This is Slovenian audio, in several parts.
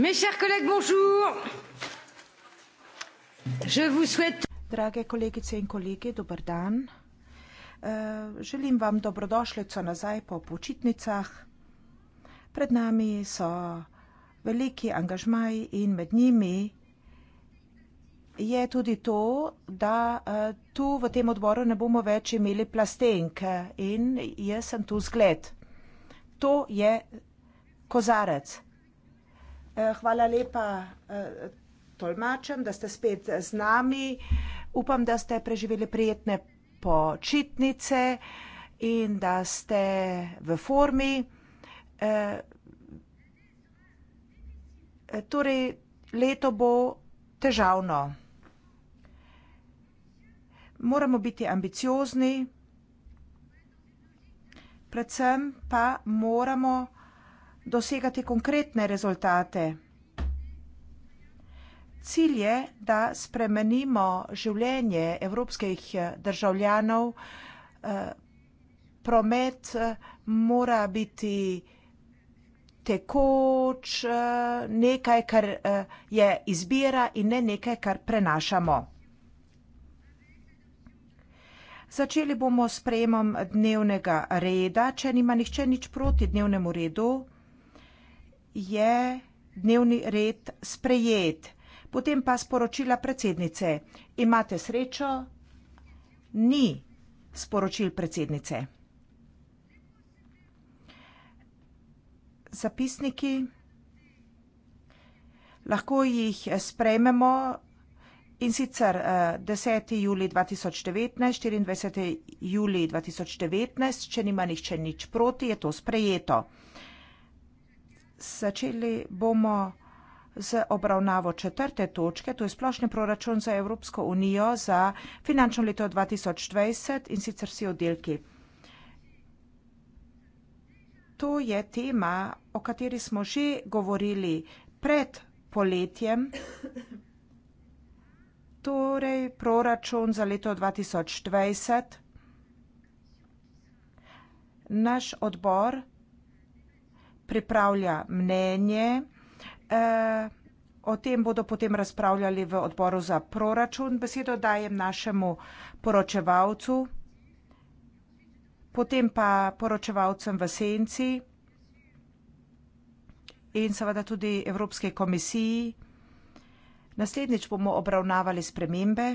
Mes chers collègues, bonjour. Je vous souhaite... Drage kolegice in kolegi, dober dan. Eh, želim vam dobrodošljico nazaj po počitnicah. Pred nami so veliki angažmaji in med njimi je tudi to, da eh, tu v tem odboru ne bomo več imeli plastenke in jaz sem tu zgled. To je kozarec. Eh, hvala lepa eh, tolmačem, da ste spet z nami. Upam, da ste preživeli prijetne počitnice in da ste v formi. Eh, torej, leto bo težavno. Moramo biti ambiciozni, predvsem pa moramo dosegati konkretne rezultate. Cilj je, da spremenimo življenje evropskih državljanov. Promet eh, mora biti tekoč, eh, nekaj, kar eh, je izbira in ne nekaj, kar prenašamo. Začeli bomo s sprejemom dnevnega reda. Če nima nihče nič proti dnevnemu redu, je dnevni red sprejet. Potem pa sporočila predsednice. Imate srečo? Ni sporočil predsednice. Zapisniki. Lahko jih eh, sprejmemo in sicer 10. Eh, juli 2019, 24. juli 2019, če nima nihče nič proti, je to sprejeto začeli bomo z obravnavo četrte točke, to je splošni proračun za Evropsko unijo za finančno leto 2020 in sicer vsi oddelki. To je tema, o kateri smo že govorili pred poletjem, torej proračun za leto 2020. Naš odbor pripravlja mnenje. Eh, o tem bodo potem razpravljali v odboru za proračun. Besedo dajem našemu poročevalcu, potem pa poročevalcem v senci in seveda tudi Evropske komisiji. Naslednjič bomo obravnavali spremembe.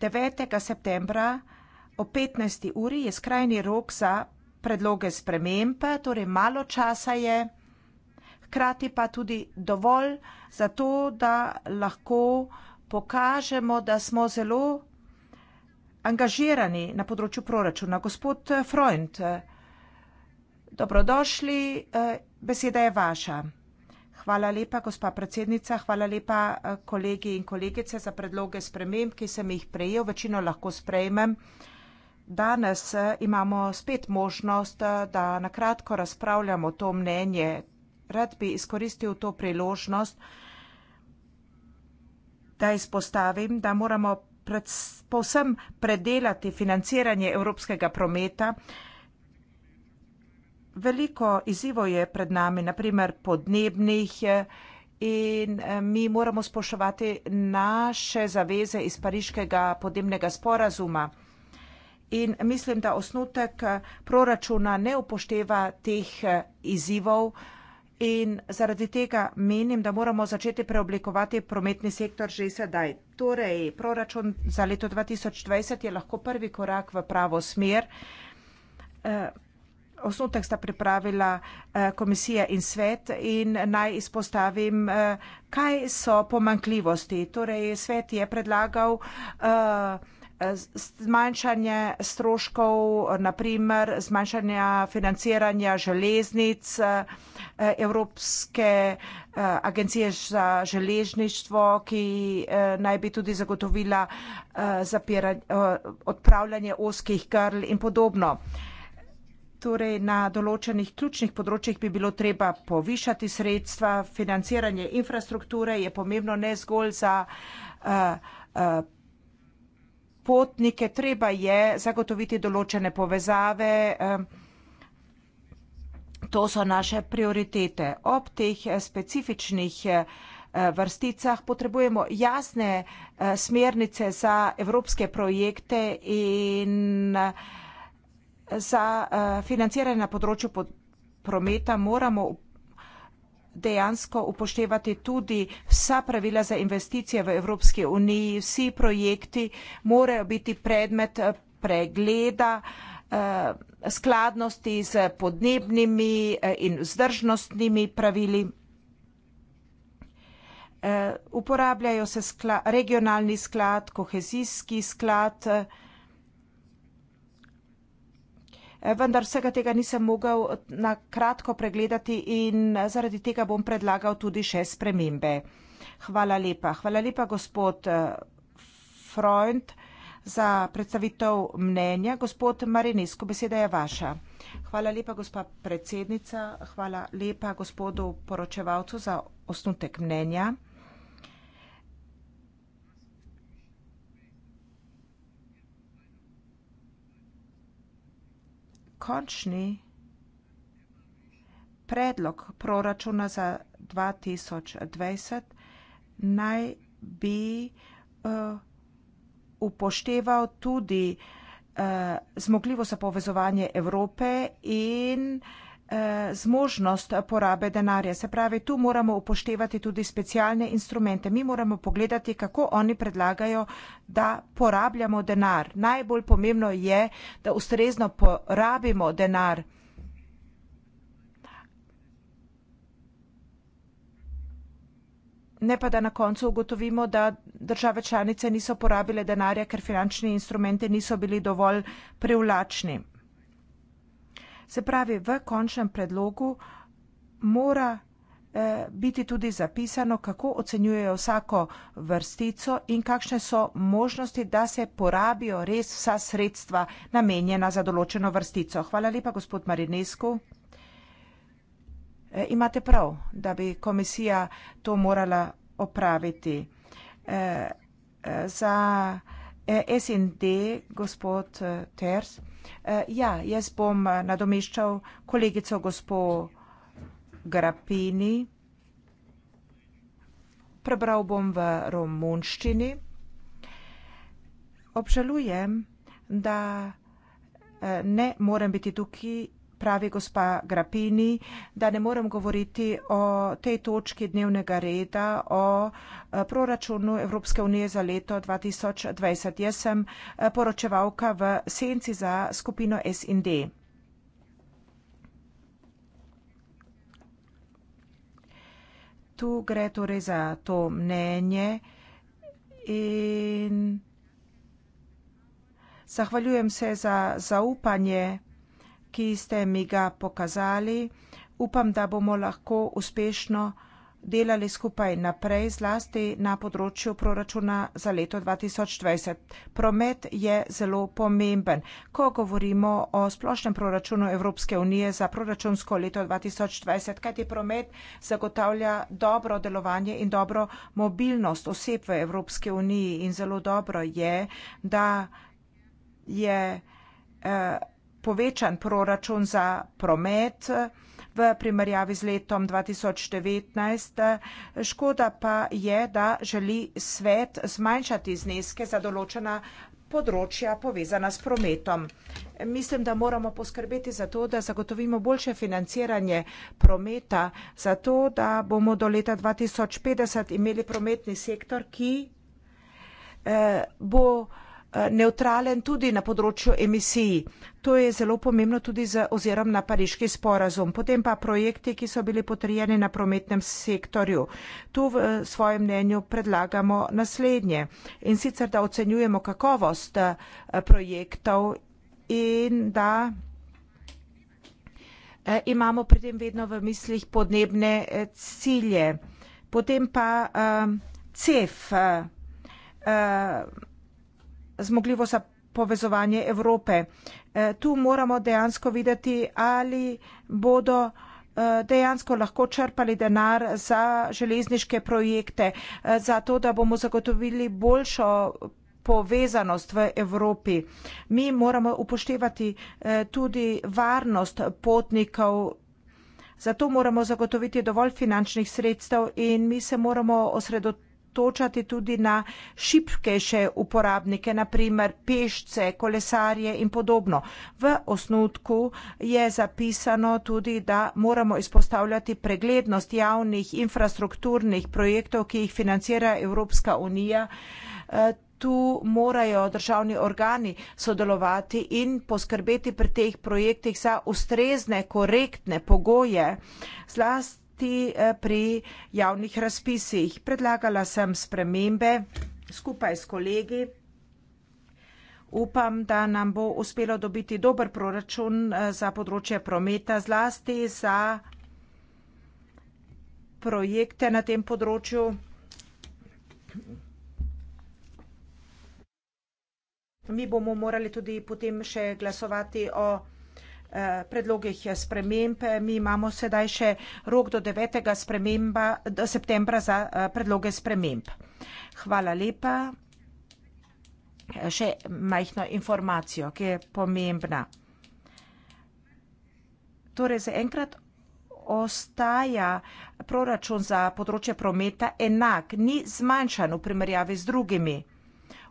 9. septembra o 15. uri je skrajni rok za predloge spremembe, torej malo časa je, hkrati pa tudi dovolj za to, da lahko pokažemo, da smo zelo angažirani na področju proračuna. Gospod Freund, dobrodošli, eh, beseda je vaša. Hvala lepa, gospa predsednica. Hvala lepa, eh, kolegi in kolegice, za predloge sprememb, ki sem jih prejel. Večino lahko sprejmem. Danes eh, imamo spet možnost, eh, da nakratko razpravljamo to mnenje. Rad bi izkoristil to priložnost, da izpostavim, da moramo pred, povsem predelati financiranje evropskega prometa veliko izzivov je pred nami, naprimer podnebnih, eh, in eh, mi moramo spoštovati naše zaveze iz pariškega podnebnega sporazuma. In mislim, da osnutek eh, proračuna ne upošteva teh izzivov. In zaradi tega menim, da moramo začeti preoblikovati prometni sektor že sedaj. Torej, proračun za leto 2020 je lahko prvi korak v pravo smer osnutek sta pripravila eh, komisija in svet in naj izpostavim, eh, kaj so pomankljivosti. Torej, svet je predlagal eh, zmanjšanje stroškov, naprimer zmanjšanje financiranja železnic Evropske agencije za železništvo, ki naj bi tudi zagotovila odpravljanje oskih grl in podobno torej na določenih ključnih področjih bi bilo treba povišati sredstva, financiranje infrastrukture je pomembno ne zgolj za eh, eh, potnike, treba je zagotoviti določene povezave, eh, to so naše prioritete. Ob teh specifičnih vrsticah potrebujemo jasne smernice za evropske projekte in vrstice, za eh, financiranje na področju prometa moramo dejansko upoštevati tudi vsa pravila za investicije v Evropski uniji. Vsi projekti morajo biti predmet eh, pregleda eh, skladnosti z podnebnimi in vzdržnostnimi pravili. Uporabljajo se regionalni sklad, kohezijski sklad, Eh, vendar vsega tega nisem mogel na kratko pregledati in zaradi tega bom predlagal tudi še spremembe. Hvala lepa. Hvala lepa, gospod eh, Freund, za predstavitev mnenja. Gospod Marinesko, beseda je vaša. Hvala lepa, gospa predsednica. Hvala lepa, gospodu poročevalcu, za osnutek mnenja. končni predlog proračuna za dva tisoč dvajset naj bi eh, upošteval tudi eh, zmogljivost za povezovanje Evrope in Eh, zmožnost porabe denarja. Se pravi, tu moramo upoštevati tudi specialne instrumente. Mi moramo pogledati, kako oni predlagajo, da porabljamo denar. Najbolj pomembno je, da ustrezno porabimo denar. Ne pa, da na koncu ugotovimo, da države članice niso porabile denarja, ker finančni instrumente niso bili dovolj privlačni. Se pravi, v končnem predlogu mora eh, biti tudi zapisano, kako ocenjujejo vsako vrstico in kakšne so možnosti, da se porabijo res vsa sredstva namenjena za določeno vrstico. Hvala lepa, gospod Marinesku. Eh, imate prav, da bi komisija to morala opraviti. Eh, za SND, gospod Ters. Eh, ja, jaz bom eh, nadomeščal kolegico gospo Grapini. Prebral bom v romunščini. Obžalujem, da eh, ne morem biti tukaj pravi gospa Grapini, da ne morem govoriti o tej točki dnevnega reda, o eh, proračunu Evropske unije za leto 2020. Jaz sem eh, poročevalka v senci za skupino SND. Tu gre torej za to mnenje in zahvaljujem se za zaupanje ki ste mi ga pokazali. Upam, da bomo lahko uspešno delali skupaj naprej, zlasti na področju proračuna za leto 2020. Promet je zelo pomemben. Ko govorimo o splošnem proračunu Evropske unije za proračunsko leto 2020, kajti promet zagotavlja dobro delovanje in dobro mobilnost oseb v Evropske uniji in zelo dobro je, da je. Eh, povečan proračun za promet v primerjavi z letom dva tisoč devetnajst, škoda pa je, da želi svet zmanjšati zneske za določena področja, povezana s prometom. Mislim, da moramo poskrbeti za to, da zagotovimo boljše financiranje prometa, zato da bomo do leta dva tisoč petdeset imeli prometni sektor, ki eh, bo Eh, neutralen tudi na področju emisij. To je zelo pomembno tudi z ozirom na pariški sporazum. Potem pa projekti, ki so bili potrjeni na prometnem sektorju. Tu v eh, svojem mnenju predlagamo naslednje. In sicer, da ocenjujemo kakovost eh, projektov in da imamo pri tem vedno v mislih podnebne cilje. Potem pa CEF zmogljivost za povezovanje Evrope. Eh, tu moramo dejansko videti, ali bodo eh, dejansko lahko črpali denar za železniške projekte, eh, za to, da bomo zagotovili boljšo povezanost v Evropi. Mi moramo upoštevati tudi varnost potnikov. Zato moramo zagotoviti dovolj finančnih sredstev in mi se moramo osredotočiti osredotočati tudi na šipkejše uporabnike, naprimer pešce, kolesarje in podobno. V osnutku je zapisano tudi, da moramo izpostavljati preglednost javnih infrastrukturnih projektov, ki jih financira Evropska unija. E, tu morajo državni organi sodelovati in poskrbeti pri teh projektih za ustrezne, korektne pogoje, zlasti delati eh, pri javnih razpisih. Predlagala sem spremembe skupaj s kolegi. Upam, da nam bo uspelo dobiti dober proračun eh, za področje prometa, zlasti za projekte na tem področju. Mi bomo morali tudi potem še glasovati o predlogih sprememb. Mi imamo sedaj še rok do 9. Do septembra za eh, predloge sprememb. Hvala lepa. Še majhno informacijo, ki je pomembna. Torej, zaenkrat ostaja proračun za področje prometa enak, ni zmanjšan v primerjavi z drugimi.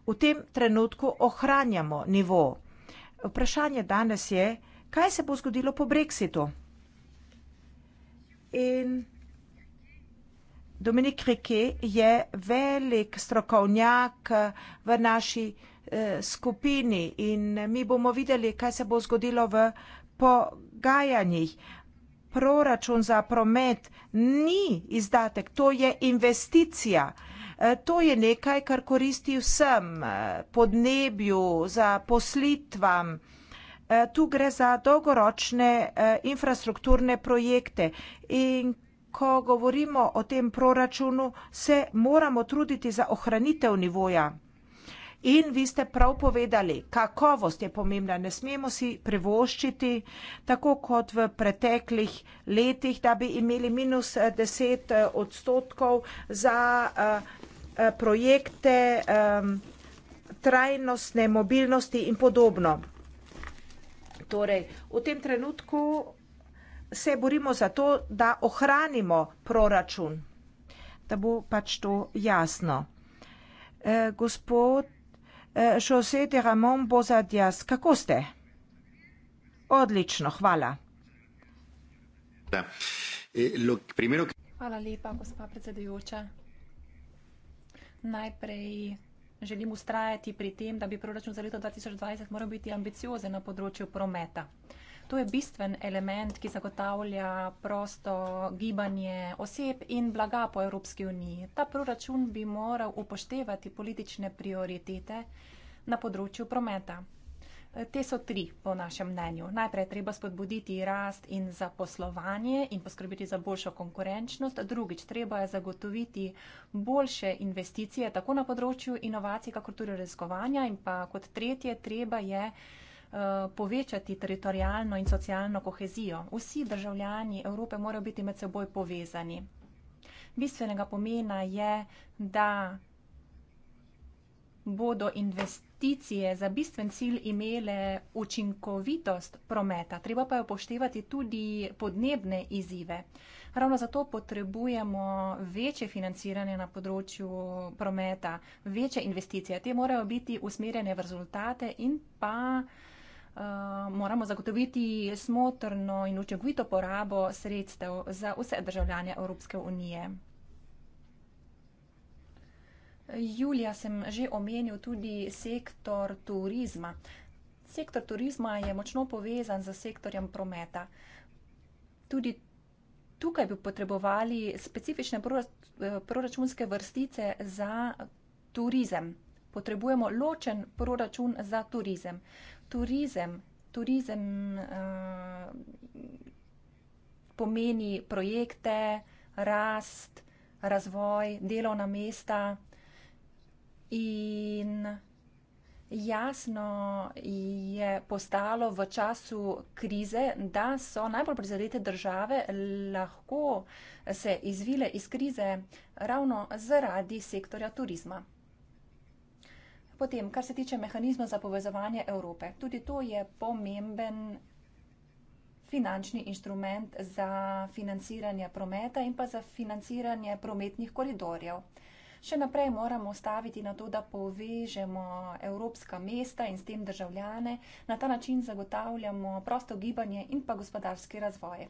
V tem trenutku ohranjamo nivo. Vprašanje danes je, kaj se bo zgodilo po Brexitu. In Dominik Rike je velik strokovnjak v naši eh, skupini in mi bomo videli, kaj se bo zgodilo v pogajanjih. Proračun za promet ni izdatek, to je investicija. Eh, to je nekaj, kar koristi vsem eh, podnebju, za poslitvam. E, tu gre za dolgoročne e, infrastrukturne projekte in ko govorimo o tem proračunu, se moramo truditi za ohranitev nivoja. In vi ste prav povedali, kakovost je pomembna. Ne smemo si prevoščiti, tako kot v preteklih letih, da bi imeli minus 10 e, odstotkov za projekte trajnostne mobilnosti in podobno. Torej, v tem trenutku se borimo za to, da ohranimo proračun, da bo pač to jasno. E, gospod e, José de Ramón Bozadjas, kako ste? Odlično, hvala. Da. Eh, hvala lepa, gospa predsedujoča. Najprej želim ustrajati pri tem, da bi proračun za leto 2020 moral biti ambiciozen na področju prometa. To je bistven element, ki zagotavlja prosto gibanje oseb in blaga po Evropski uniji. Ta proračun bi moral upoštevati politične prioritete na področju prometa. Te so tri, po našem mnenju. Najprej treba spodbuditi rast in zaposlovanje in poskrbiti za boljšo konkurenčnost. Drugič, treba je zagotoviti boljše investicije tako na področju inovacij, kakor tudi raziskovanja. In pa kot tretje, treba je eh, povečati teritorijalno in socialno kohezijo. Vsi državljani Evrope morajo biti med seboj povezani. Bistvenega pomena je, da bodo investicije investicije za bistven cilj imele učinkovitost prometa, treba pa je upoštevati tudi podnebne izzive. Ravno zato potrebujemo večje financiranje na področju prometa, večje investicije. Te morajo biti usmerjene v rezultate in pa uh, moramo zagotoviti smotrno in učinkovito porabo sredstev za vse državljane Evropske unije. Julija sem že omenil tudi sektor turizma. Sektor turizma je močno povezan z sektorjem prometa. Tudi tukaj bi potrebovali specifične eh, proračunske vrstice za turizem. Potrebujemo ločen proračun za turizem. Turizem, turizem uh, pomeni projekte, rast, razvoj, delovna mesta, In jasno je postalo v času krize, da so najbolj prizadete države lahko se izvile iz krize ravno zaradi sektorja turizma. Potem, kar se tiče mehanizma za povezovanje Evrope, tudi to je pomemben finančni inštrument za financiranje prometa in pa za financiranje prometnih koridorjev še naprej moramo staviti na to, da povežemo evropska mesta in s tem državljane. Na ta način zagotavljamo prosto gibanje in pa gospodarski razvoj.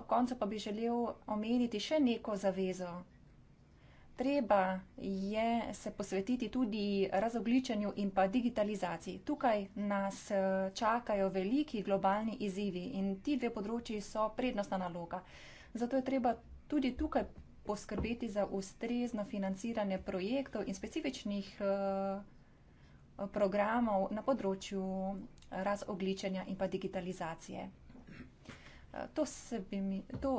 Ob koncu pa bi želel omeniti še neko zavezo. Treba je se posvetiti tudi razogličenju in pa digitalizaciji. Tukaj nas eh, čakajo veliki globalni izzivi in ti dve področji so prednostna naloga. Zato je treba tudi tukaj poskrbeti za ustrezno financiranje projektov in specifičnih eh, programov na področju razogličenja in pa digitalizacije. Eh, to, bi, mi, to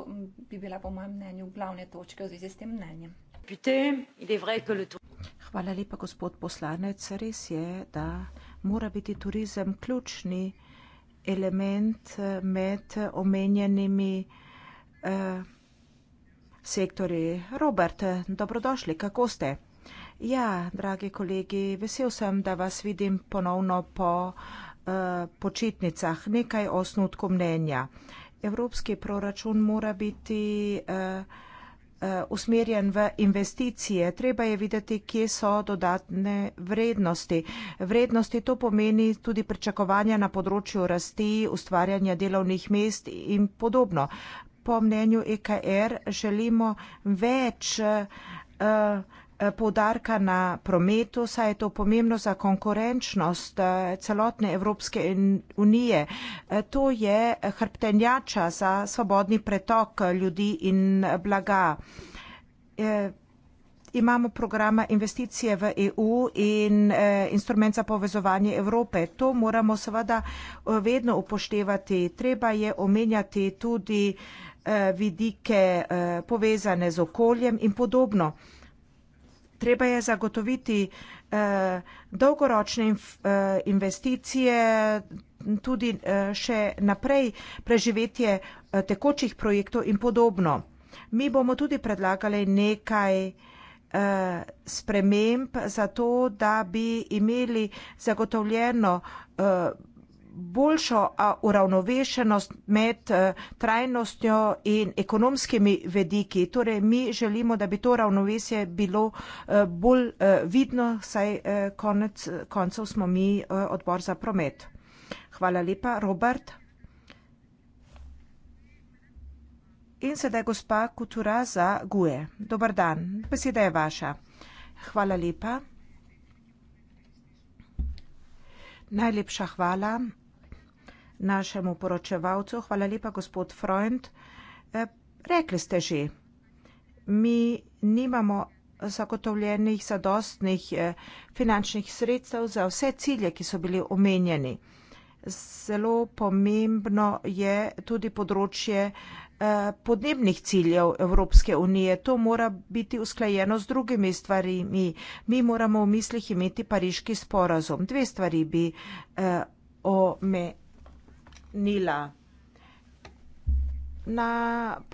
bi bila po mojem mnenju glavne točke v zvezi s tem mnenjem. Hvala lepa, gospod poslanec. Res je, da mora biti turizem ključni element eh, med omenjenimi eh, sektori. Robert, dobrodošli, kako ste? Ja, dragi kolegi, vesel sem, da vas vidim ponovno po uh, počitnicah. Nekaj osnutku mnenja. Evropski proračun mora biti uh, usmerjen v investicije. Treba je videti, kje so dodatne vrednosti. Vrednosti to pomeni tudi pričakovanja na področju rasti, ustvarjanja delovnih mest in podobno po mnenju EKR želimo več eh, eh, poudarka na prometu, saj je to pomembno za konkurenčnost eh, celotne Evropske unije. To je hrbtenjača za svobodni pretok ljudi in blaga. Imamo programa investicije v EU in instrument za povezovanje Evrope. To moramo seveda vedno upoštevati. Treba je omenjati tudi Eh, vidike eh, povezane z okoljem in podobno. Treba je zagotoviti eh, dolgoročne investicije, tudi še naprej preživetje tekočih projektov in podobno. Mi bomo tudi predlagali nekaj sprememb za to, da bi imeli zagotovljeno boljšo uravnovešenost med eh, trajnostjo in ekonomskimi vidiki. Torej, mi želimo, da bi to ravnovesje bilo eh, bolj eh, vidno, saj konec koncev smo mi odbor za promet. Hvala lepa. Robert? In sedaj gospa Kutura za GUE. Dober dan, beseda je vaša. Hvala lepa. Najlepša hvala našemu poročevalcu. Hvala lepa, gospod Freund. Eh, rekli ste že, mi nimamo zagotovljenih zadostnih eh, finančnih sredstev za vse cilje, ki so bili omenjeni. Zelo pomembno je tudi področje eh, podnebnih ciljev Evropske unije. To mora biti usklajeno z drugimi stvarimi. Mi moramo v mislih imeti pariški sporazum. Dve stvari bi omenili. Nila. Na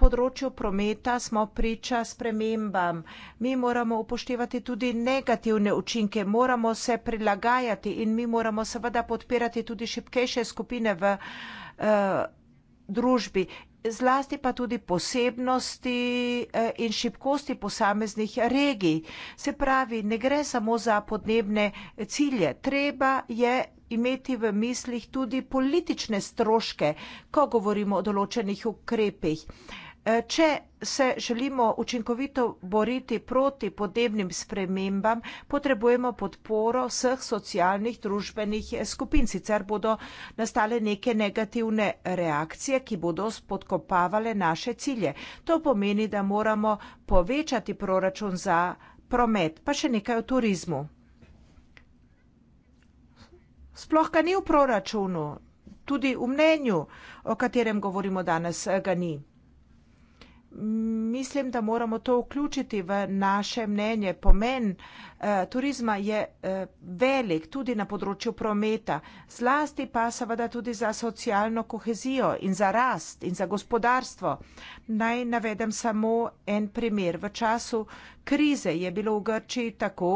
področju prometa smo priča spremembam. Mi moramo upoštevati tudi negativne učinke, moramo se prilagajati in mi moramo seveda podpirati tudi šipkejše skupine v uh, družbi zlasti pa tudi posebnosti eh, in šibkosti posameznih regij. Se pravi, ne gre samo za podnebne cilje, treba je imeti v mislih tudi politične stroške, ko govorimo o določenih ukrepih če se želimo učinkovito boriti proti podnebnim spremembam, potrebujemo podporo vseh socialnih, družbenih skupin, sicer bodo nastale neke negativne reakcije, ki bodo spodkopavale naše cilje. To pomeni, da moramo povečati proračun za promet. Pa še nekaj o turizmu. Sploh ga ni v proračunu, tudi v mnenju, o katerem govorimo danes, ga ni mislim, da moramo to vključiti v naše mnenje, pomen uh, Eh, turizma je eh, velik tudi na področju prometa, zlasti pa seveda tudi za socialno kohezijo in za rast in za gospodarstvo. Naj navedem samo en primer. V času krize je bilo v Grčiji tako,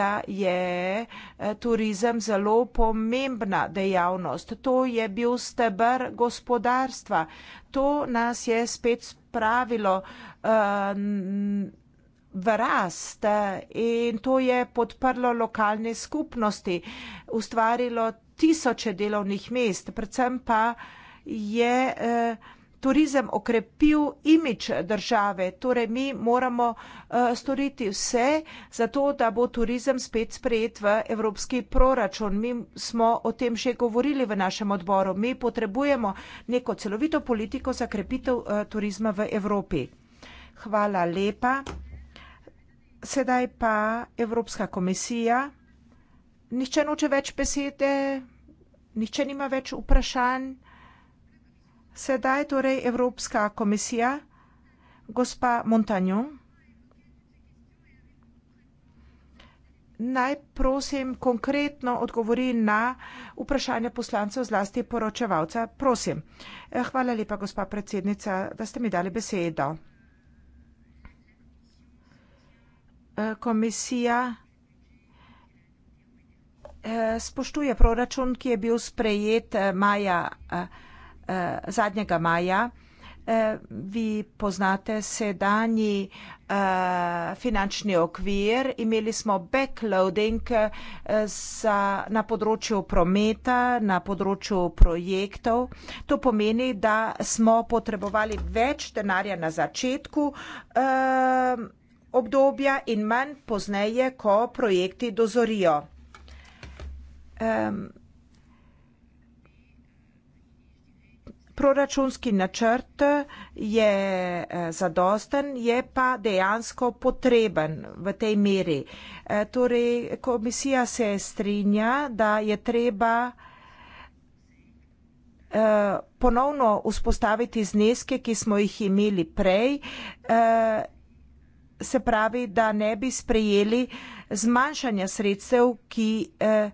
da je eh, turizem zelo pomembna dejavnost. To je bil stebr gospodarstva. To nas je spet spravilo. Uh, v rast in to je podprlo lokalne skupnosti, ustvarilo tisoče delovnih mest, predvsem pa je eh, turizem okrepil imič države. Torej mi moramo eh, storiti vse za to, da bo turizem spet sprejet v evropski proračun. Mi smo o tem že govorili v našem odboru. Mi potrebujemo neko celovito politiko za krepitev eh, turizma v Evropi. Hvala lepa sedaj pa Evropska komisija. Nihče noče več besede, nihče nima več vprašanj. Sedaj torej Evropska komisija, gospa Montanjo. Naj prosim konkretno odgovori na vprašanje poslancev zlasti poročevalca. Prosim. Eh, hvala lepa, gospa predsednica, da ste mi dali besedo. Eh, komisija eh, spoštuje proračun, ki je bil sprejet eh, maja, zadnjega maja. Vi poznate sedanji finančni okvir, imeli smo backloading za, na področju prometa, na področju projektov. To pomeni, da smo potrebovali več denarja na začetku obdobja in manj pozneje, ko projekti dozorijo. Um, proračunski načrt je eh, zadosten, je pa dejansko potreben v tej meri. Eh, torej, komisija se strinja, da je treba eh, ponovno vzpostaviti zneske, ki smo jih imeli prej se pravi, da ne bi sprejeli zmanjšanja sredstev, ki eh,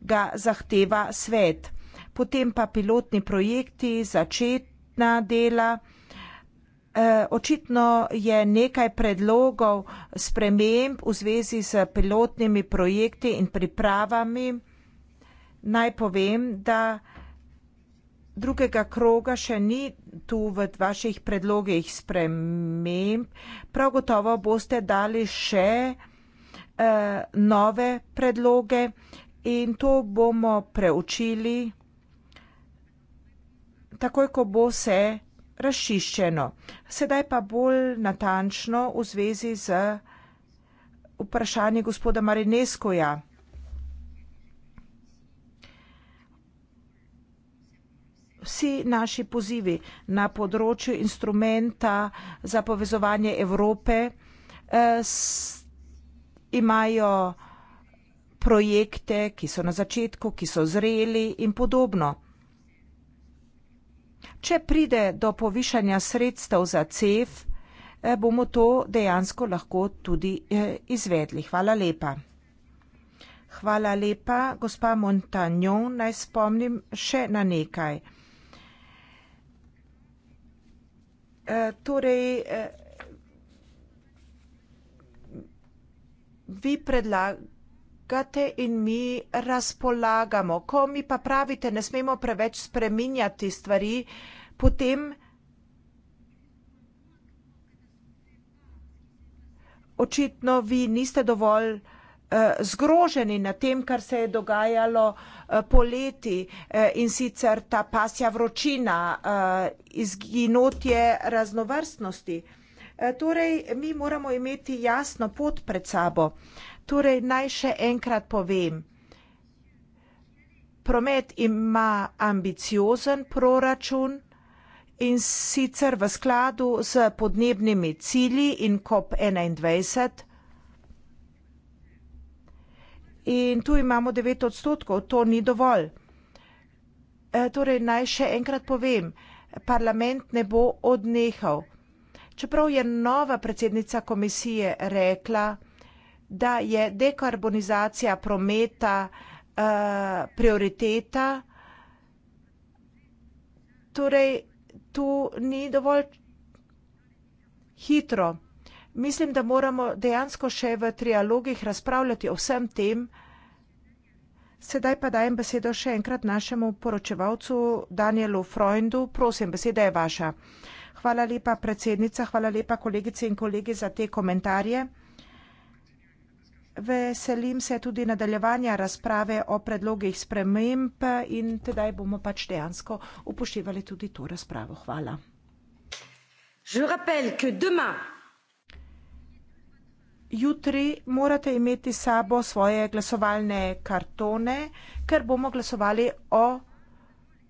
ga zahteva svet. Potem pa pilotni projekti, začetna dela. Eh, očitno je nekaj predlogov sprememb v zvezi s pilotnimi projekti in pripravami. Naj povem, da drugega kroga še ni tu v vaših predlogih sprememb, prav gotovo boste dali še eh, nove predloge in to bomo preučili takoj, ko bo vse razčiščeno. Sedaj pa bolj natančno v zvezi z vprašanjem gospoda Marineskoja. vsi naši pozivi na področju instrumenta za povezovanje Evrope eh, imajo projekte, ki so na začetku, ki so zreli in podobno. Če pride do povišanja sredstev za CEF, eh, bomo to dejansko lahko tudi eh, izvedli. Hvala lepa. Hvala lepa, gospa Montagnon, naj spomnim še na nekaj. Eh, torej, eh, vi predlagate in mi razpolagamo. Ko mi pa pravite, ne smemo preveč spreminjati stvari, potem očitno vi niste dovolj Eh, zgroženi nad tem, kar se je dogajalo eh, poleti eh, in sicer ta pasja vročina, izginotje raznovrstnosti. Torej, mi moramo imeti jasno pot pred sabo. Torej, naj še enkrat povem. Promet ima ambiciozen proračun in sicer v skladu z podnebnimi cilji in COP21 In tu imamo 9 odstotkov, to ni dovolj. E, torej, naj še enkrat povem, parlament ne bo odnehal. Čeprav je nova predsednica komisije rekla, da je dekarbonizacija prometa uh, prioriteta, torej tu ni dovolj hitro mislim, da moramo dejansko še v trialogih razpravljati o vsem tem. Sedaj pa dajem besedo še enkrat našemu poročevalcu Danielu Freundu. Prosim, beseda je vaša. Hvala lepa, predsednica, hvala lepa, kolegice in kolegi, za te komentarje. Veselim se tudi nadaljevanja razprave o predlogih sprememb in tedaj bomo pač dejansko upoštevali tudi to razpravo. Hvala jutri morate imeti sabo svoje glasovalne kartone, ker bomo glasovali o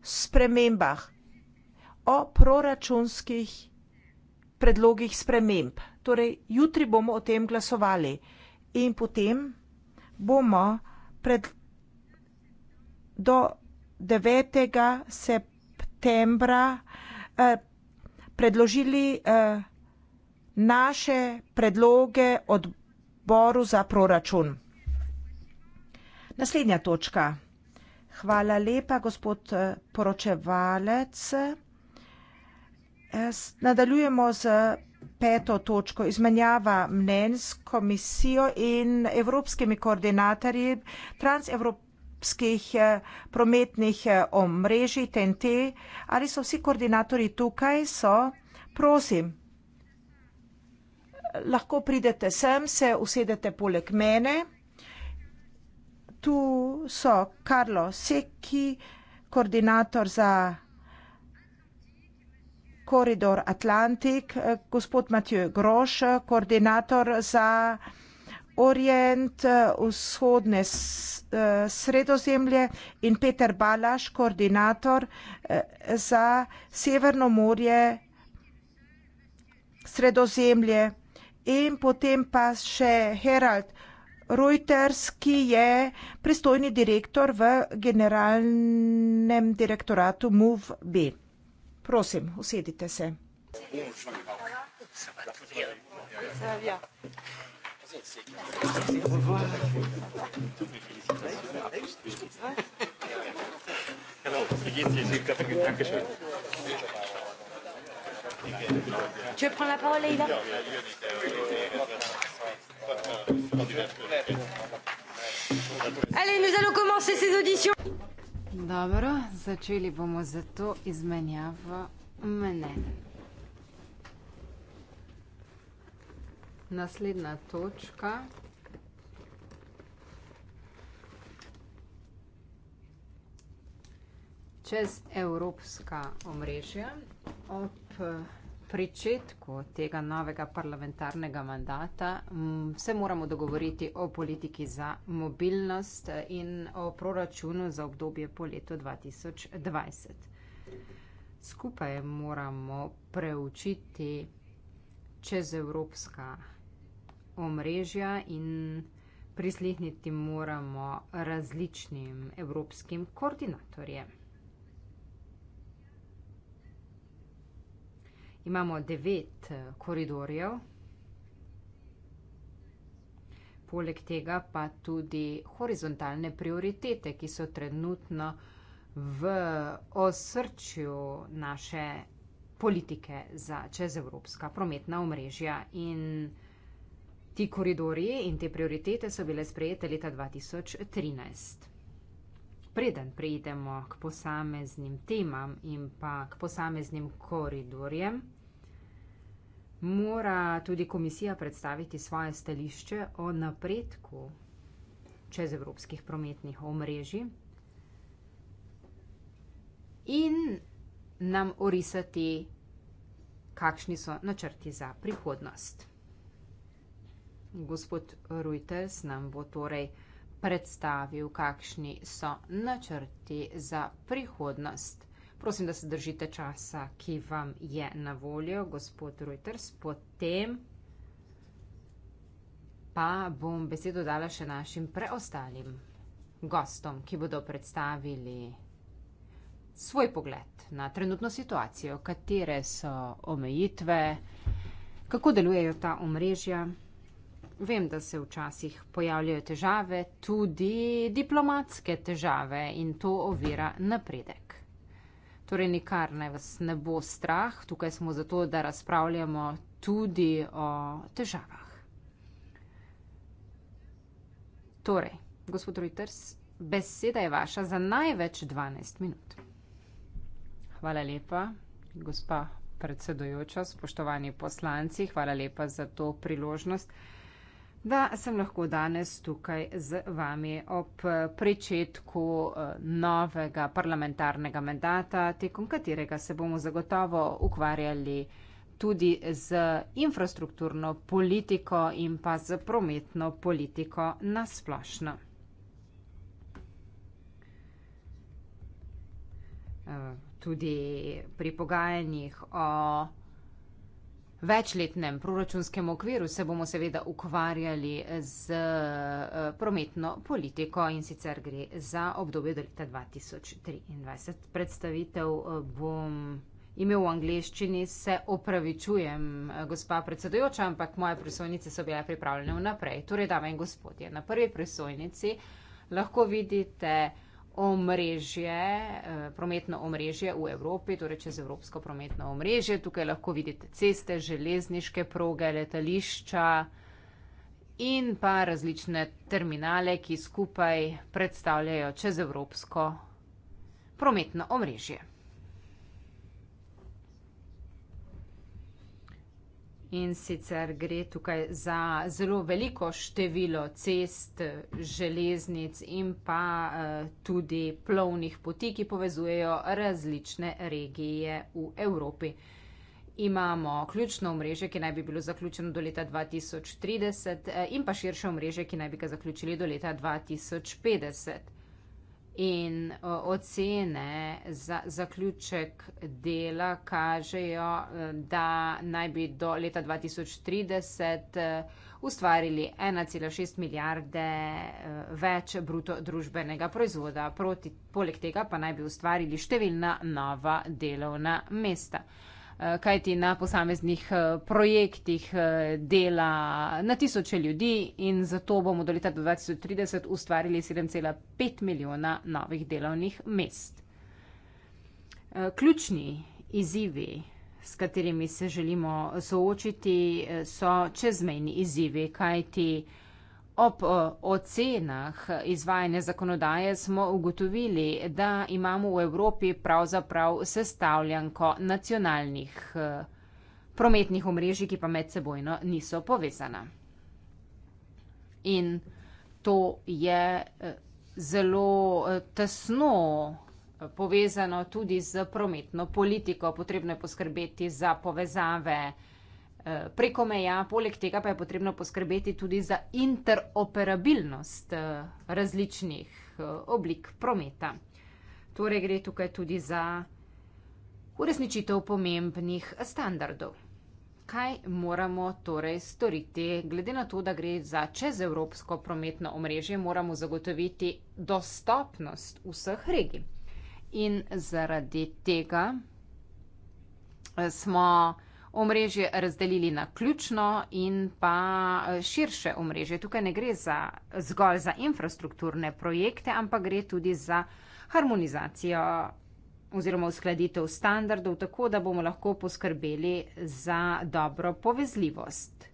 spremembah, o proračunskih predlogih sprememb. Torej, jutri bomo o tem glasovali in potem bomo pred, do 9. septembra eh, predložili eh, naše predloge odboru za proračun. Naslednja točka. Hvala lepa, gospod eh, poročevalec. Eh, nadaljujemo z peto točko. Izmenjava mnen s komisijo in evropskimi koordinatorji transevropskih eh, prometnih omrežij TNT. Ali so vsi koordinatorji tukaj? So. Prosim lahko pridete sem, se usedete poleg mene. Tu so Karlo Seki, koordinator za koridor Atlantik, gospod Matijo Groš, koordinator za Orient, vzhodne sredozemlje in Peter Balaš, koordinator eh, za Severno morje, sredozemlje in potem pa še Herald Reuters, ki je pristojni direktor v generalnem direktoratu MUVB. Prosim, usedite se. Hello, Tu veux prendre la parole, Leïla Allez, nous allons commencer ces auditions. Dobro, začeli bomo z to izmenjavo mnen. Naslednja točka. Čez evropska omrežja od Eh, pričetku tega novega parlamentarnega mandata se moramo dogovoriti o politiki za mobilnost eh, in o proračunu za obdobje po letu 2020. Skupaj moramo preučiti čez evropska omrežja in prisluhniti moramo različnim evropskim koordinatorjem. Imamo devet, eh, koridorjev. Poleg tega pa tudi horizontalne prioritete, ki so trenutno v osrčju naše politike za čezevropska prometna omrežja. In ti koridorji in te prioritete so bile sprejete leta 2013 preden preidemo k posameznim temam in pa k posameznim koridorjem, mora tudi komisija predstaviti svoje stališče o napredku čez evropskih prometnih omrežij in nam orisati, kakšni so načrti za prihodnost. Gospod Rujtes nam bo torej predstavil, kakšni so načrti za prihodnost. Prosim, da se držite časa, ki vam je na voljo, gospod Reuters. Potem pa bom besedo dala še našim preostalim gostom, ki bodo predstavili svoj pogled na trenutno situacijo, katere so omejitve, kako delujejo ta omrežja vem, da se včasih pojavljajo težave, tudi diplomatske težave in to ovira napredek. Torej, nikar naj vas ne bo strah, tukaj smo zato, da razpravljamo tudi o težavah. Torej, gospod Reuters, beseda je vaša za največ 12 minut. Hvala lepa, gospa predsedujoča, spoštovani poslanci, hvala lepa za to priložnost da sem lahko danes tukaj z vami ob pričetku eh, novega parlamentarnega mandata, tekom katerega se bomo zagotovo ukvarjali tudi z infrastrukturno politiko in pa z prometno politiko na splošno. Eh, tudi pri pogajanjih o večletnem proračunskem okviru se bomo seveda ukvarjali z eh, prometno politiko in sicer gre za obdobje do leta 2023. Predstavitev eh, bom imel v angleščini, se opravičujem, eh, gospa predsedujoča, ampak moje presojnice so bile pripravljene vnaprej. Torej, dame in gospodje, na prvi presojnici lahko vidite omrežje, eh, prometno omrežje v Evropi, torej čez Evropsko prometno omrežje. Tukaj lahko vidite ceste, železniške proge, letališča in pa različne terminale, ki skupaj predstavljajo čez Evropsko prometno omrežje. In sicer gre tukaj za zelo veliko število cest, železnic in pa eh, tudi plovnih poti, ki povezujejo različne regije v Evropi. Imamo ključno omrežje, ki naj bi bilo zaključeno do leta 2030 eh, in pa širše omrežje, ki naj bi ga zaključili do leta 2050. In, ocene za zaključek dela kažejo, e, da naj bi do leta dva tisoč trideset, e, ustvarili ena cela šest milijarde, e, več bruto družbenega proizvoda. Proti, poleg tega pa naj bi ustvarili številna nova delovna mesta. Eh, kajti na posameznih eh, projektih eh, dela na tisoče ljudi in zato bomo do leta 2030 ustvarili 7,5 milijona novih delovnih mest. Ključni izzivi, s katerimi se želimo soočiti, so čezmejni izzivi, kajti Ob eh, ocenah izvajanja zakonodaje smo ugotovili, da imamo v Evropi pravzaprav sestavljanko nacionalnih eh, prometnih omrežij, ki pa med sebojno niso povezana. In to je eh, zelo tesno povezano tudi s prometno politiko, potrebno je poskrbeti za povezave Eh, preko meja, poleg tega pa je potrebno poskrbeti tudi za interoperabilnost eh, različnih eh, oblik prometa. Torej gre tukaj tudi za uresničitev pomembnih standardov. Kaj moramo torej storiti? Glede na to, da gre za čezevropsko prometno omrežje, moramo zagotoviti dostopnost vseh regij. In zaradi tega smo omrežje razdelili na ključno in pa eh, širše omrežje. Tukaj ne gre za, zgolj za infrastrukturne projekte, ampak gre tudi za harmonizacijo oziroma uskladitev standardov, tako da bomo lahko poskrbeli za dobro povezljivost.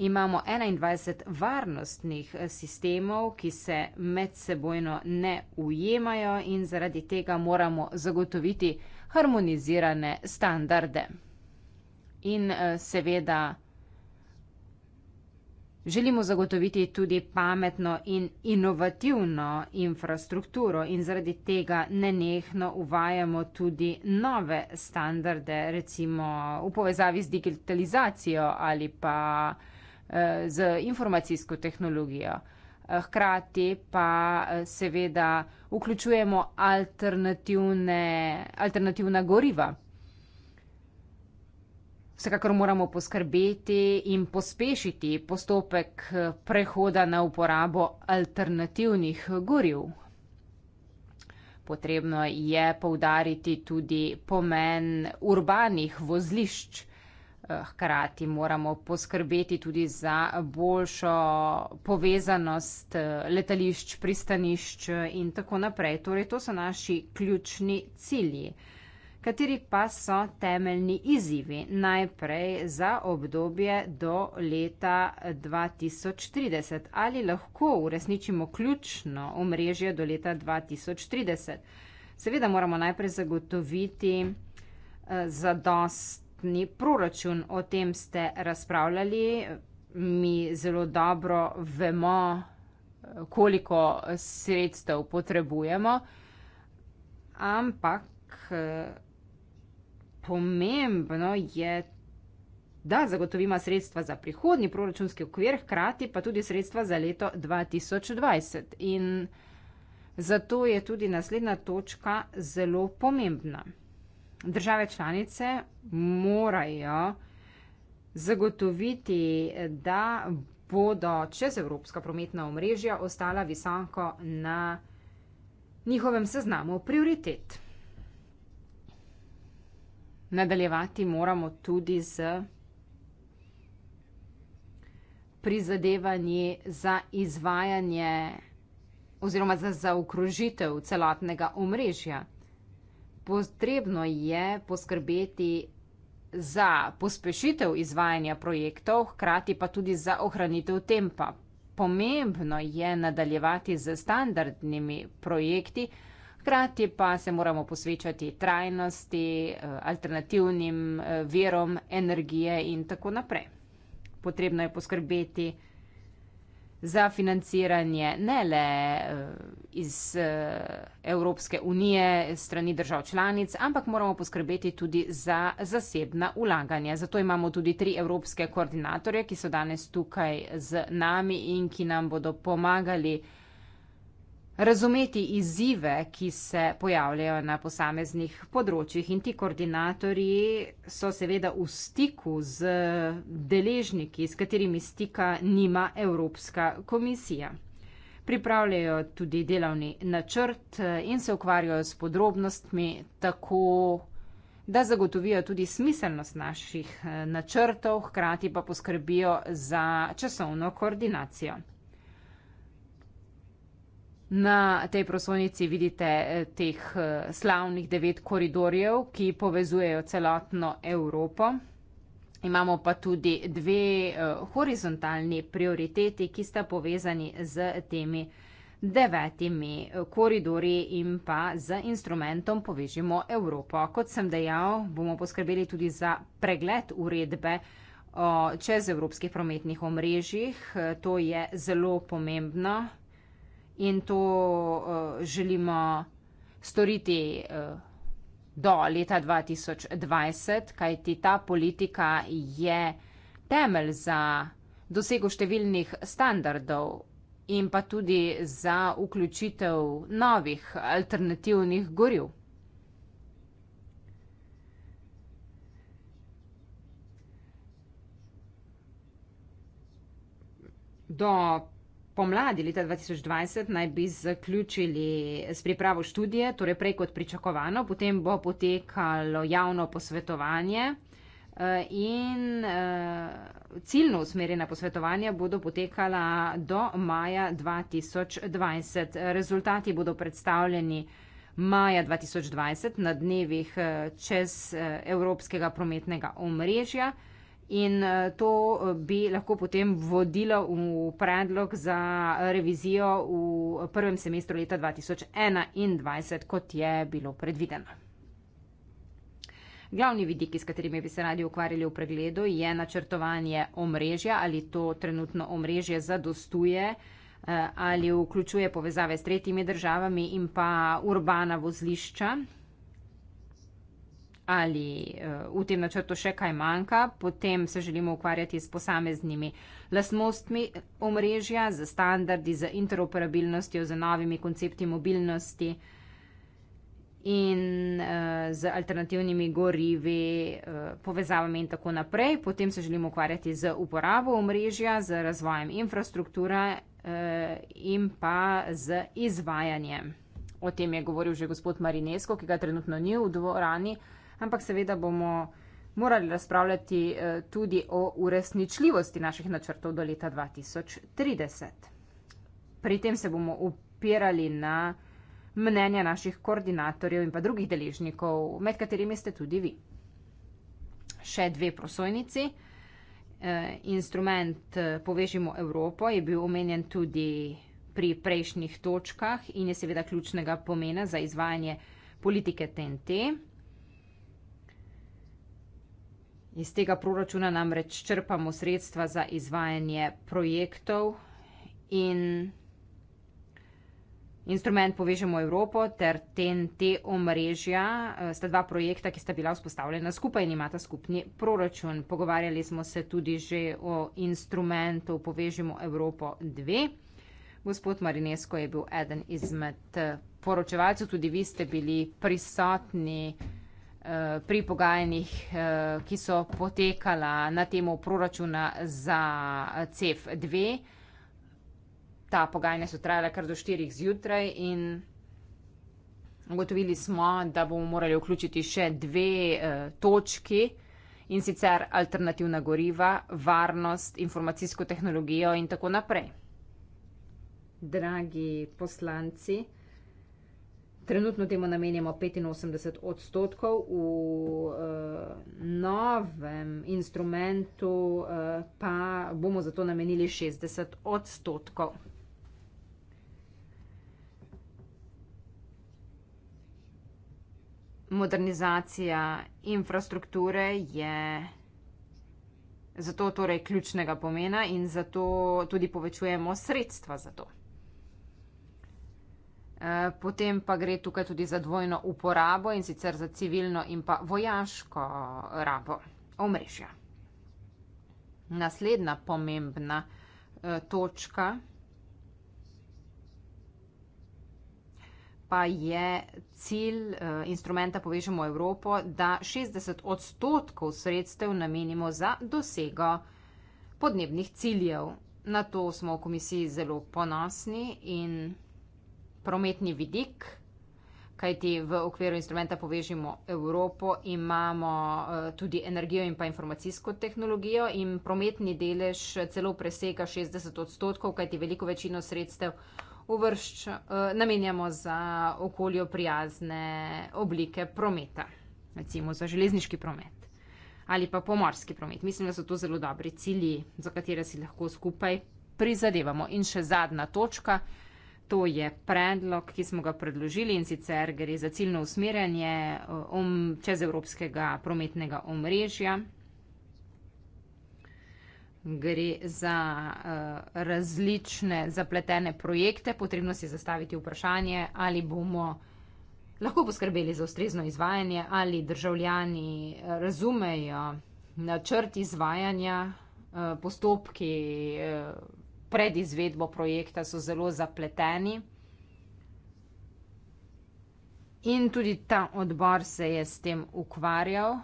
Imamo 21 varnostnih eh, sistemov, ki se medsebojno ne ujemajo in zaradi tega moramo zagotoviti, harmonizirane standarde. In eh, seveda želimo zagotoviti tudi pametno in inovativno infrastrukturo in zaradi tega nenehno uvajamo tudi nove standarde, recimo v povezavi z digitalizacijo ali pa eh, z informacijsko tehnologijo hkrati pa eh, seveda vključujemo alternativna goriva. Vsekakor moramo poskrbeti in pospešiti postopek eh, prehoda na uporabo alternativnih goriv. Potrebno je poudariti tudi pomen urbanih vozlišč. Eh, hkrati moramo poskrbeti tudi za boljšo povezanost eh, letališč, pristanišč eh, in tako naprej. Torej, to so naši ključni cilji. Kateri pa so temeljni izzivi najprej za obdobje do leta 2030? Ali lahko uresničimo ključno omrežje do leta 2030? Seveda moramo najprej zagotoviti zadost letni proračun. O tem ste razpravljali. Mi zelo dobro vemo, koliko sredstev potrebujemo, ampak pomembno je, da zagotovimo sredstva za prihodni proračunski okvir, hkrati pa tudi sredstva za leto 2020. In zato je tudi naslednja točka zelo pomembna države članice morajo zagotoviti, da bodo čez evropska prometna omrežja ostala visoko na njihovem seznamu prioritet. Nadaljevati moramo tudi z prizadevanji za izvajanje oziroma za zaokrožitev celotnega omrežja potrebno je poskrbeti za pospešitev izvajanja projektov, hkrati pa tudi za ohranitev tempa. Pomembno je nadaljevati z standardnimi projekti, hkrati pa se moramo posvečati trajnosti, eh, alternativnim eh, verom energije in tako naprej. Potrebno je poskrbeti za za financiranje ne le eh, iz eh, Evropske unije, strani držav članic, ampak moramo poskrbeti tudi za zasebna ulaganja. Zato imamo tudi tri evropske koordinatorje, ki so danes tukaj z nami in ki nam bodo pomagali razumeti izzive, ki se pojavljajo na posameznih področjih. In ti koordinatorji so seveda v stiku z deležniki, s katerimi stika nima Evropska komisija. Pripravljajo tudi delavni načrt eh, in se ukvarjajo s podrobnostmi tako, da zagotovijo tudi smiselnost naših eh, načrtov, hkrati pa poskrbijo za časovno koordinacijo. Na tej prosonici vidite eh, teh eh, slavnih devet koridorjev, ki povezujejo celotno Evropo. Imamo pa tudi dve eh, horizontalni prioriteti, ki sta povezani z temi devetimi koridorji in pa z instrumentom Povežimo Evropo. Kot sem dejal, bomo poskrbeli tudi za pregled uredbe o čez evropskih prometnih omrežjih. To je zelo pomembno, in to uh, želimo storiti uh, do leta 2020, kajti ta politika je temelj za dosego številnih standardov in pa tudi za vključitev novih alternativnih goril. Do pomladi leta 2020 naj bi zaključili s pripravo študije, torej prej kot pričakovano, potem bo potekalo javno posvetovanje eh, in eh, ciljno usmerjena posvetovanja bodo potekala do maja 2020. Rezultati bodo predstavljeni maja 2020 na dnevih eh, čez Evropskega prometnega omrežja in eh, to eh, bi lahko potem vodilo v predlog za revizijo v prvem semestru leta 2021, kot je bilo predvideno. Glavni vidiki, s katerimi bi se radi ukvarjali v pregledu, je načrtovanje omrežja, ali to trenutno omrežje zadostuje eh, ali vključuje povezave s tretjimi državami in pa urbana vozlišča, ali uh, v tem načrtu še kaj manjka, potem se želimo ukvarjati s posameznimi lastnostmi omrežja, z standardi, z interoperabilnostjo, z novimi koncepti mobilnosti in uh, z alternativnimi gorivi, uh, povezavami in tako naprej. Potem se želimo ukvarjati z uporabo omrežja, z razvojem infrastrukture uh, in pa z izvajanjem. O tem je govoril že gospod Marinesko, ki ga trenutno ni v dvorani. Uh, ampak seveda bomo morali razpravljati eh, tudi o uresničljivosti naših načrtov do leta 2030. Pri tem se bomo upirali na mnenja naših koordinatorjev in pa drugih deležnikov, med katerimi ste tudi vi. Še dve prosojnici. Eh, instrument eh, Povežimo Evropo je bil omenjen tudi pri prejšnjih točkah in je seveda ključnega pomena za izvajanje politike TNT. Iz tega proračuna namreč črpamo sredstva za izvajanje projektov in instrument Povežemo Evropo ter TNT omrežja eh, sta dva projekta, ki sta bila vzpostavljena skupaj in imata skupni proračun. Pogovarjali smo se tudi že o instrumentu Povežemo Evropo 2. Gospod Marinesko je bil eden izmed eh, poročevalcev, tudi vi ste bili prisotni. Eh, pri pogajanjih, eh, ki so potekala na temo proračuna za CEF2. Ta pogajanja so trajala kar do 4 zjutraj in ugotovili smo, da bomo morali vključiti še dve eh, točki in sicer alternativna goriva, varnost, informacijsko tehnologijo in tako naprej. Dragi poslanci, Trenutno temu namenjamo 85 odstotkov v uh, novem instrumentu, uh, pa bomo za to namenili 60 odstotkov. Modernizacija infrastrukture je zato torej ključnega pomena in zato tudi povečujemo sredstva za to. Eh, potem pa gre tukaj tudi za dvojno uporabo in sicer za civilno in pa vojaško eh, rabo omrežja. Naslednja pomembna eh, točka pa je cilj instrumenta Povežemo Evropo, da 60 odstotkov sredstev namenimo za dosego podnebnih ciljev. Na to smo v komisiji zelo ponosni in prometni vidik, kajti v okviru instrumenta povežimo Evropo, imamo eh, tudi energijo in pa informacijsko tehnologijo in prometni delež eh, celo presega 60 odstotkov, kajti veliko večino sredstev uvršč, eh, namenjamo za okolju prijazne oblike prometa, recimo za železniški promet ali pa pomorski promet. Mislim, da so to zelo dobri cilji, za katere si lahko skupaj prizadevamo. In še zadnja točka. To je predlog, ki smo ga predložili in sicer gre za ciljno usmerjanje eh, om, čez evropskega prometnega omrežja. Gre za uh, različne zapletene projekte. Potrebno si zastaviti vprašanje, ali bomo lahko poskrbeli za ustrezno izvajanje, ali državljani eh, razumejo načrt izvajanja, uh, postopki. Uh, pred izvedbo projekta so zelo zapleteni. In tudi ta odbor se je s tem ukvarjal.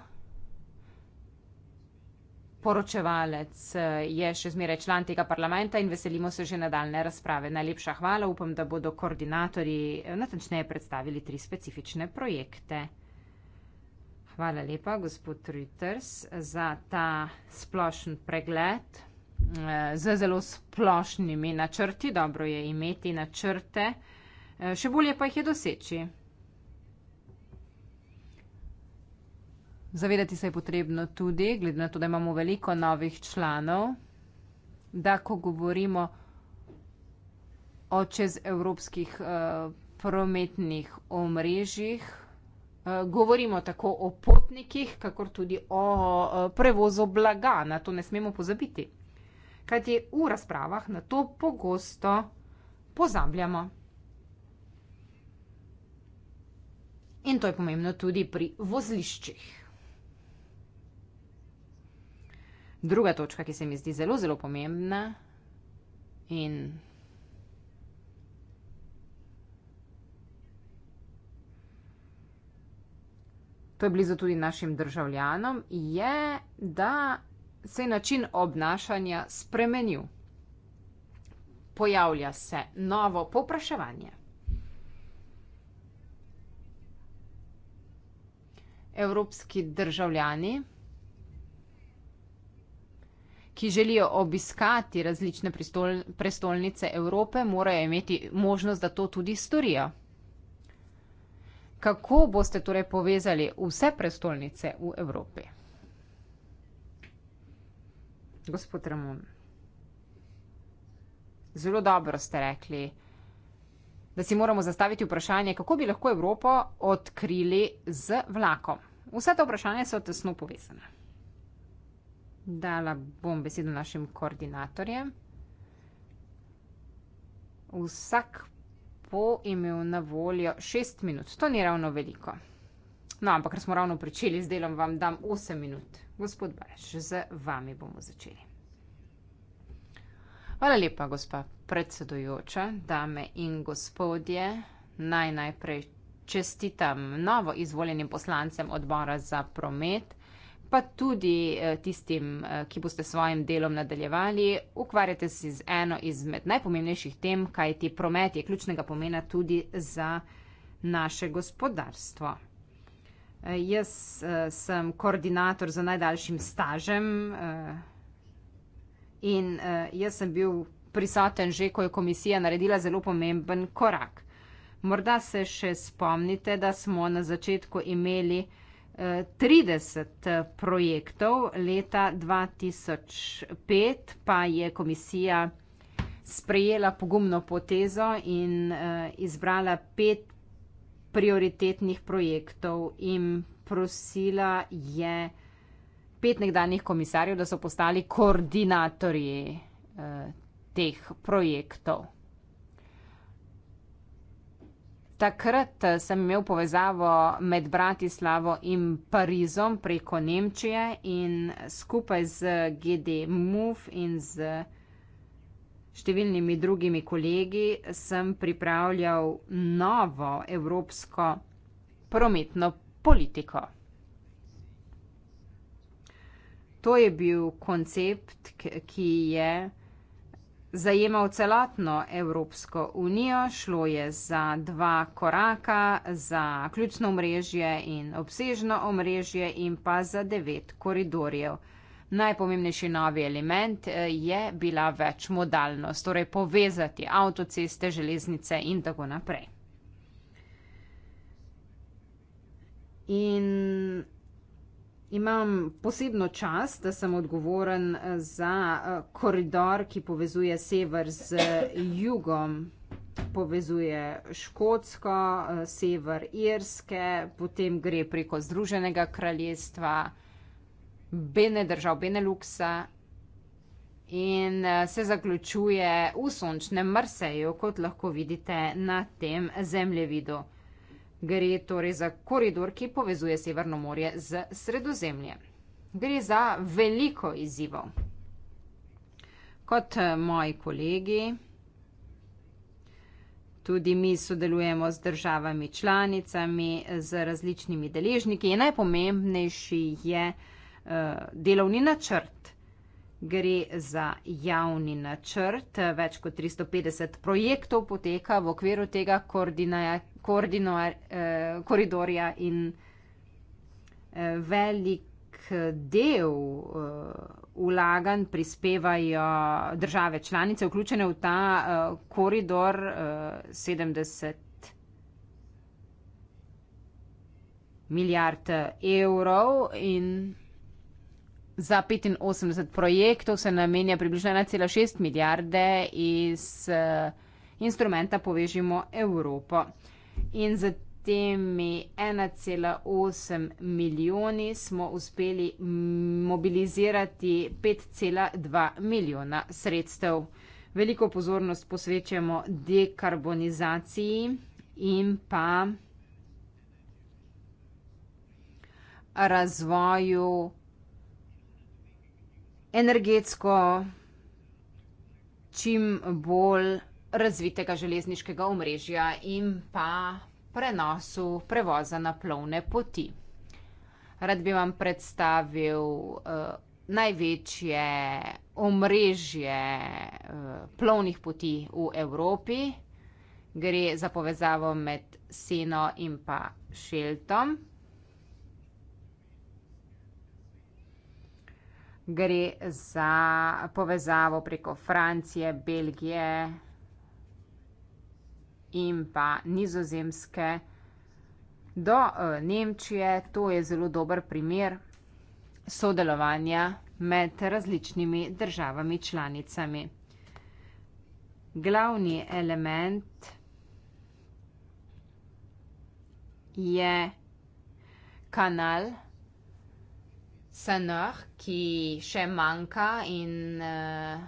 Poročevalec eh, je še zmeraj član tega parlamenta in veselimo se že nadaljne razprave. Najlepša hvala, upam, da bodo koordinatorji eh, natančneje predstavili tri specifične projekte. Hvala lepa, gospod Reuters, za ta splošen pregled z zelo splošnimi načrti. Dobro je imeti načrte, eh, še bolje pa jih je doseči. Zavedati se je potrebno tudi, glede na to, da imamo veliko novih članov, da ko govorimo o čezevropskih uh, eh, prometnih omrežjih, uh, govorimo tako o potnikih, kakor tudi o uh, prevozu blaga. Na to ne smemo pozabiti kajti v razpravah na to pogosto pozabljamo. In to je pomembno tudi pri vozliščih. Druga točka, ki se mi zdi zelo, zelo pomembna in to je blizu tudi našim državljanom, je, da se je način obnašanja spremenil. Pojavlja se novo povpraševanje. Evropski državljani, ki želijo obiskati različne pristol, prestolnice Evrope, morajo imeti možnost, da to tudi storijo. Kako boste torej povezali vse prestolnice v Evropi? Gospod Ramon, zelo dobro ste rekli, da si moramo zastaviti vprašanje, kako bi lahko Evropo odkrili z vlakom. Vsa ta vprašanja so tesno povezana. Dala bom besedo našim koordinatorjem. Vsak bo imel na voljo šest minut. To ni ravno veliko. No, ampak ker smo ravno pričeli z delom, vam dam osem minut. Gospod Baleš, z vami bomo začeli. Hvala lepa, gospa predsedujoča, dame in gospodje. Naj najprej čestitam novo izvoljenim poslancem odbora za promet, pa tudi eh, tistim, eh, ki boste svojim delom nadaljevali. Ukvarjate se z eno izmed najpomembnejših tem, kajti promet je ključnega pomena tudi za naše gospodarstvo. Eh, jaz eh, sem koordinator z najdaljšim stažem eh, in jaz sem bil prisoten že, ko je komisija naredila zelo pomemben korak. Morda se še spomnite, da smo na začetku imeli 30 projektov, leta 2005 pa je komisija sprejela pogumno potezo in izbrala pet prioritetnih projektov in prosila je pet nekdanjih komisarjev, da so postali koordinatorji eh, teh projektov. Takrat eh, sem imel povezavo med Bratislavo in Parizom preko Nemčije in skupaj z GD MUF in z številnimi drugimi kolegi sem pripravljal novo evropsko prometno politiko. To je bil koncept, ki je zajemal celotno Evropsko unijo, šlo je za dva koraka, za ključno omrežje in obsežno omrežje in pa za devet koridorjev. Najpomembnejši novi element eh, je bila večmodalnost, torej povezati avtoceste, železnice in tako naprej. In imam posebno čast, da sem odgovoren eh, za eh, koridor, ki povezuje sever z jugom, povezuje Škotsko, sever Irske, potem gre preko Združenega kraljestva. Bene držav Beneluxa in eh, se zaključuje v sončnem Marseju, kot lahko vidite na tem zemljevidu. Gre torej za koridor, ki povezuje Severno morje z Sredozemlje. Gre za veliko izzivov. Kot eh, moji kolegi, tudi mi sodelujemo z državami članicami, z različnimi deležniki. Najpomembnejši je vsega, Eh, delovni načrt gre za javni načrt, več kot tristo petdeset projektov poteka v okviru tega eh, koridorja in, eh, velik, del, vlaganj prispevajo države članice, vključene v ta, koridor, sedemdeset milijard, evrov in... Za 85 projektov se namenja približno 1,6 milijarde iz uh, instrumenta Povežimo Evropo. In z temi 1,8 milijoni smo uspeli mobilizirati 5,2 milijona sredstev. Veliko pozornost posvečamo dekarbonizaciji in pa razvoju energetsko čim bolj razvitega železniškega omrežja in pa prenosu prevoza na plovne poti. Rad bi vam predstavil eh, največje omrežje eh, plovnih poti v Evropi. Gre za povezavo med Seno in pa Šeltom. gre za povezavo preko Francije, Belgije in pa Nizozemske do eh, Nemčije. To je zelo dober primer sodelovanja med različnimi državami članicami. Glavni element je kanal, scenar, ki še manjka in uh,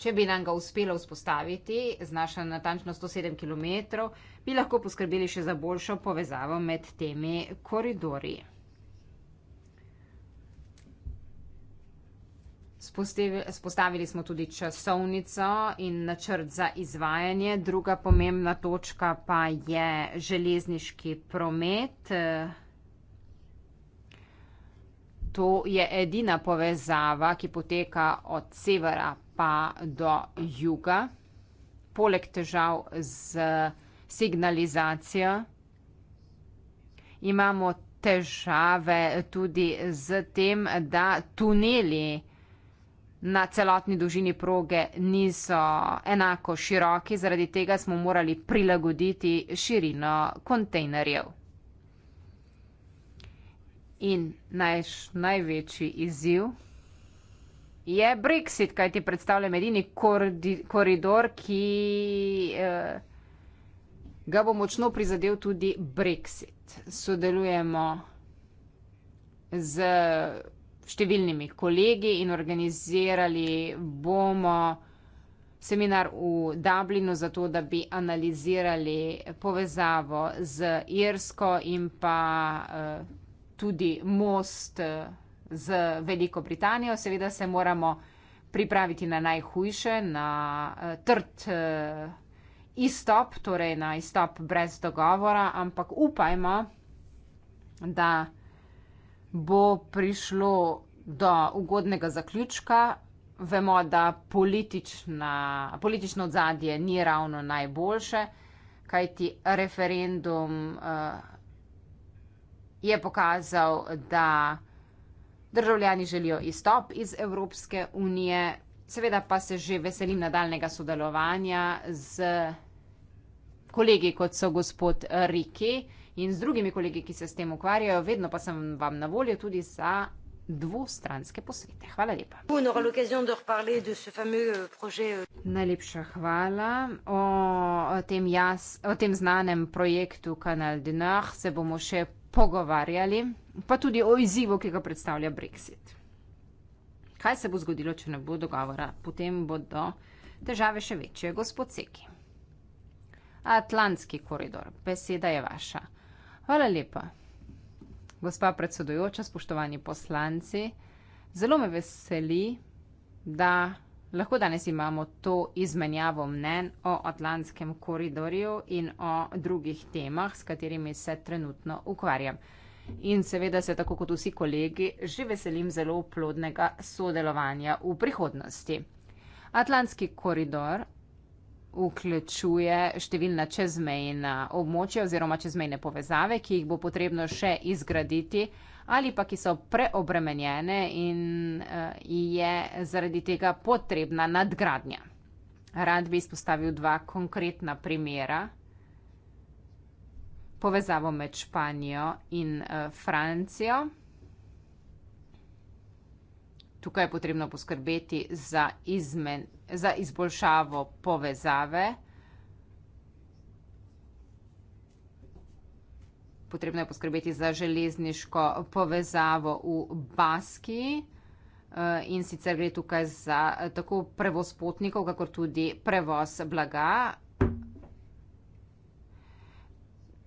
če bi nam ga uspelo vzpostaviti, znaša natančno 107 km, bi lahko poskrbeli še za boljšo povezavo med temi koridori. Spostavili smo tudi časovnico in načrt za izvajanje. Druga pomembna točka pa je železniški promet. Uh, to je edina povezava, ki poteka od severa pa do juga, poleg težav z signalizacijo. Imamo težave tudi z tem, da tuneli na celotni dolžini proge niso enako široki, zaradi tega smo morali prilagoditi širino kontejnerjev in naš največji izziv je Brexit, kaj ti predstavlja medini koridor, ki eh, ga bo močno prizadel tudi Brexit. Sodelujemo z številnimi kolegi in organizirali bomo seminar v Dublinu za to, da bi analizirali povezavo z Irsko in pa eh, tudi most eh, z Veliko Britanijo. Seveda se moramo pripraviti na najhujše, na eh, trd eh, izstop, torej na izstop brez dogovora, ampak upajmo, da bo prišlo do ugodnega zaključka. Vemo, da politično odzadje ni ravno najboljše, kajti referendum. Uh, je pokazal, da državljani želijo izstop iz Evropske unije, seveda pa se že veselim nadaljnega sodelovanja z kolegi, kot so gospod Riki in z drugimi kolegi, ki se s tem ukvarjajo. Vedno pa sem vam na voljo tudi za dvostranske posvete. Hvala lepa. Euh, euh. Najlepša hvala. O tem, jaz, o tem znanem projektu Kanal Dinah se bomo še pogovarjali, pa tudi o izzivu, ki ga predstavlja Brexit. Kaj se bo zgodilo, če ne bo dogovora? Potem bodo težave še večje, gospod Seki. Atlantski koridor, beseda je vaša. Hvala lepa. Gospa predsedujoča, spoštovani poslanci, zelo me veseli, da Lahko danes imamo to izmenjavo mnen o Atlantskem koridorju in o drugih temah, s katerimi se trenutno ukvarjam. In seveda se tako kot vsi kolegi že veselim zelo plodnega sodelovanja v prihodnosti. Atlantski koridor vključuje številna čezmejna območja oziroma čezmejne povezave, ki jih bo potrebno še izgraditi ali pa ki so preobremenjene in eh, je zaradi tega potrebna nadgradnja. Rad bi izpostavil dva konkretna primera. Povezavo med Španijo in eh, Francijo. Tukaj je potrebno poskrbeti za, izmen, za izboljšavo povezave. potrebno je poskrbeti za železniško povezavo v Baski. Eh, in sicer gre tukaj za eh, tako prevoz potnikov, kakor tudi prevoz blaga.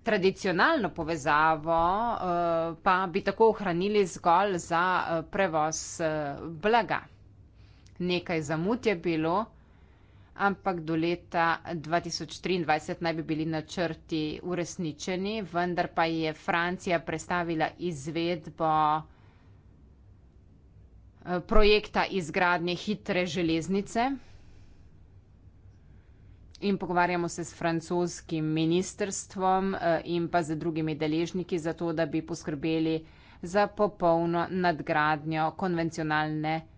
Tradicionalno povezavo eh, pa bi tako ohranili zgolj za prevoz blaga. Nekaj zamut je bilo ampak do leta 2023 naj bi bili načrti uresničeni, vendar pa je Francija predstavila izvedbo eh, projekta izgradnje hitre železnice. In pogovarjamo se s francoskim ministrstvom eh, in pa z drugimi deležniki za to, da bi poskrbeli za popolno nadgradnjo konvencionalne železnice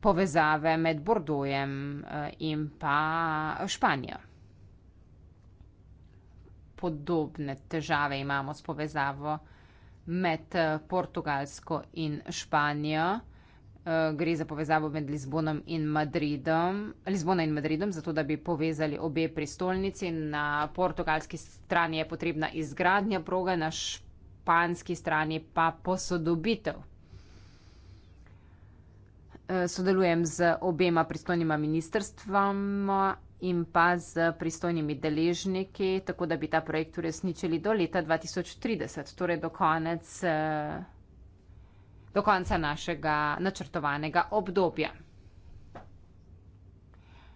povezave med Bordojem eh, in pa Španijo. Podobne težave imamo s povezavo med eh, Portugalsko in Španijo. Eh, gre za povezavo med Lizbonom in Madridom, Lizbona in Madridom, zato da bi povezali obe prestolnici. Na portugalski strani je potrebna izgradnja proge, na španski strani pa posodobitev. Eh, sodelujem z obema pristojnima ministrstvama in pa z pristojnimi deležniki, tako da bi ta projekt uresničili do leta 2030, torej do, konec, eh, do konca našega načrtovanega obdobja.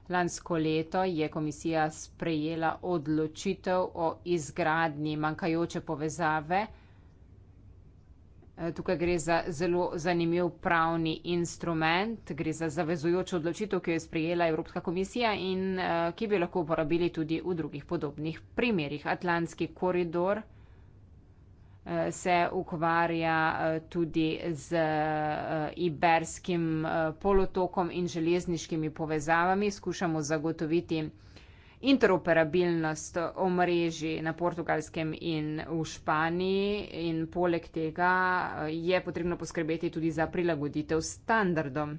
Lansko leto je komisija sprejela odločitev o izgradnji manjkajoče povezave. Eh, tukaj gre za zelo zanimiv pravni instrument, gre za zavezujočo odločitev, ki jo je sprejela Evropska komisija in eh, ki bi lahko uporabili tudi v drugih podobnih primerjih. Atlantski koridor eh, se ukvarja tudi z iberskim polotokom in železniškimi povezavami. Skušamo zagotoviti interoperabilnost omrežij na portugalskem in v Španiji in poleg tega eh, je potrebno poskrbeti tudi za prilagoditev standardom.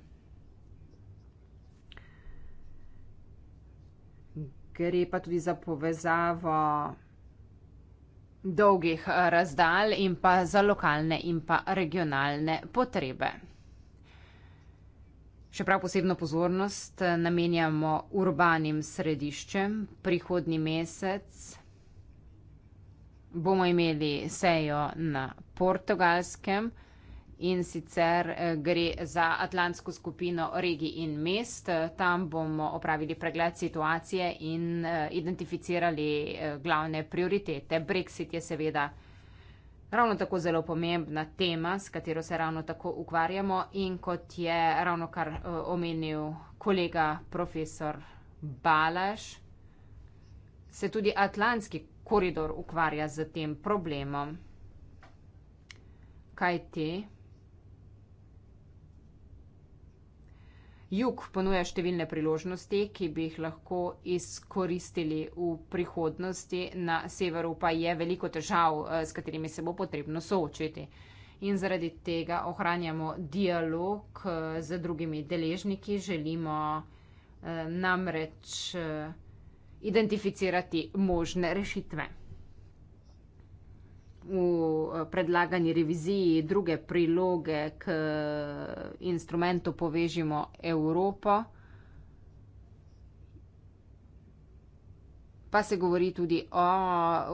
Gre pa tudi za povezavo dolgih eh, razdalj in pa za lokalne in pa regionalne potrebe. Še prav posebno pozornost eh, namenjamo urbanim središčem. Prihodni mesec bomo imeli sejo na portugalskem in sicer eh, gre za atlantsko skupino regij in mest. Tam bomo opravili pregled situacije in eh, identificirali glavne prioritete. Brexit je seveda ravno tako zelo pomembna tema, s katero se ravno tako ukvarjamo in kot je ravno kar uh, omenil kolega profesor Balaš, se tudi Atlantski koridor ukvarja z tem problemom. Kaj ti? Jug ponuja številne priložnosti, ki bi jih lahko izkoristili v prihodnosti, na severu pa je veliko težav, eh, s katerimi se bo potrebno soočiti. In zaradi tega ohranjamo dialog eh, z drugimi deležniki, želimo eh, namreč identificirati možne rešitve v eh, predlagani reviziji druge priloge k eh, instrumentu Povežimo Evropo. Pa se govori tudi o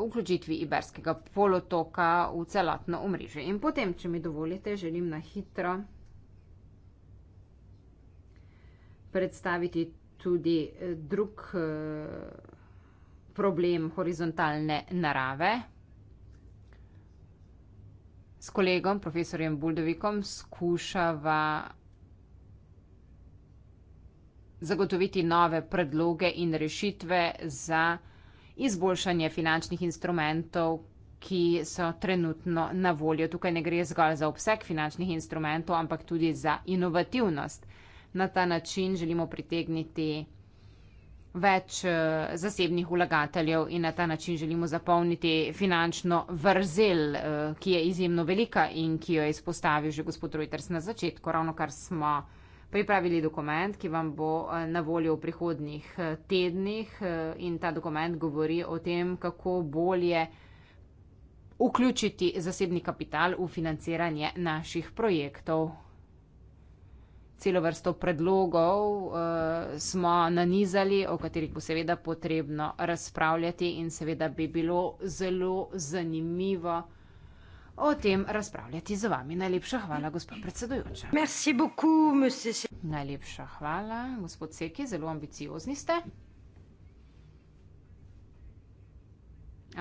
vključitvi Iberskega polotoka v celotno omrežje. In potem, če mi dovolite, želim na hitro predstaviti tudi eh, drug problem horizontalne narave s kolegom, profesorjem Buldovikom, skušava zagotoviti nove predloge in rešitve za izboljšanje finančnih instrumentov, ki so trenutno na voljo. Tukaj ne gre zgolj za obseg finančnih instrumentov, ampak tudi za inovativnost. Na ta način želimo pritegniti več eh, zasebnih vlagateljev in na ta način želimo zapolniti finančno vrzel, eh, ki je izjemno velika in ki jo je izpostavil že gospod Reuters na začetku. Ravno kar smo pripravili dokument, ki vam bo eh, na voljo v prihodnih tednih in ta dokument govori o tem, kako bolje vključiti zasebni kapital v financiranje naših projektov celo vrsto predlogov uh, smo nanizali, o katerih bo seveda potrebno razpravljati in seveda bi bilo zelo zanimivo o tem razpravljati z vami. Najlepša hvala, gospod predsedujoča. Najlepša hvala, gospod Seki, zelo ambiciozni ste.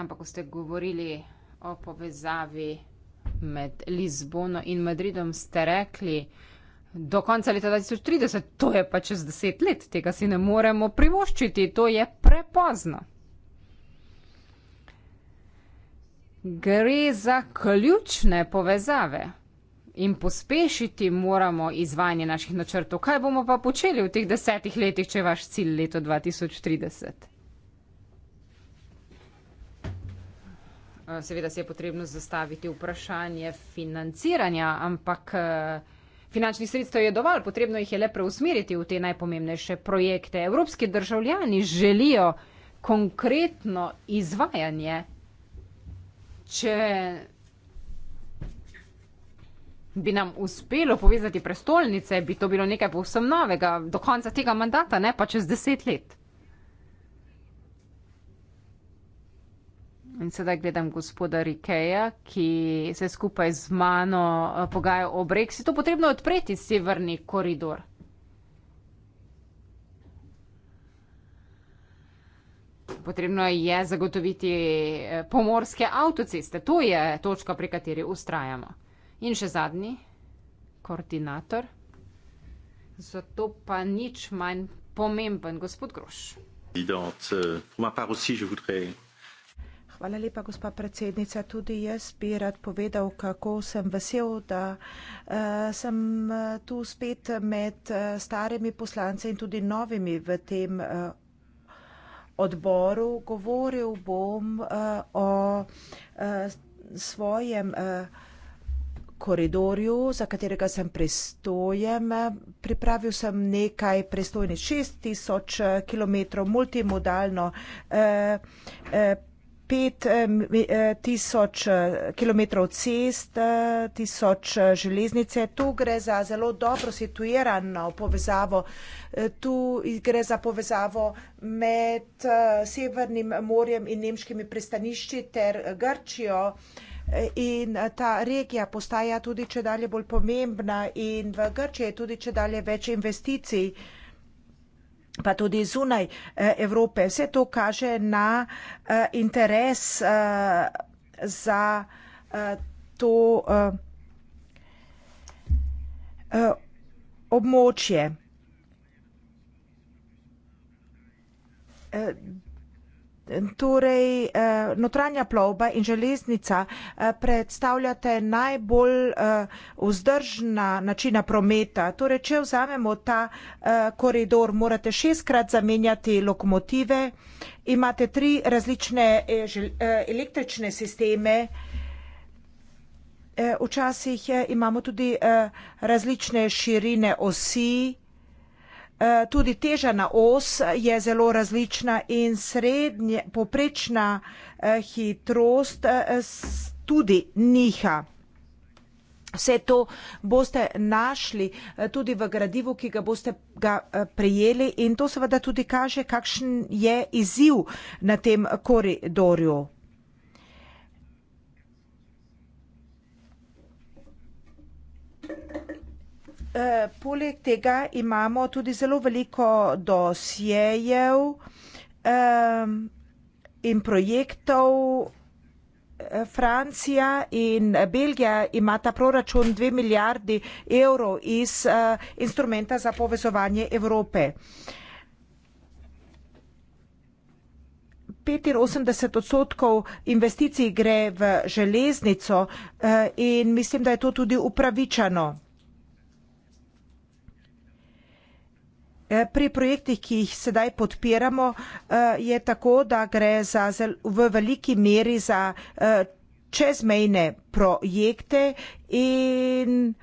Ampak, ko ste govorili o povezavi med Lizbono in Madridom, ste rekli, Do konca leta 2030, to je pa čez deset let, tega si ne moremo privoščiti, to je prepozno. Gre za ključne povezave in pospešiti moramo izvajanje naših načrtov. Kaj bomo pa počeli v teh desetih letih, če je vaš cilj leto 2030? Seveda se je potrebno zastaviti vprašanje financiranja, ampak. Finančnih sredstev je dovolj, potrebno jih je le preusmeriti v te najpomembnejše projekte. Evropski državljani želijo konkretno izvajanje, če bi nam uspelo povezati prestolnice, bi to bilo nekaj povsem novega do konca tega mandata, ne pa čez deset let. In sedaj gledam gospoda Rikeja, ki se skupaj z mano eh, pogaja o Brexitu. Potrebno je odpreti severni koridor. Potrebno je zagotoviti eh, pomorske avtoceste. To je točka, pri kateri ustrajamo. In še zadnji, koordinator. Zato pa nič manj pomemben, gospod Groš. Hvala lepa, gospa predsednica. Tudi jaz bi rad povedal, kako sem vesel, da uh, sem eh, tu spet med uh, starimi poslance in tudi novimi v tem uh, odboru. Govoril bom uh, o uh, svojem. Uh, koridorju, za katerega sem pristojem. Pripravil sem nekaj pristojni 6000 km multimodalno eh, eh, pet eh, tisoč eh, kilometrov cest, eh, tisoč železnice. Tu gre za zelo dobro situirano povezavo. Tu gre za povezavo med Severnim morjem in nemškimi pristanišči ter Grčijo. In ta regija postaja tudi če dalje bolj pomembna in v Grčiji je tudi če dalje več investicij pa tudi zunaj eh, Evrope. Vse to kaže na eh, interes eh, za to območje. Torej, eh, notranja plovba in železnica eh, predstavljate najbolj eh, vzdržna načina prometa. Torej, če vzamemo ta koridor, morate šestkrat zamenjati lokomotive, imate tri različne električne sisteme, včasih imamo tudi različne širine osi, Eh, tudi teža na os je zelo različna in srednje, poprečna eh, hitrost eh, tudi niha. Vse to boste našli tudi v gradivu, ki ga boste ga prijeli in to seveda tudi kaže, kakšen je izziv na tem koridorju. Eh, poleg tega imamo tudi zelo veliko dosjejev um, in projektov. Eh, Francija in eh, Belgija imata proračun 2 milijardi evrov iz uh, instrumenta za povezovanje Evrope. 85 odstotkov investicij gre v železnico uh, in mislim, da je to tudi upravičano. Eh, pri projektih, ki jih sedaj podpiramo, eh, je tako, da gre za, v veliki meri za eh, čezmejne projekte in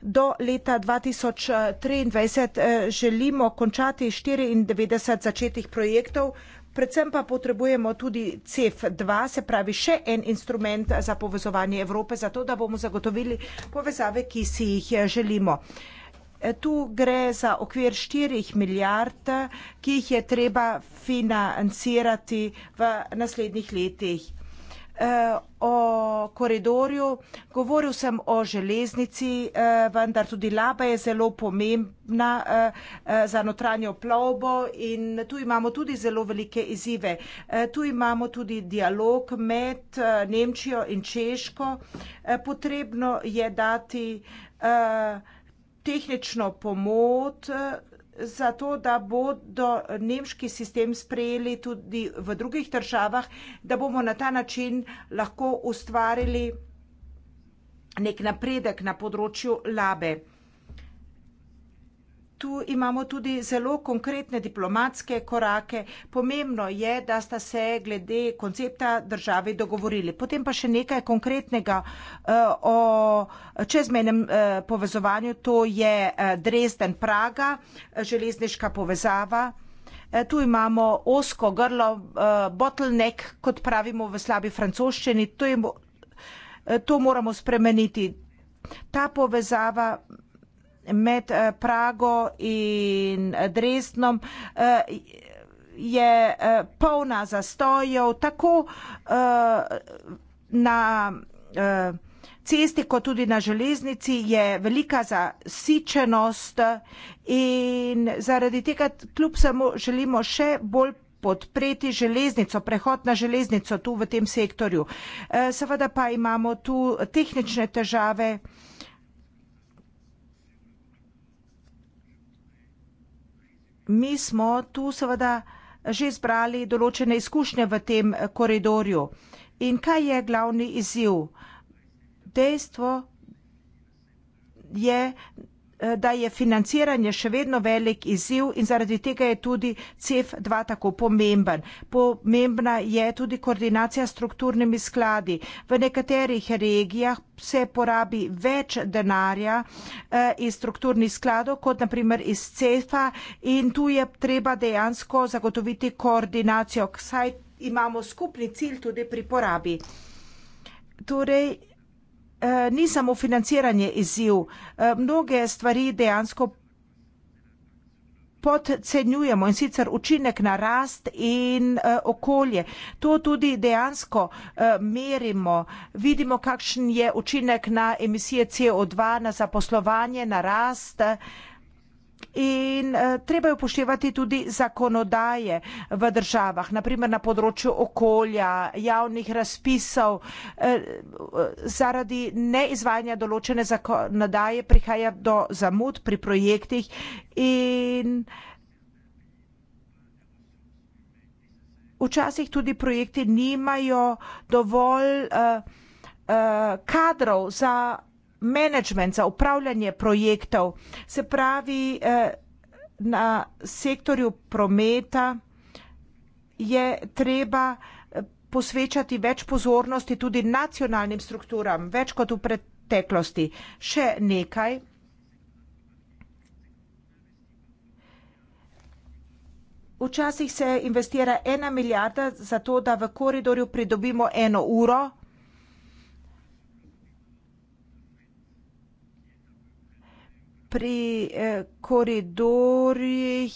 do leta 2023 želimo končati 94 začetih projektov. Predvsem pa potrebujemo tudi CEF2, se pravi še en instrument za povezovanje Evrope, zato da bomo zagotovili povezave, ki si jih želimo tu gre za okvir 4 milijard, ki jih je treba financirati v naslednjih letih. Eh, o koridorju, govoril sem o železnici, eh, vendar tudi laba je zelo pomembna eh, za notranjo plovbo in tu imamo tudi zelo velike izzive. Tu imamo tudi dialog med Nemčijo in Češko. Potrebno je dati tehnično pomot eh, za to, da bodo nemški sistem sprejeli tudi v drugih državah, da bomo na ta način lahko ustvarili nek napredek na področju labe tu imamo tudi zelo konkretne diplomatske korake. Pomembno je, da sta se glede koncepta države dogovorili. Potem pa še nekaj konkretnega uh, o čezmenem uh, eh, povezovanju, to je uh, eh, Dresden-Praga, železniška povezava. Tu imamo osko grlo, uh, bottleneck, kot pravimo v slabi francoščini. To, je, to moramo spremeniti. Ta povezava med eh, Prago in eh, Dresdnom eh, je polna zastojev, tako na cesti, kot tudi na železnici je velika zasičenost in zaradi tega kljub samo želimo še bolj podpreti železnico, prehod na železnico tu v tem sektorju. Seveda pa imamo tu tehnične težave. mi smo tu seveda že zbrali določene izkušnje v tem koridorju. In kaj je glavni izziv? Dejstvo je, da je financiranje še vedno velik izziv in zaradi tega je tudi CEF2 tako pomemben. Pomembna je tudi koordinacija strukturnimi skladi. V nekaterih regijah se porabi več denarja eh, iz strukturnih skladov kot naprimer iz CEF-a in tu je treba dejansko zagotoviti koordinacijo, saj imamo skupni cilj tudi pri porabi. Torej, eh, ni samo financiranje izziv, eh, mnoge stvari dejansko podcenjujemo in sicer učinek na rast in uh, okolje. To tudi dejansko uh, merimo. Vidimo, kakšen je učinek na emisije CO2, na zaposlovanje, na rast. Uh, in uh, treba je upoštevati tudi zakonodaje v državah, naprimer na področju okolja, javnih razpisov. Uh, zaradi neizvajanja določene zakonodaje prihaja do zamud pri projektih in včasih tudi projekti nimajo dovolj uh, uh, kadrov za management, za upravljanje projektov, se pravi eh, na sektorju prometa je treba eh, posvečati več pozornosti tudi nacionalnim strukturam, več kot v preteklosti. Še nekaj. Včasih se investira ena milijarda za to, da v koridorju pridobimo eno uro, pri eh, koridorjih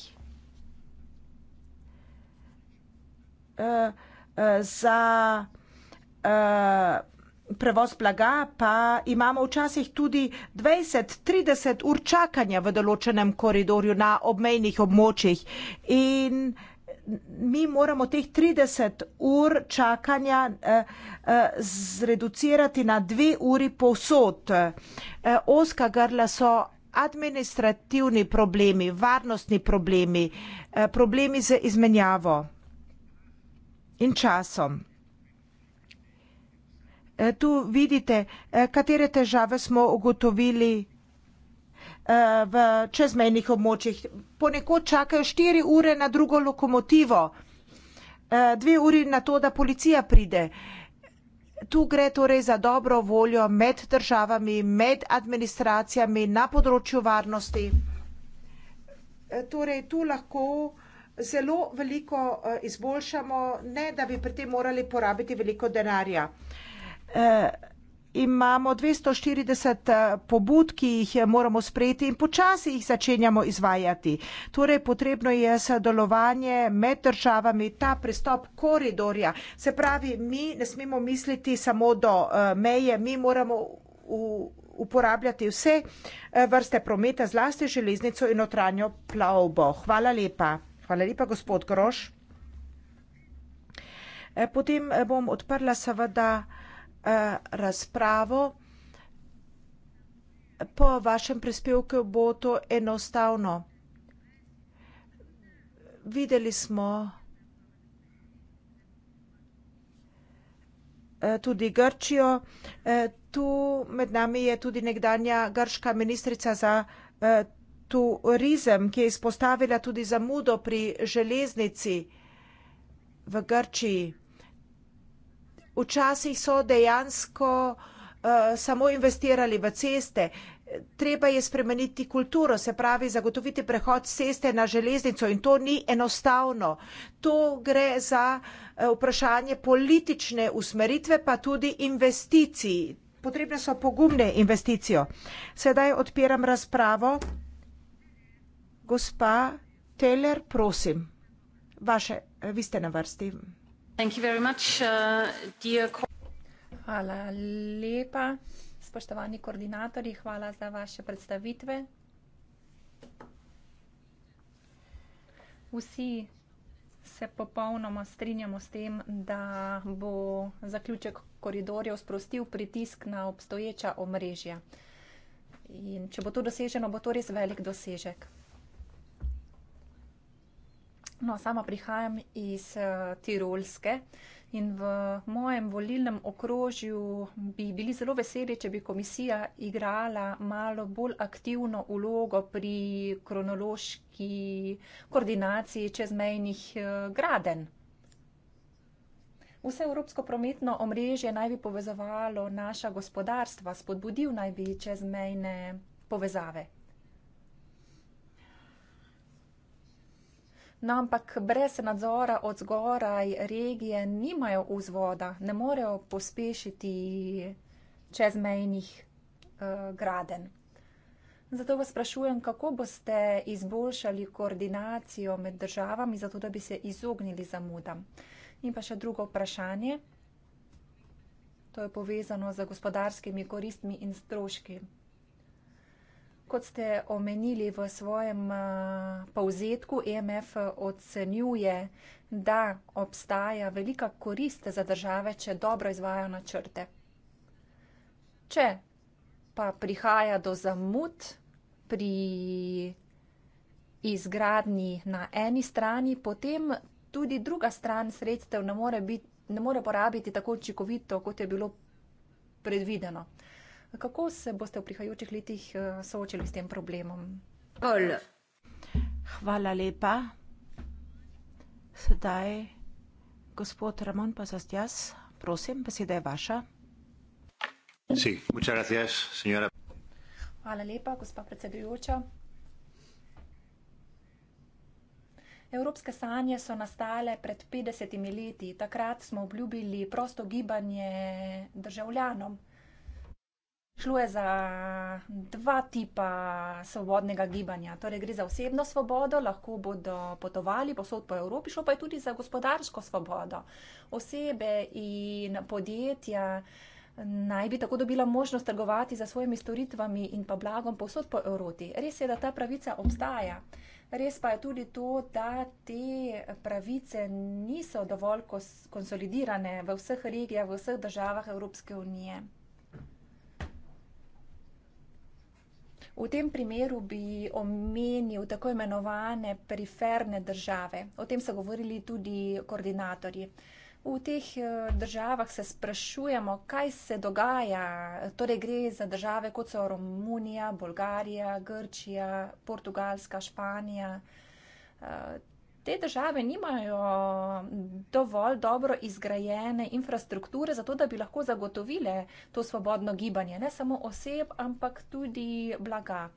eh, eh, za eh, prevoz blaga, pa imamo včasih tudi 20-30 ur čakanja v določenem koridorju na obmejnih območjih. In mi moramo teh 30 ur čakanja eh, eh, zreducirati na dve uri posod. Eh, oska grla so administrativni problemi, varnostni problemi, eh, problemi z izmenjavo in časom. Eh, tu vidite, eh, katere težave smo ugotovili v čezmejnih območjih. Ponekod čakajo 4 ure na drugo lokomotivo, 2 uri na to, da policija pride. Tu gre torej za dobro voljo med državami, med administracijami na področju varnosti. E, torej, tu lahko zelo veliko e, izboljšamo, ne da bi pri tem morali porabiti veliko denarja. E, imamo 240 eh, pobud, ki jih moramo sprejeti in počasi jih začenjamo izvajati. Torej, potrebno je sodelovanje med državami, ta pristop koridorja. Se pravi, mi ne smemo misliti samo do eh, meje, mi moramo uporabljati vse eh, vrste prometa, zlasti železnico in notranjo plavbo. Hvala lepa. Hvala lepa, gospod Groš. Potem bom odprla seveda. Eh, razpravo. Po vašem prispevku bo to enostavno. Videli smo eh, tudi Grčijo. Eh, tu med nami je tudi nekdanja grška ministrica za turizem, ki je izpostavila tudi zamudo pri železnici v Grčiji. Včasih so dejansko uh, samo investirali v ceste. Treba je spremeniti kulturo, se pravi zagotoviti prehod ceste na železnico in to ni enostavno. To gre za eh, vprašanje politične usmeritve, pa tudi investicij. Potrebne so pogumne investicijo. Sedaj odpiram razpravo. Gospa Teller, prosim, vaše, eh, vi ste na vrsti. Uh, hvala lepa, spoštovani koordinatorji, hvala za vaše predstavitve. Vsi se popolnoma strinjamo s tem, da bo zaključek koridorjev sprostil pritisk na obstoječa omrežja. In če bo to doseženo, bo to res velik dosežek. No, sama prihajam iz uh, Tirolske in v mojem volilnem okrožju bi bili zelo veseli, če bi komisija igrala malo bolj aktivno ulogo pri kronološki koordinaciji čezmejnih uh, eh, graden. Vse evropsko prometno omrežje naj bi povezovalo naša gospodarstva, spodbudil naj bi čezmejne povezave. No, ampak brez nadzora od zgoraj regije nimajo vzvoda, ne morejo pospešiti čezmejnih uh, eh, graden. Zato vas sprašujem, kako boste izboljšali koordinacijo med državami, zato da bi se izognili zamudam. In pa še drugo vprašanje. To je povezano z gospodarskimi koristmi in stroški. Kot ste omenili v svojem eh, povzetku, EMF eh, ocenjuje, da obstaja velika korist za države, če dobro izvajo načrte. Če pa prihaja do zamud pri izgradnji na eni strani, potem tudi druga stran sredstev ne more, biti, ne more porabiti tako učinkovito, kot je bilo predvideno. Kako se boste v prihajajočih letih eh, soočili s tem problemom? Ol. Hvala lepa. Sedaj gospod Ramon Pazastjas, prosim, beseda je vaša. Si, muchas gracias, señora. Hvala lepa, gospa predsedujoča. Evropske sanje so nastale pred 50 leti. Takrat smo obljubili prosto gibanje državljanom. Šlo je za dva tipa svobodnega gibanja. Torej, gre za osebno svobodo, lahko bodo potovali posod po Evropi, šlo pa je tudi za gospodarsko svobodo. Osebe in podjetja naj bi tako dobila možnost trgovati za svojimi storitvami in pa blagom posod po Evropi. Res je, da ta pravica obstaja. Res pa je tudi to, da te pravice niso dovolj konsolidirane v vseh regijah, v vseh državah Evropske unije. V tem primeru bi omenil tako imenovane periferne države. O tem so govorili tudi koordinatorji. V teh eh, državah se sprašujemo, kaj se dogaja. Torej gre za države kot so Romunija, Bolgarija, Grčija, Portugalska, Španija. Eh, te države nimajo mm, dovolj dobro izgrajene infrastrukture, zato da bi lahko zagotovile to svobodno gibanje, ne samo oseb, ampak tudi blaga.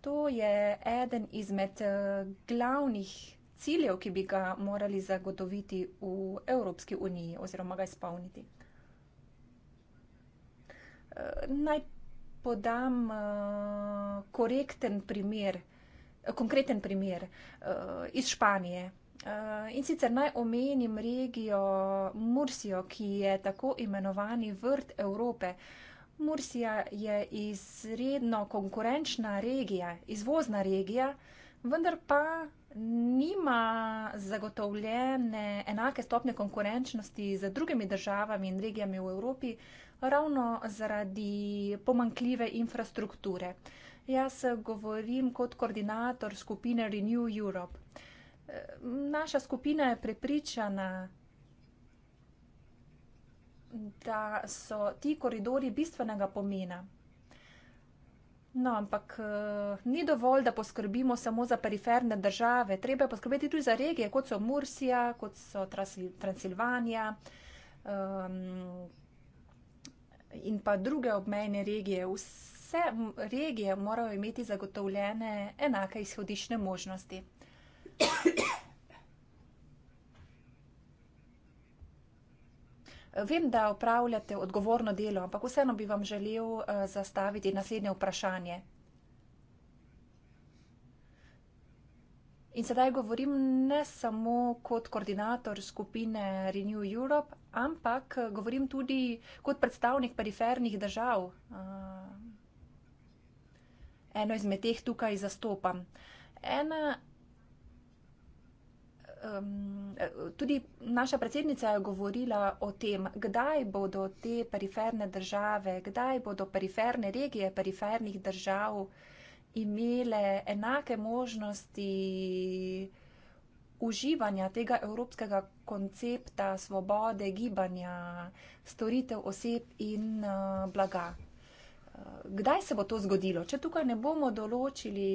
To je eden izmed eh, glavnih ciljev, ki bi ga morali zagotoviti v Evropski uniji oziroma ga izpolniti. Eh, naj podam eh, korekten primer konkreten primer uh, iz Španije. Eh, in sicer naj omenim regijo Mursijo, ki je tako imenovani vrt Evrope. Mursija je izredno konkurenčna regija, izvozna regija, vendar pa nima zagotovljene enake stopne konkurenčnosti z drugimi državami in regijami v Evropi, ravno zaradi pomankljive infrastrukture. Uh, Jaz eh, govorim kot koordinator skupine Renew Europe. Eh, naša skupina je prepričana, da so ti koridori bistvenega pomena. No, ampak eh, ni dovolj, da poskrbimo samo za periferne države, treba je poskrbeti tudi za regije, kot so Mursija, kot so Transilvanija um, in pa druge obmejne regije. Vse vse regije morajo imeti zagotovljene enake izhodišne možnosti. Vem, da upravljate odgovorno delo, ampak vseeno bi vam želel eh, zastaviti naslednje vprašanje. In sedaj govorim ne samo kot koordinator skupine Renew Europe, ampak eh, govorim tudi kot predstavnik perifernih držav, eh, eno izmed teh tukaj zastopam. Ena, um, tudi naša predsednica je govorila o tem, kdaj bodo te periferne države, kdaj bodo periferne regije perifernih držav imele enake možnosti uživanja tega evropskega koncepta svobode, gibanja, storitev oseb in uh, blaga. Eh, kdaj se bo to zgodilo? Če tukaj ne bomo določili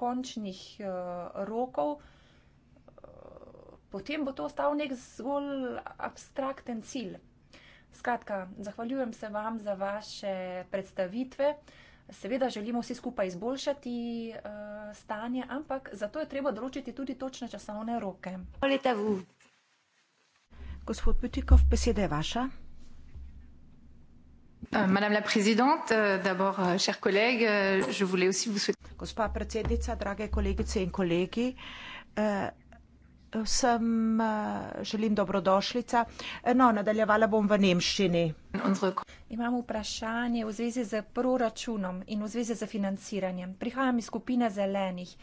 končnih eh, rokov, eh, potem bo to ostal nek zgolj abstrakten cilj. Skratka, zahvaljujem se vam za vaše predstavitve. Seveda želimo vsi skupaj izboljšati uh, stanje, ampak zato je treba določiti tudi točne časovne roke. Gospod Putikov, beseda je vaša. Euh, Madame la présidente, euh, d'abord, euh, chers collègues, je voulais aussi vous souhaiter. Gospa predsednica, drage kolegice in kolegi, vsem želim dobrodošlica. No, nadaljevala bom v nemščini. Imam vprašanje v zvezi z proračunom in v zvezi z financiranjem. Prihajam iz skupine zelenih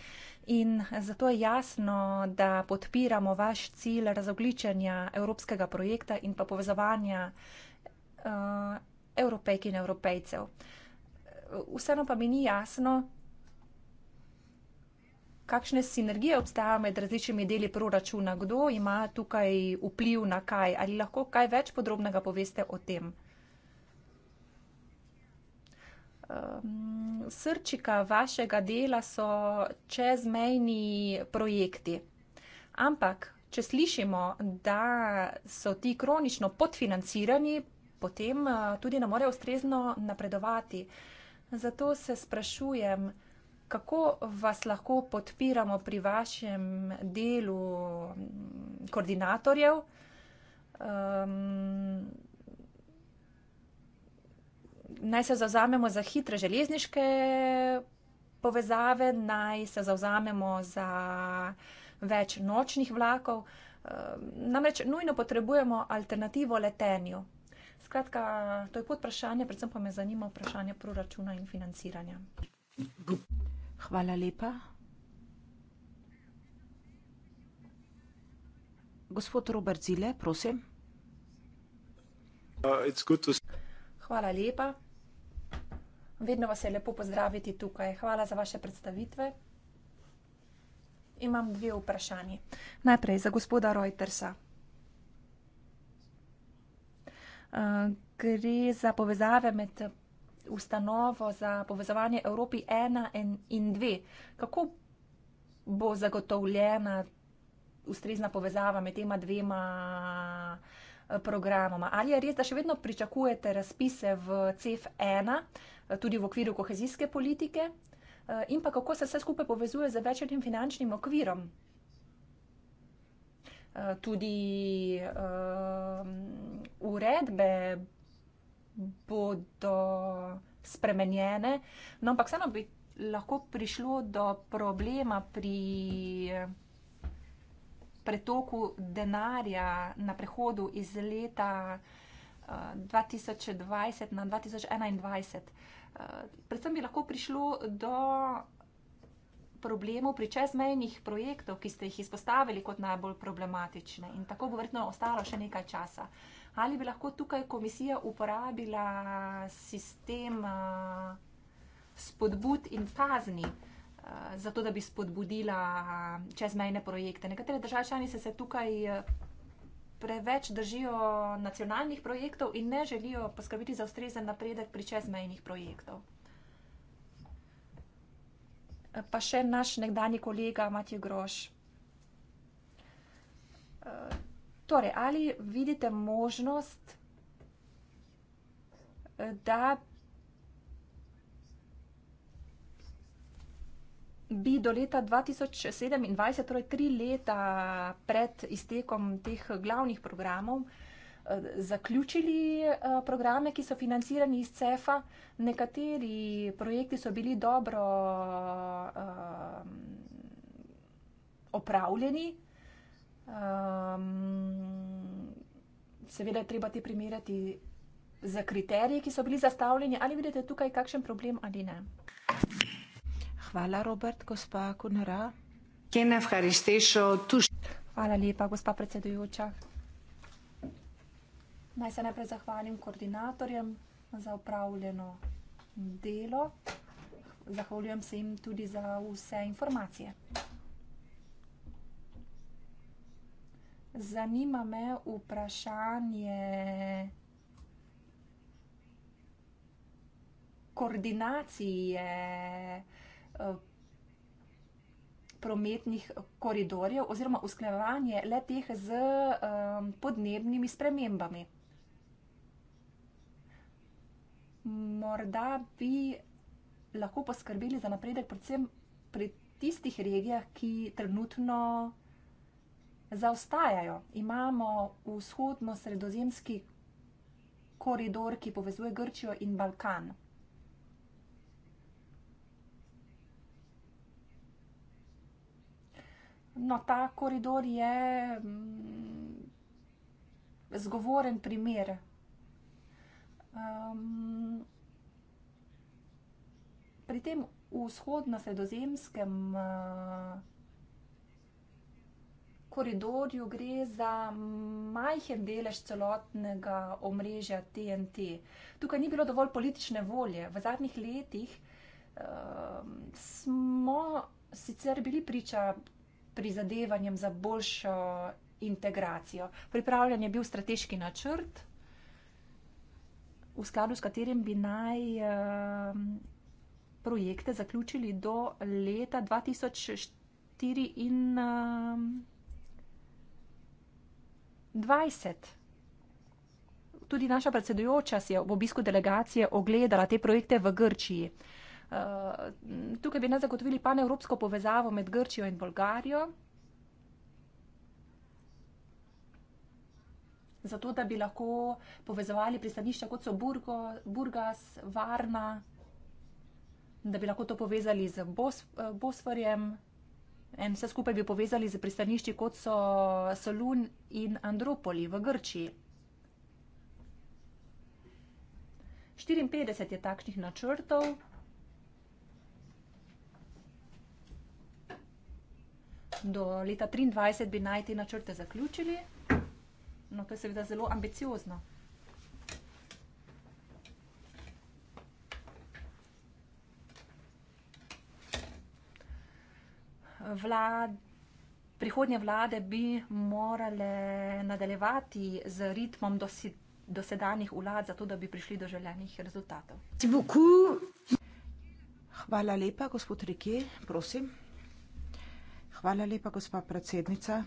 in zato je jasno, da podpiramo vaš cilj razogličenja evropskega projekta in pa povezovanja. Uh, evropejk in evropejcev. Vseeno pa mi ni jasno, kakšne sinergije obstajajo med različnimi deli proračuna, kdo ima tukaj vpliv na kaj, ali lahko kaj več podrobnega poveste o tem. Um, srčika vašega dela so čezmejni projekti. Ampak, če slišimo, da so ti kronično podfinancirani, potem eh, tudi ne more ustrezno napredovati. Zato se sprašujem, kako vas lahko podpiramo pri vašem delu mm, koordinatorjev. Um, naj se zauzamemo za hitre železniške povezave, naj se zauzamemo za več nočnih vlakov. Um, namreč nujno potrebujemo alternativo letenju. Skratka, to je pod vprašanje, predvsem pa me zanima vprašanje proračuna in financiranja. Hvala lepa. Gospod Robert Zile, prosim. Uh, Hvala lepa. Vedno vas je lepo pozdraviti tukaj. Hvala za vaše predstavitve. Imam dve vprašanje. Najprej za gospoda Reutersa. Eh, gre za povezave med ustanovo za povezovanje Evropi 1 in, in 2. Kako bo zagotovljena ustrezna povezava med tema dvema eh, programoma? Ali je res, da še vedno pričakujete razpise v CEF 1, eh, tudi v okviru kohezijske politike? In pa kako se vse skupaj povezuje z večjim finančnim okvirom? Tudi uredbe bodo spremenjene, no, ampak vseeno bi lahko prišlo do problema pri eh, pretoku denarja na prehodu iz leta 2020 eh, na 2021. Eh, predvsem bi lahko prišlo do problemov pri čezmejnih projektov, ki ste jih izpostavili kot najbolj problematične in tako bo verjetno ostalo še nekaj časa. Uh, ali bi lahko tukaj komisija uporabila sistem eh, spodbud in kazni, eh, zato da bi spodbudila eh, čezmejne projekte. Nekatere države članice se tukaj preveč držijo nacionalnih projektov in ne želijo poskrbeti za ustrezen napredek pri čezmejnih projektov. Pa še naš nekdani kolega Matje Groš. Torej, ali vidite možnost, eh, da bi do leta 2027, torej tri leta pred iztekom teh glavnih programov, eh, zaključili eh, programe, ki so financirani iz CEF-a. Nekateri projekti so bili dobro opravljeni, Um, seveda je treba te primerjati z kriteriji, ki so bili zastavljeni, ali vidite tukaj kakšen problem ali ne. Hvala, Robert, gospa Kunara. Hvala lepa, gospa predsedujoča. Naj se najprej zahvalim koordinatorjem za upravljeno delo. Zahvaljujem se jim tudi za vse informacije. Zanima me vprašanje koordinacije eh, prometnih koridorjev oziroma usklajevanje le teh z eh, podnebnimi spremembami. Morda bi lahko poskrbeli za napredek predvsem pri tistih regijah, ki trenutno zaostajajo. Imamo vzhodno-sredozemski koridor, ki povezuje Grčijo in Balkan. No, ta koridor je mm, zgovoren primer. Ehm, pri tem vzhodno-sredozemskem koridoru eh, koridorju gre za majhen delež celotnega omrežja TNT. Tukaj ni bilo dovolj politične volje. V zadnjih letih uh, smo sicer bili priča prizadevanjem za boljšo integracijo. Pripravljen je bil strateški načrt, v skladu s katerim bi naj. Uh, Projekte zaključili do leta 2004 in uh, dvajset. Tudi naša predsedujoča si je ob obisku delegacije ogledala te projekte v Grčiji. Eh, tukaj bi nas zagotovili panevropsko povezavo med Grčijo in Bolgarijo. Zato, da bi lahko povezovali pristanišča, kot so Burgo, Burgas, Varna, da bi lahko to povezali z Bos, eh, Bosforjem in vse skupaj bi povezali z pristanišči, kot so Solun in Andropoli v Grčiji. 54 je takšnih načrtov. Do leta 2023 bi naj te načrte zaključili. No, to je seveda zelo ambiciozno. vlad, prihodnje vlade bi morale nadaljevati z ritmom dosedanjih vlad, zato da bi prišli do željenih rezultatov. Hvala lepa, gospod Riki, prosim. Hvala lepa, gospa predsednica.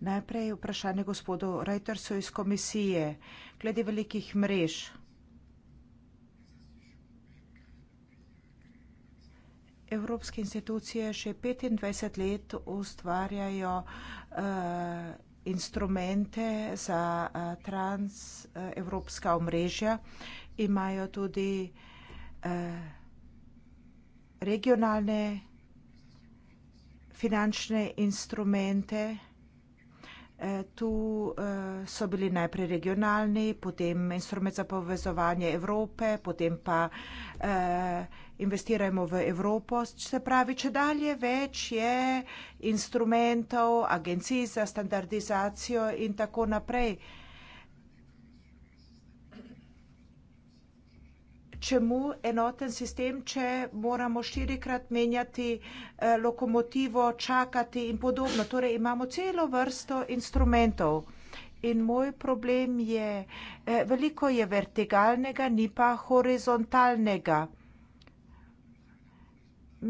Najprej vprašanje gospodu Reutersu iz komisije glede velikih mrež. evropske institucije že 25 let ustvarjajo uh, instrumente za uh, transevropska uh, omrežja, imajo tudi uh, regionalne finančne instrumente. E, tu e, so bili najprej regionalni, potem instrument za povezovanje Evrope, potem pa e, investirajmo v Evropo. Se pravi, če dalje več je instrumentov, agencij za standardizacijo in tako naprej. čemu enoten sistem, če moramo štirikrat menjati eh, lokomotivo, čakati in podobno. Torej imamo celo vrsto instrumentov. In moj problem je, eh, veliko je vertikalnega, ni pa horizontalnega.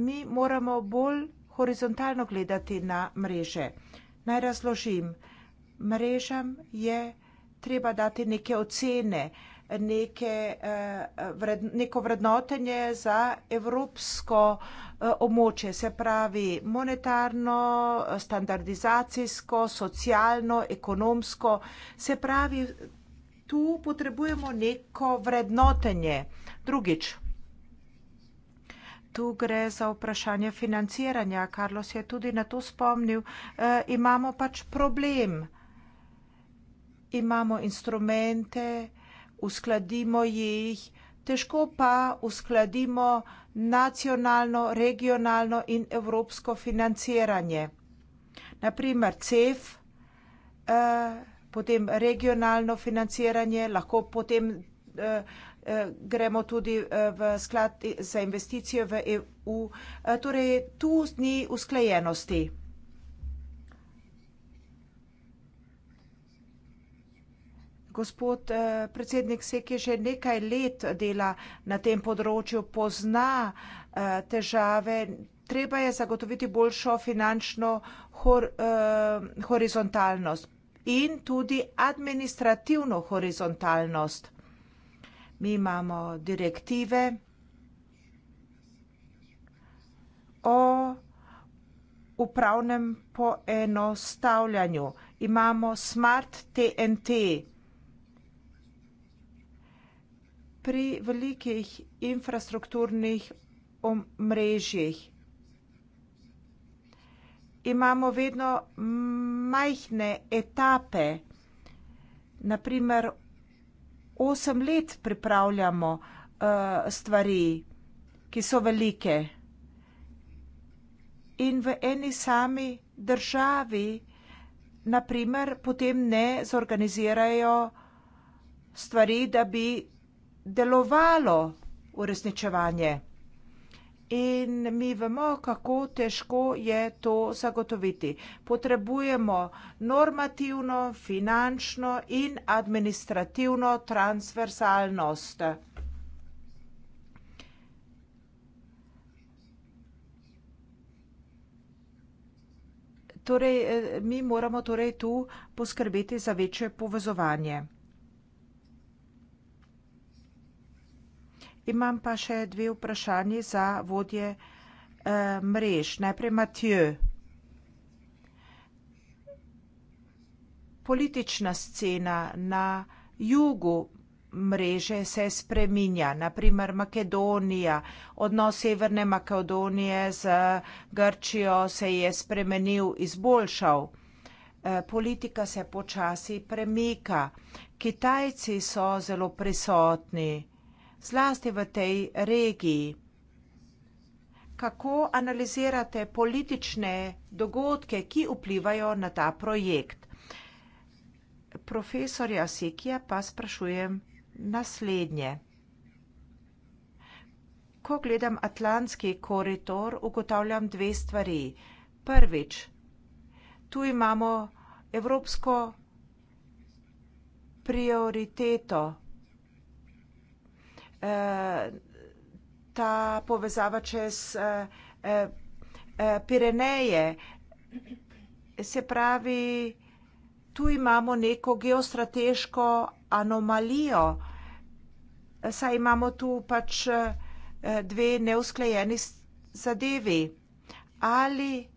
Mi moramo bolj horizontalno gledati na mreže. Naj razložim, mrežam je treba dati neke ocene. Eh, neke, eh, vred, neko vrednotenje za evropsko eh, območje, se pravi monetarno, eh, standardizacijsko, socialno, ekonomsko. Se pravi, tu potrebujemo neko vrednotenje. Drugič, tu gre za vprašanje financiranja. Carlos je tudi na to spomnil. E, imamo pač problem. Imamo instrumente, uskladimo jih, težko pa uskladimo nacionalno, regionalno in evropsko financiranje. Naprimer CEF, eh, potem regionalno financiranje, lahko potem eh, eh, gremo tudi v sklad za investicijo v EU. Torej, tu ni usklajenosti. Gospod eh, predsednik Seki že nekaj let dela na tem področju, pozna eh, težave. Treba je zagotoviti boljšo finančno hor, eh, horizontalnost in tudi administrativno horizontalnost. Mi imamo direktive o upravnem poenostavljanju. Imamo smart TNT. pri velikih infrastrukturnih omrežjih. Imamo vedno majhne etape, naprimer osem let pripravljamo uh, stvari, ki so velike. In v eni sami državi, naprimer, potem ne zorganizirajo stvari, da bi delovalo uresničevanje. In mi vemo, kako težko je to zagotoviti. Potrebujemo normativno, finančno in administrativno transversalnost. Torej, eh, mi moramo torej tu poskrbeti za večje povezovanje. Imam pa še dve vprašanji za vodje eh, mrež. Najprej Matjo. Politična scena na jugu mreže se spreminja, naprimer Makedonija, odnos Severne Makedonije z Grčijo se je spremenil, izboljšal. Eh, politika se počasi premika. Kitajci so zelo prisotni zlasti v tej regiji. Kako analizirate politične dogodke, ki vplivajo na ta projekt? Profesorja Sikija pa sprašujem naslednje. Ko gledam Atlantski koridor, ugotavljam dve stvari. Prvič, tu imamo evropsko prioriteto Eh, ta povezava čez eh, eh, Pireneje. Se pravi, tu imamo neko geostrateško anomalijo, saj imamo tu pač dve neusklajeni zadevi. Ali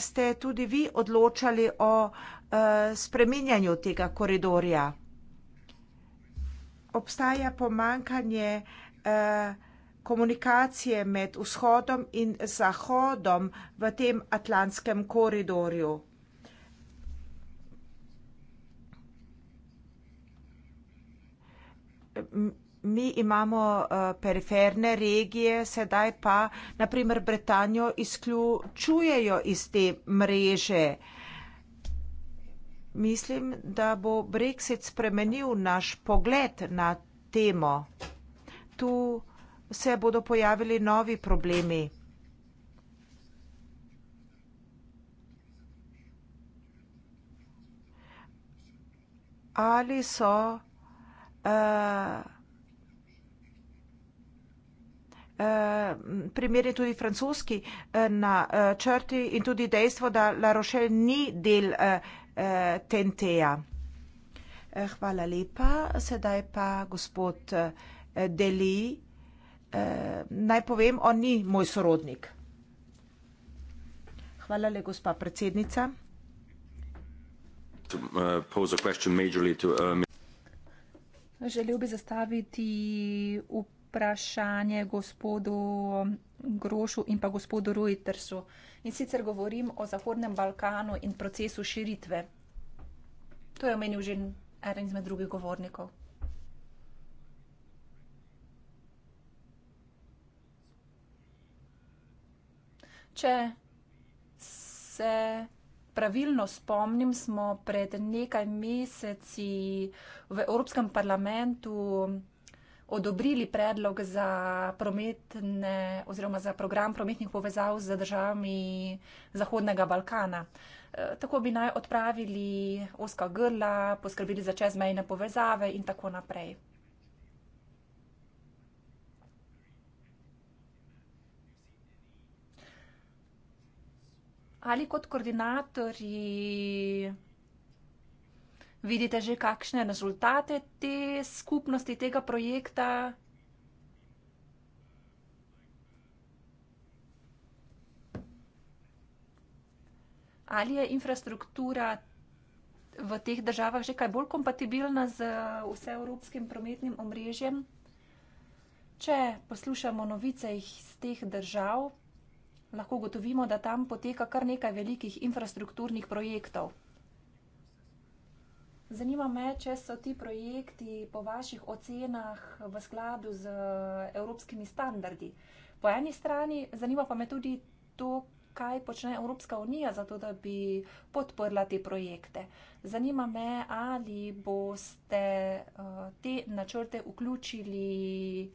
ste tudi vi odločali o spreminjanju tega koridorja? obstaja pomankanje eh, komunikacije med vzhodom in zahodom v tem atlantskem koridorju. Mi imamo eh, periferne regije, sedaj pa na primer Bretanjo izključujejo iz te mreže. Mislim, da bo Brexit spremenil naš pogled na temo. Tu se bodo pojavili novi problemi. Ali so uh, eh, eh, primerje tudi francoski eh, na črti in tudi dejstvo, da La Rochelle ni del eh, TNT-ja. Eh, hvala lepa. Sedaj pa gospod eh, Deli. Eh, naj povem, on ni moj sorodnik. Hvala le, gospa predsednica. Eh, eh, Želel bi zastaviti vprašanje gospodu Grošu in pa gospodu Reutersu. In sicer govorim o Zahodnem Balkanu in procesu širitve. To je omenil že eden izmed drugih govornikov. Če se pravilno spomnim, smo pred nekaj meseci v Evropskem parlamentu odobrili predlog za prometne oziroma za program prometnih povezav z državami Zahodnega Balkana. E, tako bi naj odpravili oska grla, poskrbeli za čezmejne povezave in tako naprej. Ali kot koordinatorji Vidite že kakšne rezultate te skupnosti, tega projekta? Ali je infrastruktura v teh državah že kaj bolj kompatibilna z vseevropskim prometnim omrežjem? Če poslušamo novice iz teh držav, lahko gotovimo, da tam poteka kar nekaj velikih infrastrukturnih projektov. Zanima me, če so ti projekti po vaših ocenah v skladu z evropskimi standardi. Po eni strani zanima pa me tudi to, kaj počne Evropska unija za to, da bi podprla te projekte. Zanima me, ali boste te načrte vključili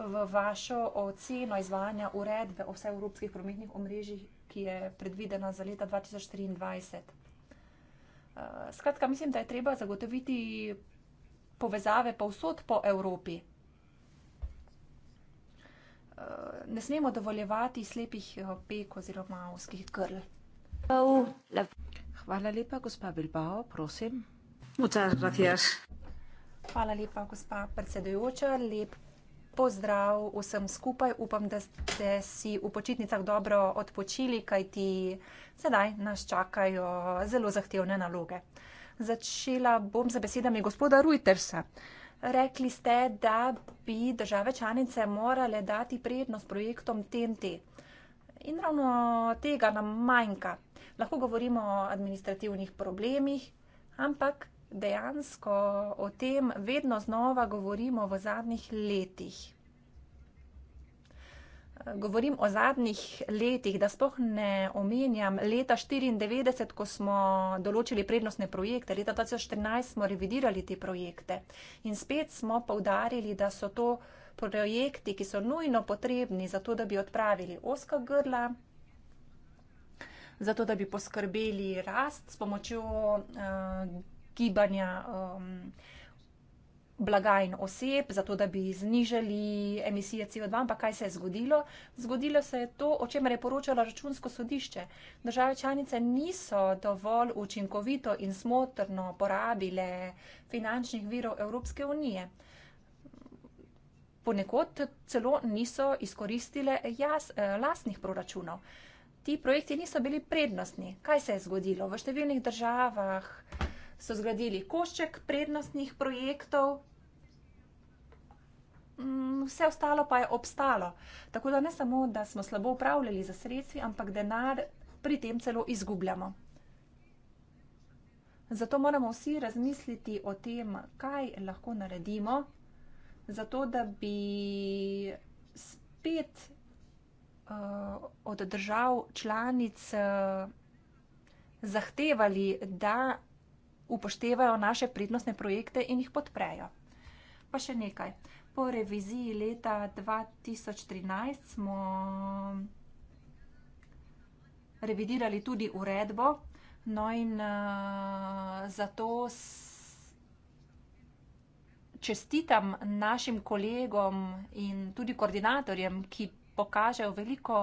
v vašo oceno izvajanja uredbe o vseevropskih prometnih omrežjih, ki je predvidena za leta 2023. Eh, skratka, mislim, da je treba zagotoviti povezave povsod po Evropi. Eh, ne smemo dovoljevati slepih eh, pek oziroma uskih grl. Hvala lepa, gospa Bilbao, prosim. Hvala lepa, gospa predsedujoča. Lep pozdrav vsem skupaj. Upam, da ste si v počitnicah dobro odpočili, kajti sedaj nas čakajo zelo zahtevne naloge. Začela bom za besedami gospoda Reutersa. Rekli ste, da bi države članice morale dati prednost projektom TNT. In ravno tega nam manjka. Lahko govorimo o administrativnih problemih, ampak dejansko o tem vedno znova govorimo v zadnjih letih. Govorim o zadnjih letih, da spoh ne omenjam leta 1994, ko smo določili prednostne projekte. Leta 2014 smo revidirali te projekte in spet smo povdarili, da so to projekti, ki so nujno potrebni za to, da bi odpravili oska grla, za to, da bi poskrbeli rast s pomočjo uh, gibanja um, blaga in oseb, zato da bi znižali emisije CO2. Ampak kaj se je zgodilo? Zgodilo se je to, o čemer je poročalo računsko sodišče. Države članice niso dovolj učinkovito in smotrno porabile finančnih virov Evropske unije. Ponekod celo niso izkoristile jas, eh, lasnih proračunov. Ti projekti niso bili prednostni. Kaj se je zgodilo? V številnih državah eh, so zgradili košček prednostnih projektov, mm, vse ostalo pa je obstalo. Tako da ne samo, da smo slabo upravljali za sredstvi, ampak denar pri tem celo izgubljamo. Zato moramo vsi razmisliti o tem, kaj lahko naredimo, zato da bi spet uh, od držav članic uh, zahtevali, da upoštevajo naše prednostne projekte in jih podprejo. Pa še nekaj. Po reviziji leta 2013 smo revidirali tudi uredbo, no in uh, zato čestitam našim kolegom in tudi koordinatorjem, ki pokažejo veliko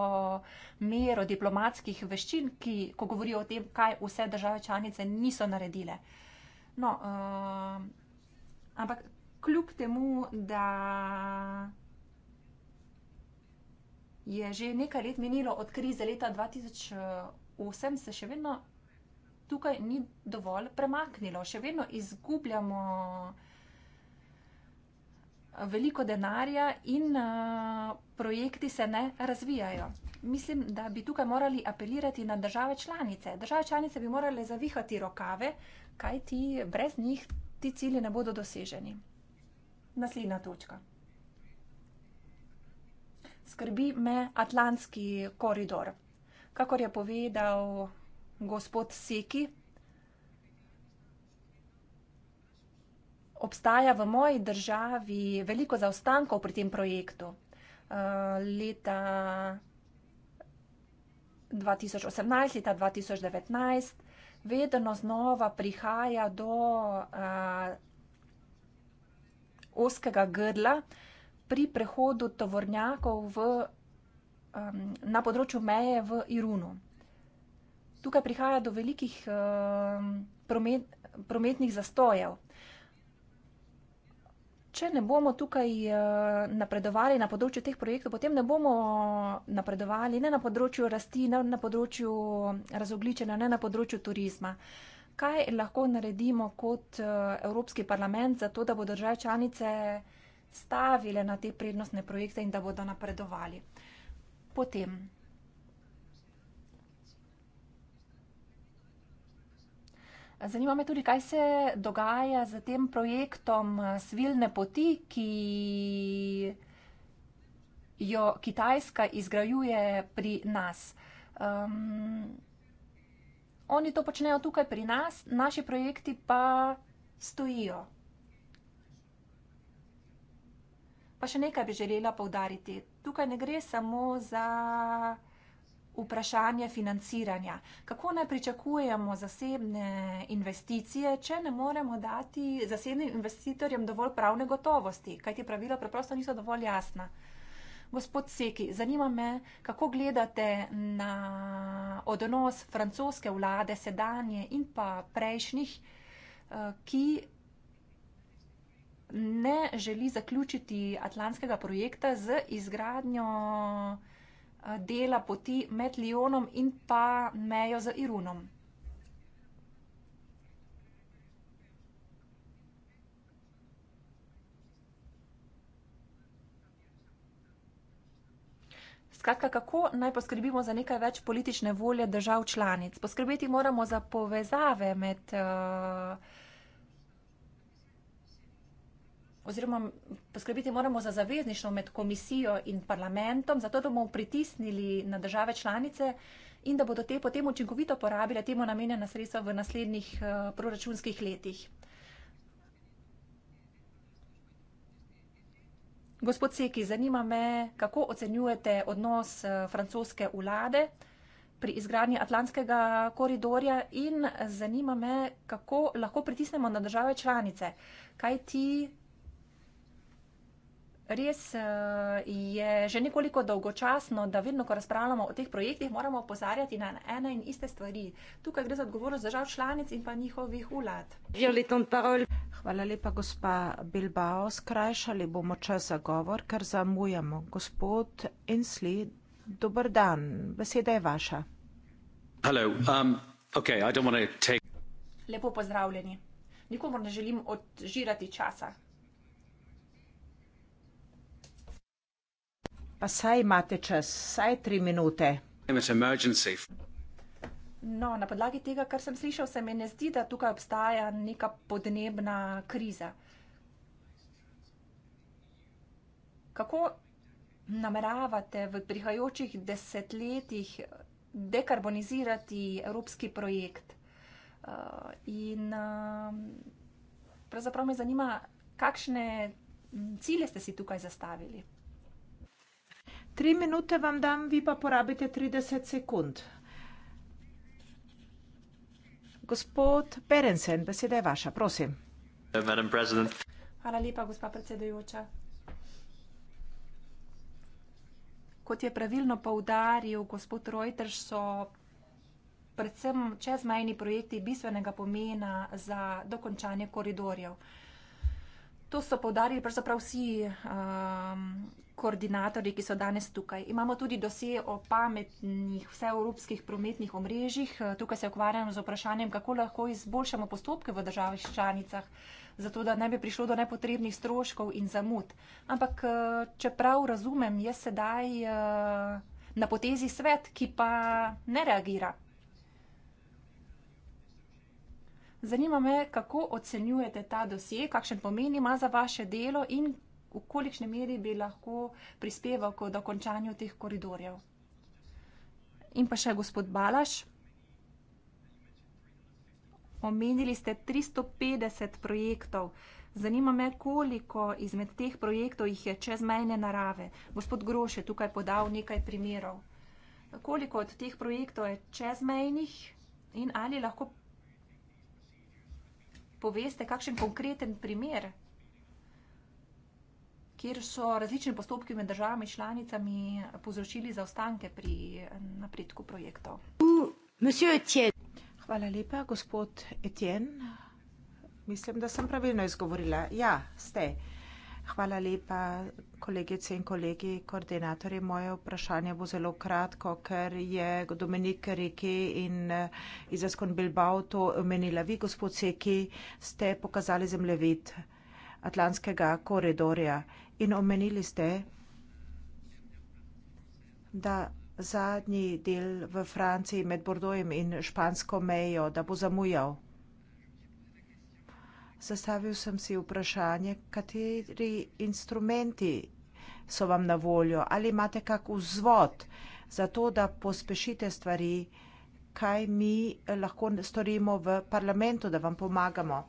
mero diplomatskih veščin, ki, ko govorijo o tem, kaj vse države članice niso naredile. No, uh, ampak kljub temu, da je že nekaj let minilo od krize leta 2008, se še vedno tukaj ni dovolj premaknilo, še vedno izgubljamo veliko denarja in uh, projekti se ne razvijajo. Mislim, da bi tukaj morali apelirati na države članice. Države članice bi morale zavihati rokave, kaj ti brez njih ti cilji ne bodo doseženi. Naslednja točka. Skrbi me Atlantski koridor. Kakor je povedal gospod Seki, obstaja v moji državi veliko zaostankov pri tem projektu. Uh, leta 2018, leta 2019, vedno znova prihaja do uh, eh, oskega grla pri prehodu tovornjakov v, um, na področju meje v Irunu. Tukaj prihaja do velikih uh, promet, prometnih zastojev če ne bomo tukaj eh, napredovali na področju teh projektov, potem ne bomo napredovali ne na področju rasti, ne na področju razogličenja, ne na področju turizma. Kaj lahko naredimo kot eh, Evropski parlament za to, da bodo države članice stavile na te prednostne projekte in da bodo napredovali? Potem. Zanima me tudi, kaj se dogaja z tem projektom eh, Svilne poti, ki jo Kitajska izgrajuje pri nas. Um, oni to počnejo tukaj pri nas, naši projekti pa stojijo. Pa še nekaj bi želela povdariti. Tukaj ne gre samo za vprašanje financiranja. Kako naj pričakujemo zasebne investicije, če ne moremo dati zasebnim investitorjem dovolj pravne gotovosti, kajti pravila preprosto niso dovolj jasna. Gospod Seki, zanima me, kako gledate na odnos francoske vlade, sedanje in pa prejšnjih, eh, ki ne želi zaključiti atlantskega projekta z izgradnjo Eh, dela poti med Lyonom in pa mejo z Irunom. Skratka, kako naj poskrbimo za nekaj več politične volje držav članic? Poskrbeti moramo za povezave med uh, oziroma poskrbiti moramo za zavezništvo med komisijo in parlamentom, zato da bomo pritisnili na države članice in da bodo te potem učinkovito porabile temu namenjena sredstva v naslednjih eh, proračunskih letih. Gospod Seki, zanima me, kako ocenjujete odnos eh, francoske vlade pri izgradnji Atlantskega koridorja in zanima me, kako lahko pritisnemo na države članice, kaj ti Res eh, je že nekoliko dolgočasno, da vedno, ko razpravljamo o teh projektih, moramo opozarjati na ene in iste stvari. Tukaj gre za odgovornost držav članic in pa njihovih vlad. Hvala lepa, gospa Bilbao. Skrajšali bomo čas za govor, ker zamujamo. Gospod Ensli, dober dan. Beseda je vaša. Hello, um, okay, take... Lepo pozdravljeni. Nikomor ne želim odžirati časa. Pa saj imate čas, saj tri minute. No, na podlagi tega, kar sem slišal, se mi ne zdi, da tukaj obstaja neka podnebna kriza. Kako nameravate v prihajajočih desetletjih dekarbonizirati evropski projekt? Eh, in eh, pravzaprav me zanima, kakšne mm, cilje ste si tukaj zastavili. Tri minute vam dam, vi pa porabite 30 sekund. Gospod Perensen, beseda je vaša, prosim. Hvala lepa, gospa predsedujoča. Kot je pravilno poudaril gospod Reuters, so predvsem čezmejni projekti bistvenega pomena za dokončanje koridorjev. To so poudarili pravzaprav vsi. Um, koordinatorji, ki so danes tukaj. Imamo tudi dosje o pametnih vseevropskih prometnih omrežjih. Tukaj se ukvarjamo z vprašanjem, kako lahko izboljšamo postopke v državah članicah, zato da ne bi prišlo do nepotrebnih stroškov in zamud. Ampak, čeprav razumem, je sedaj na potezi svet, ki pa ne reagira. Zanima me, kako ocenjujete ta dosje, kakšen pomen ima za vaše delo in v kolikšni meri bi lahko prispeval k dokončanju teh koridorjev. In pa še gospod Balaš. Omenili ste 350 projektov. Zanima me, koliko izmed teh projektov jih je čezmejne narave. Gospod Groš je tukaj podal nekaj primerov. Koliko od teh projektov je čezmejnih in ali lahko poveste kakšen konkreten primer, kjer so različni postopki med državami članicami povzročili zaostanke pri napredku projektov. Hvala lepa, gospod Etienne. Mislim, da sem pravilno izgovorila. Ja, ste. Hvala lepa, kolegice in kolegi, koordinatorji. Moje vprašanje bo zelo kratko, ker je Dominik Riki in eh, Izaskon Bilbao to omenila. Vi, gospod Seki, ste pokazali zemljevid Atlantskega koridorja In omenili ste, da zadnji del v Franciji med Bordojem in špansko mejo, da bo zamujal. Zastavil sem si vprašanje, kateri instrumenti so vam na voljo, ali imate kak vzvod za to, da pospešite stvari, kaj mi lahko storimo v parlamentu, da vam pomagamo,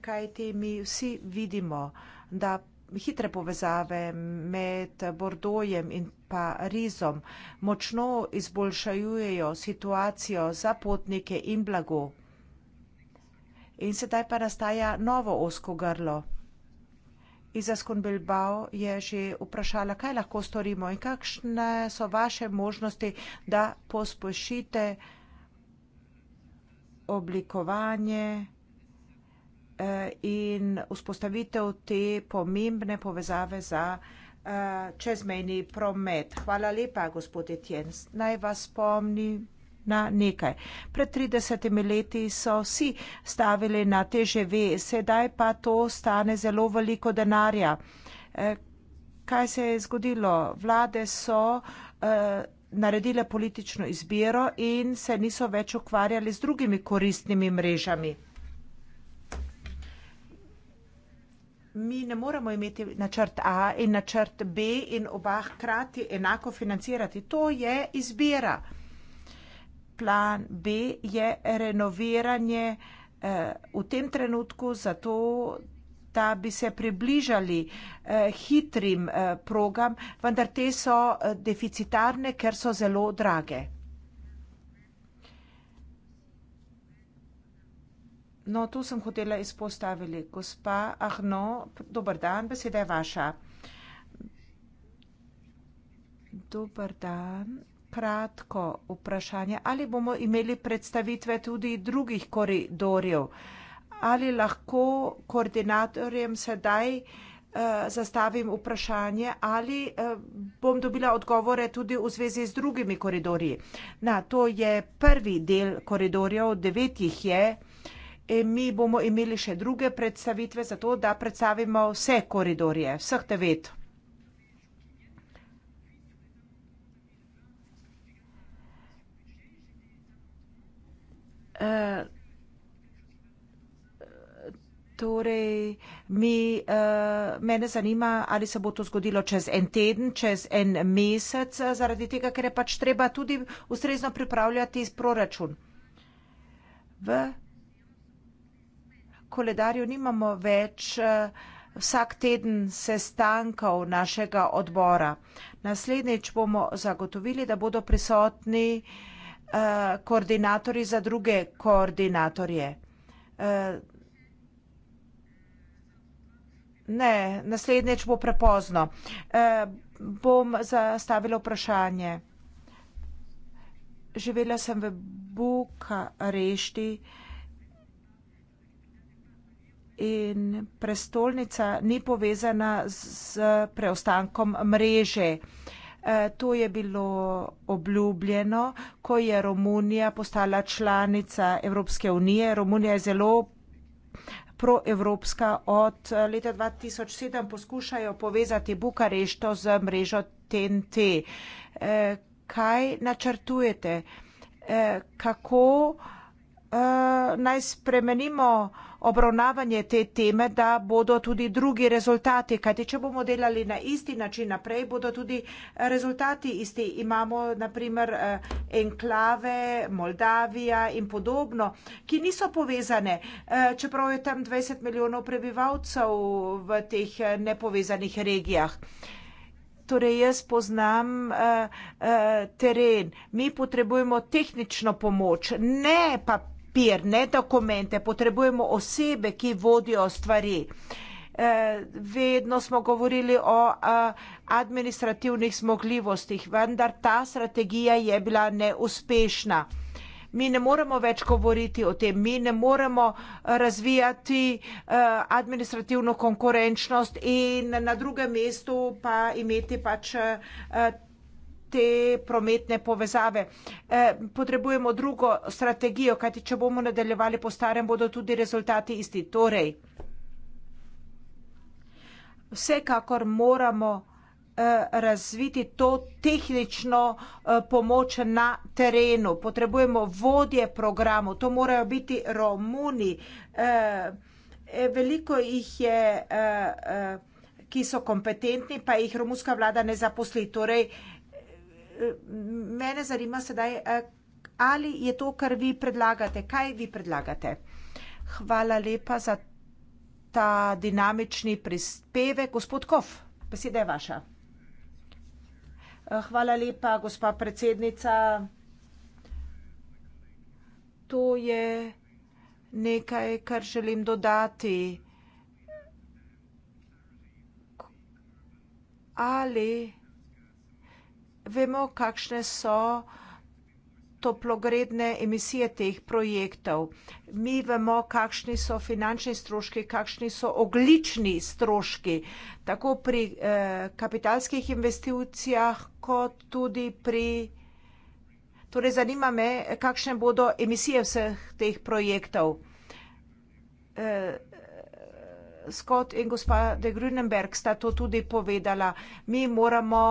kaj te mi vsi vidimo, da hitre povezave med Bordojem in pa Rizom močno izboljšajujejo situacijo za potnike in blago. In sedaj pa nastaja novo osko grlo. Iza Skonbilbao je že vprašala, kaj lahko storimo in kakšne so vaše možnosti, da pospešite oblikovanje in vzpostavitev te pomembne povezave za eh, čezmejni promet. Hvala lepa, gospod Etjens. Naj vas spomni na nekaj. Pred 30 leti so vsi stavili na TŽV, sedaj pa to stane zelo veliko denarja. Eh, kaj se je zgodilo? Vlade so eh, naredile politično izbiro in se niso več ukvarjali z drugimi koristnimi mrežami. mi ne moremo imeti načrt A in načrt B in oba hkrati enako financirati. To je izbira. Plan B je renoviranje eh, v tem trenutku zato, da bi se približali eh, hitrim eh, progam, vendar te so deficitarne, ker so zelo drage. No, tu sem hotela izpostaviti. Gospa Ahno, dober dan, beseda je vaša. Dober dan. Kratko vprašanje. Ali bomo imeli predstavitve tudi drugih koridorjev? Ali lahko koordinatorjem sedaj eh, zastavim vprašanje, ali eh, bom dobila odgovore tudi v zvezi z drugimi koridorji? Na, to je prvi del koridorjev, devet jih je in e mi bomo imeli še druge predstavitve, zato da predstavimo vse koridorje, vseh devet. E, torej, mi, e, mene zanima, ali se bo to zgodilo čez en teden, čez en mesec, zaradi tega, ker je pač treba tudi ustrezno pripravljati proračun. V koledarju nimamo več eh, vsak teden sestankov našega odbora. Naslednjič bomo zagotovili, da bodo prisotni eh, koordinatorji za druge koordinatorje. Eh, ne, naslednjič bo prepozno. Bom zastavila vprašanje. Živela sem v Bukarešti in prestolnica ni povezana z preostankom mreže. Eh, to je bilo obljubljeno, ko je Romunija postala članica Evropske unije. Romunija je zelo proevropska. Od eh, leta 2007 poskušajo povezati Bukarešto z mrežo TNT. Eh, kaj načrtujete? Kako Eh, naj spremenimo obravnavanje te teme, da bodo tudi drugi rezultati, kajti če bomo delali na isti način naprej, bodo tudi rezultati isti. Imamo naprimer eh, enklave, Moldavija in podobno, ki niso povezane, eh, čeprav je tam 20 milijonov prebivalcev v teh nepovezanih regijah. Torej, jaz poznam uh, uh, teren, mi potrebujemo tehnično pomoč, ne pa papir, ne dokumente, potrebujemo osebe, ki vodijo stvari. Eh, vedno smo govorili o eh, administrativnih zmogljivostih, vendar ta strategija je bila neuspešna. Mi ne moremo več govoriti o tem, mi ne moremo eh, razvijati administrativno konkurenčnost in na drugem mestu pa imeti pač te prometne povezave. Eh, potrebujemo drugo strategijo, kajti če bomo nadaljevali po starem, bodo tudi rezultati isti. Torej, vsekakor moramo eh, razviti to tehnično eh, pomoč na terenu. Potrebujemo vodje programu. To morajo biti Romuni. Veliko jih je, ki so kompetentni, pa jih romunska vlada ne zaposli. Torej, mene zanima sedaj, eh, ali je to, kar vi predlagate, kaj vi predlagate. Hvala lepa za ta dinamični prispevek. Gospod Kov, beseda je vaša. Eh, hvala lepa, gospa predsednica. To je nekaj, kar želim dodati. Ali vemo, kakšne so toplogredne emisije teh projektov. Mi vemo, kakšni so finančni stroški, kakšni so oglični stroški, tako pri eh, kapitalskih investicijah, kot tudi pri. Torej, zanima me, kakšne bodo emisije vseh teh projektov. Eh, Scott in gospa de Grunenberg sta to tudi povedala. Mi moramo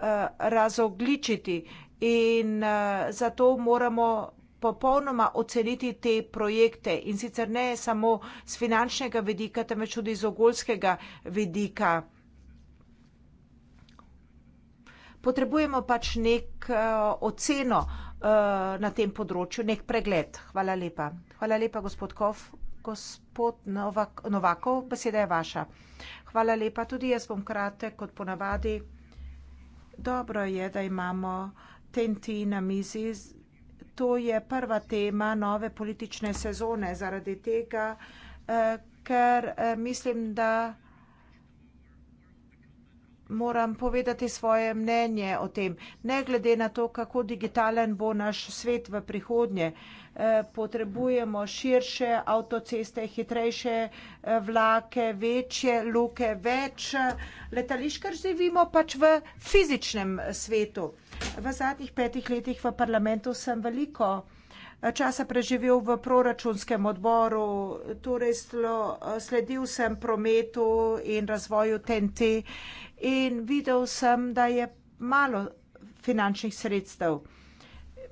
Eh, razogličiti in eh, zato moramo popolnoma oceniti te projekte in sicer ne samo z finančnega vidika, temveč tudi z okoljskega vidika. Potrebujemo pač nek eh, oceno na tem področju, nek pregled. Hvala lepa. Hvala lepa, gospod Kof. Gospod Novakov, beseda je vaša. Hvala lepa, tudi jaz bom kratek kot ponavadi dobro je, da imamo TNT na mizi. To je prva tema nove politične sezone zaradi tega, eh, ker eh, mislim, da moram povedati svoje mnenje o tem. Ne glede na to, kako digitalen bo naš svet v prihodnje, potrebujemo širše avtoceste, hitrejše eh, vlake, večje luke, več eh, letališč, ker živimo pač v fizičnem eh, svetu. V zadnjih petih letih v parlamentu sem veliko časa preživel v proračunskem odboru, torej slo, sledil sem prometu in razvoju TNT in videl sem, da je malo finančnih sredstev.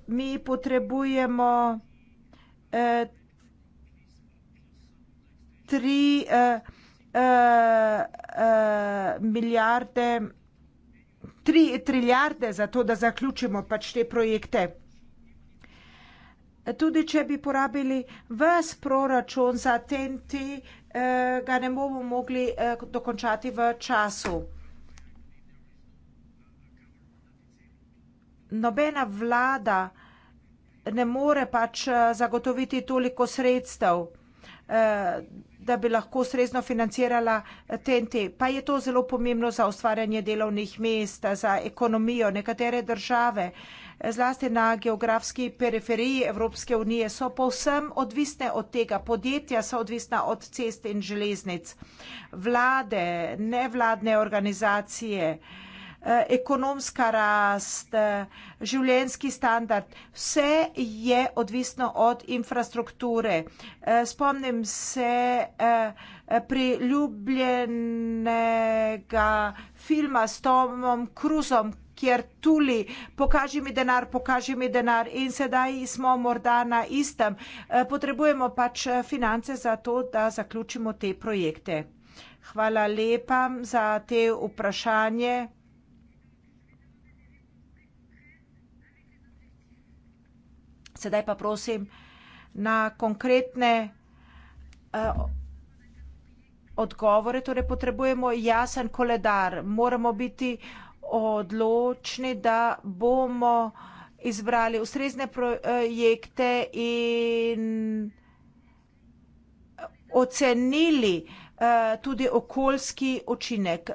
Mi potrebujemo Eh, tri uh, uh, uh, milijarde, tri trilijarde za to, da zaključimo pač te projekte. Tudi, če bi porabili ves proračun za TNT, ga ne bomo mogli dokončati v času. Nobena vlada ne more pač eh, zagotoviti toliko sredstev, eh, da bi lahko srezno financirala TNT. Eh, pa je to zelo pomembno za ustvarjanje delovnih mest, za ekonomijo. Nekatere države, zlasti na geografski periferiji Evropske unije, so povsem odvisne od tega. Podjetja so odvisna od cest in železnic. Vlade, nevladne organizacije, Eh, ekonomska rast, eh, življenski standard, vse je odvisno od infrastrukture. Eh, spomnim se priljubljenega filma s Tomom Cruzom, kjer tuli, pokaži mi denar, pokaži mi denar in sedaj smo morda na istem. Potrebujemo pač finance za to, da zaključimo te projekte. Hvala lepa za te vprašanje. Sedaj pa prosim na konkretne eh, odgovore, torej potrebujemo jasen koledar. Moramo biti odločni, da bomo izbrali ustrezne projekte in eh, ocenili eh, tudi okoljski učinek,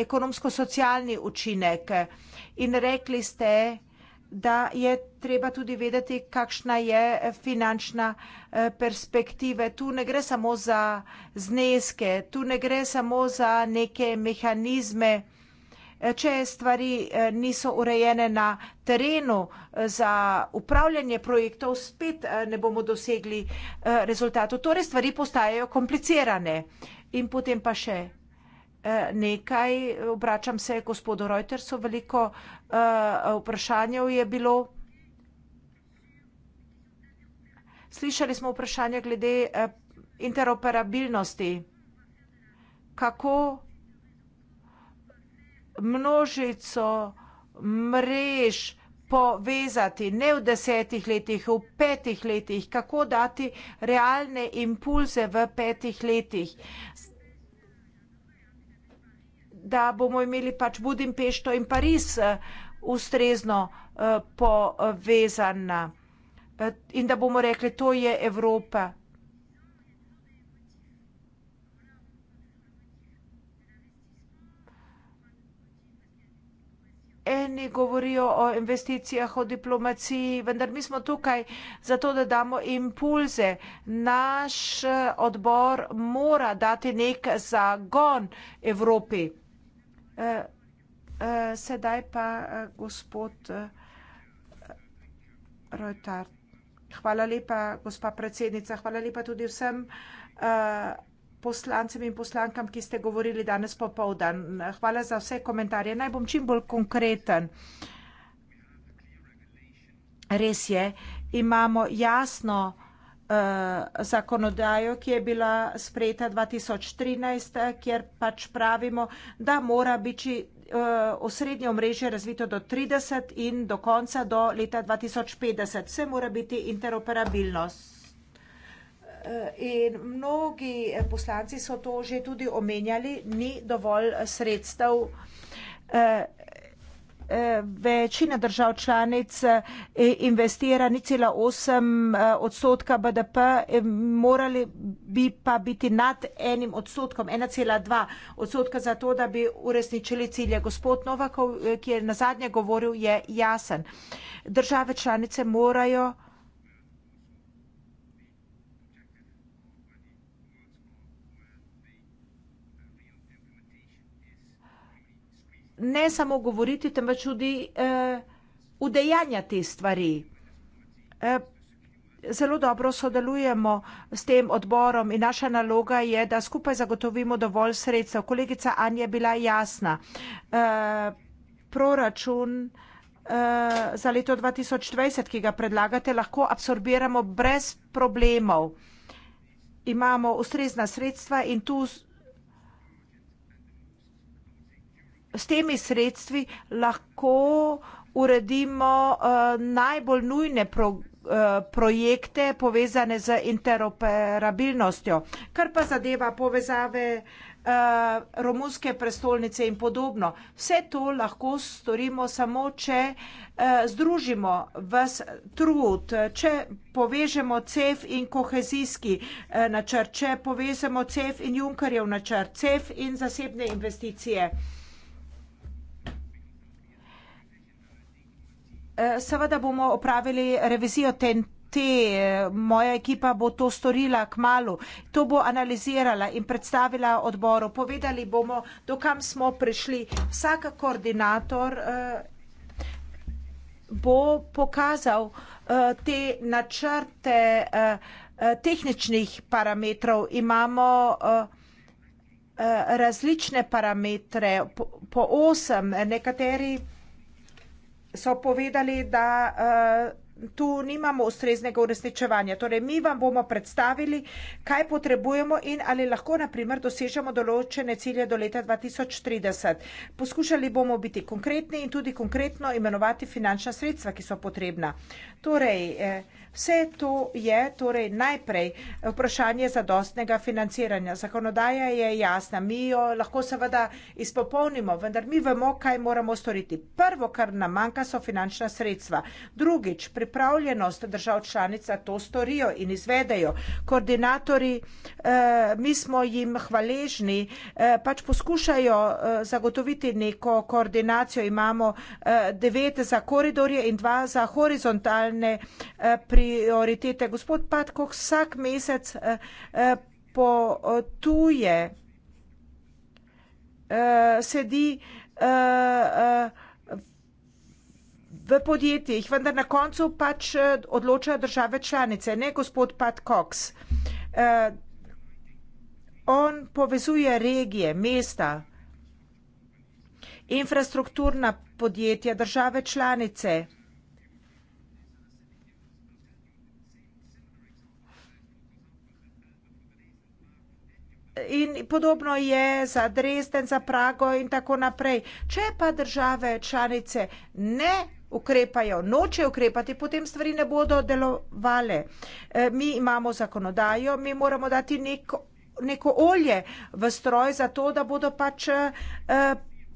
ekonomsko-socialni učinek. In rekli ste, da je treba tudi vedeti, kakšna je eh, finančna eh, perspektiva. Tu ne gre samo za zneske, tu ne gre samo za neke mehanizme. Eh, če stvari niso urejene na terenu za upravljanje projektov, spet ne bomo dosegli rezultatov. Torej stvari postajajo komplicirane. In potem pa še Eh, nekaj, obračam se gospodu Reutersu, veliko eh, vprašanjev je bilo. Slišali smo vprašanje glede eh, interoperabilnosti. Kako množico mrež povezati, ne v desetih letih, v petih letih, kako dati realne impulze v petih letih da bomo imeli pač Budimpešto in Pariz eh, ustrezno eh, povezana eh, in da bomo rekli, to je Evropa. Eni govorijo o investicijah, o diplomaciji, vendar mi smo tukaj zato, da damo impulze. Naš odbor mora dati nek zagon Evropi. Eh, eh, sedaj pa eh, gospod Rojtar. Hvala lepa, gospa predsednica. Hvala lepa tudi vsem poslancem in poslankam, ki ste govorili danes popovdan. Hvala za vse komentarje. Naj bom čim bolj konkreten. Res je, imamo jasno vse, Eh, zakonodajo, ki je bila sprejeta 2013, eh, kjer pač pravimo, da mora biti eh, osrednje omrežje razvito do 30 in do konca do leta 2050. Vse mora biti interoperabilnost. In mnogi poslanci so to že tudi omenjali, ni dovolj sredstev večina držav članic eh, investira ni cela osem eh, odstotka BDP, eh, morali bi pa biti nad enim odstotkom, ena cela dva odstotka za to, da bi uresničili cilje. Gospod Novakov, ki je nazadnje govoril, je jasen. Države članice morajo ne samo govoriti, temveč tudi eh, udejanja te stvari. Eh, zelo dobro sodelujemo s tem odborom in naša naloga je, da skupaj zagotovimo dovolj sredstev. Kolegica Anja je bila jasna. Eh, proračun eh, za leto 2020, ki ga predlagate, lahko absorbiramo brez problemov. Imamo ustrezna sredstva in tu s temi sredstvi lahko uredimo uh, najbolj nujne pro, uh, projekte povezane z interoperabilnostjo. Kar pa zadeva povezave uh, romunske prestolnice in podobno. Vse to lahko storimo samo, če uh, združimo vas trud, če povežemo CEF in kohezijski uh, načrt, če povežemo CEF in Junkerjev načrt, CEF in zasebne investicije. Uh, Eh, seveda bomo opravili revizijo TNT, eh, moja ekipa bo to storila k malu, to bo analizirala in predstavila odboru. Povedali bomo, dokam smo prišli. Vsaka koordinator eh, bo pokazal te načrte tehničnih parametrov. Imamo različne parametre, po osem, nekateri so povedali, da eh, tu nimamo ustreznega uresničevanja. Torej, mi vam bomo predstavili, kaj potrebujemo in ali lahko, na primer, dosežemo določene cilje do leta 2030. Poskušali bomo biti konkretni in tudi konkretno imenovati finančna sredstva, ki so potrebna. Torej, eh, Vse to je torej najprej vprašanje zadostnega financiranja. Zakonodaja je jasna, mi jo lahko seveda izpopolnimo, vendar mi vemo, kaj moramo storiti. Prvo, kar nam manjka, so finančna sredstva. Drugič, pripravljenost držav članica to storijo in izvedejo. Koordinatori, eh, mi smo jim hvaležni, eh, pač poskušajo eh, zagotoviti neko koordinacijo. Imamo devet za koridorje in dva za horizontalne pripravljenosti prioritete. Gospod Patkok vsak mesec eh, eh, potuje, eh, sedi v podjetjih, vendar na koncu pač odločajo države članice, ne gospod Pat Cox. On povezuje regije, mesta, infrastrukturna podjetja, države članice. In podobno je za Dresden, za Prago in tako naprej. Če pa države članice ne ukrepajo, noče ukrepati, potem stvari ne bodo delovale. E, mi imamo zakonodajo, mi moramo dati neko, neko olje v stroj za to, da bodo pač e,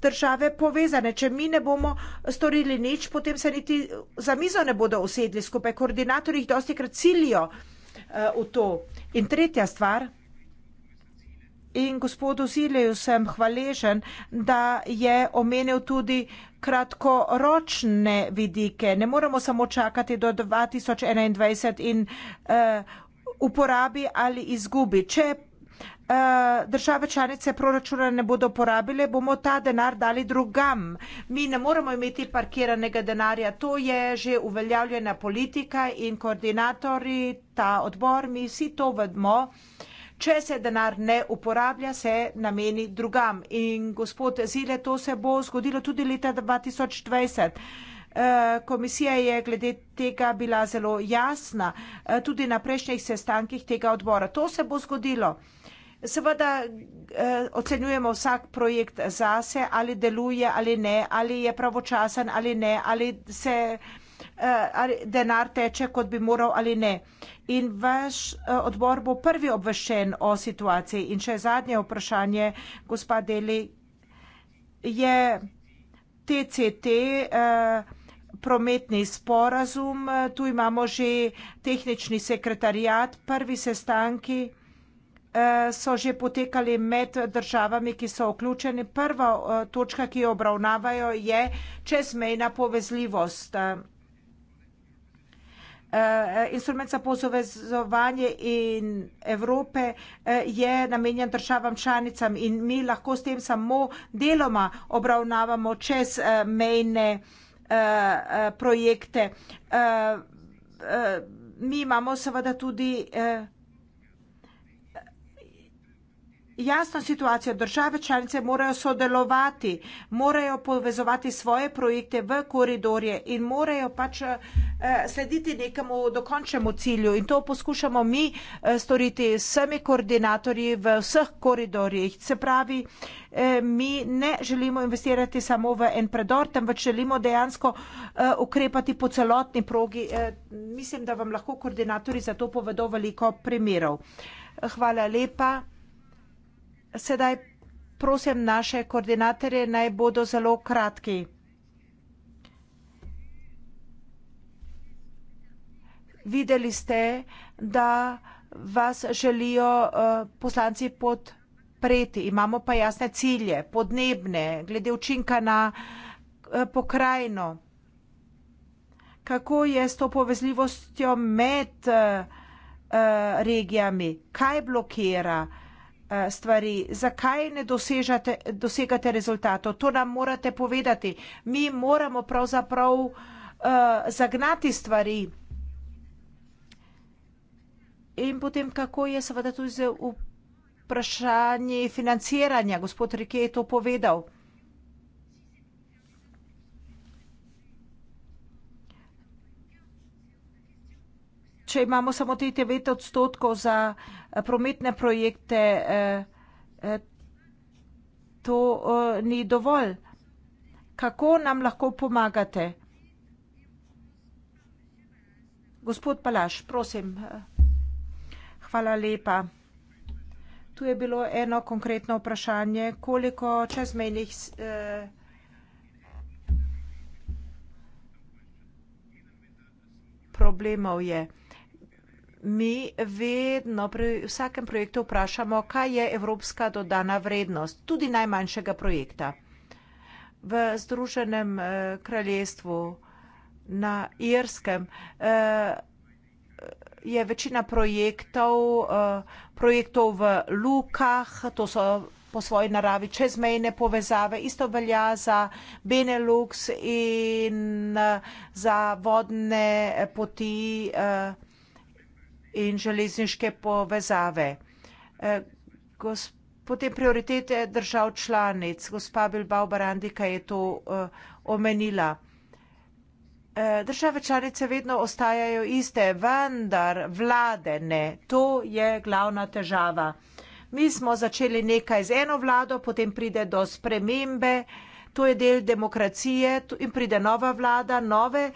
države povezane. Če mi ne bomo storili nič, potem se niti za mizo ne bodo usedli skupaj. Koordinatorji jih dosti krat silijo e, v to. In tretja stvar in gospodu Zileju sem hvaležen, da je omenil tudi kratkoročne vidike. Ne moramo samo čakati do 2021 in uh, uporabi ali izgubi. Če eh, države članice proračuna ne bodo porabile, bomo ta denar dali drugam. Mi ne moramo imeti parkiranega denarja. To je že uveljavljena politika in koordinatori, ta odbor, mi vsi to vedmo. Če se denar ne uporablja, se nameni drugam. In gospod Zile, to se bo zgodilo tudi leta 2020. Eh, komisija je glede tega bila zelo jasna, eh, tudi na prejšnjih sestankih tega odbora. To se bo zgodilo. Seveda eh, ocenjujemo vsak projekt zase, ali deluje ali ne, ali je pravočasen ali ne, ali se. Eh, denar teče, kot bi moral ali ne. In vaš eh, odbor bo prvi obveščen o situaciji. In še zadnje vprašanje, gospa Deli, je TCT eh, prometni sporazum, tu imamo že tehnični sekretarijat, prvi sestanki so že potekali med državami, ki so vključeni. Prva točka, ki jo obravnavajo, je čezmejna povezljivost. Eh, eh, instrument za povezovanje in Evrope eh, je namenjen državam članicam in mi lahko s tem samo deloma obravnavamo čez mejne projekte. Mi imamo seveda tudi jasno situacijo. Države članice morajo sodelovati, morajo povezovati svoje projekte v koridorje in morajo pač eh, slediti nekemu dokončnemu cilju. In to poskušamo mi eh, storiti s vsemi koordinatorji v vseh koridorjih. Se pravi, eh, mi ne želimo investirati samo v en predor, temveč želimo dejansko ukrepati po celotni progi. Mislim, da vam lahko koordinatorji za to povedo veliko primerov. Hvala lepa. Sedaj prosim naše koordinatorje naj bodo zelo kratki. Videli ste, da vas želijo eh, poslanci podpreti. Imamo pa jasne cilje, podnebne, glede učinka na eh, pokrajino. Kako je s to povezljivostjo med eh, regijami? Kaj blokira? Kaj blokira? Eh, stvari, zakaj ne dosežate, dosegate rezultatov. To nam morate povedati. Mi moramo pravzaprav uh, zagnati stvari. In potem, kako je seveda tudi z vprašanji financiranja, gospod Rike je to povedal. če imamo samo te 9 odstotkov za eh, prometne projekte, eh, eh, to ni dovolj. Kako nam lahko pomagate? Gospod Palaš, prosim. Hvala lepa. Tu je bilo eno konkretno vprašanje, koliko čezmejnih problemov je mi vedno pri vsakem projektu vprašamo, kaj je evropska dodana vrednost, tudi najmanjšega projekta. V Združenem eh, kraljestvu, na Irskem, eh, je večina projektov, eh, projektov v lukah, to so po svoji naravi čezmejne povezave, isto velja za Benelux in za vodne poti, in železniške povezave. E, potem prioritete držav članic. Gospa Bilbao Barandika je to e, omenila. E, države članice vedno ostajajo iste, vendar vlade ne. To je glavna težava. Mi smo začeli nekaj z eno vlado, potem pride do spremembe, to je del demokracije in pride nova vlada, nove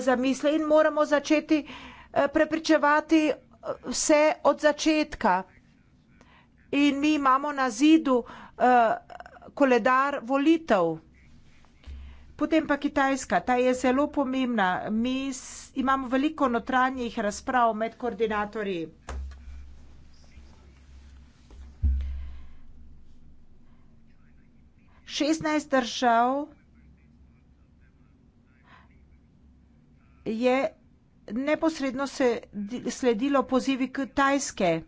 zamisle in moramo začeti. Eh, prepričevati eh, vse od začetka. In mi imamo na zidu uh, koledar volitev. Potem pa Kitajska, ta je zelo pomembna. Mi imamo veliko notranjih razprav med koordinatorji. Šestnajst držav je neposredno se sledilo pozivi k Tajske.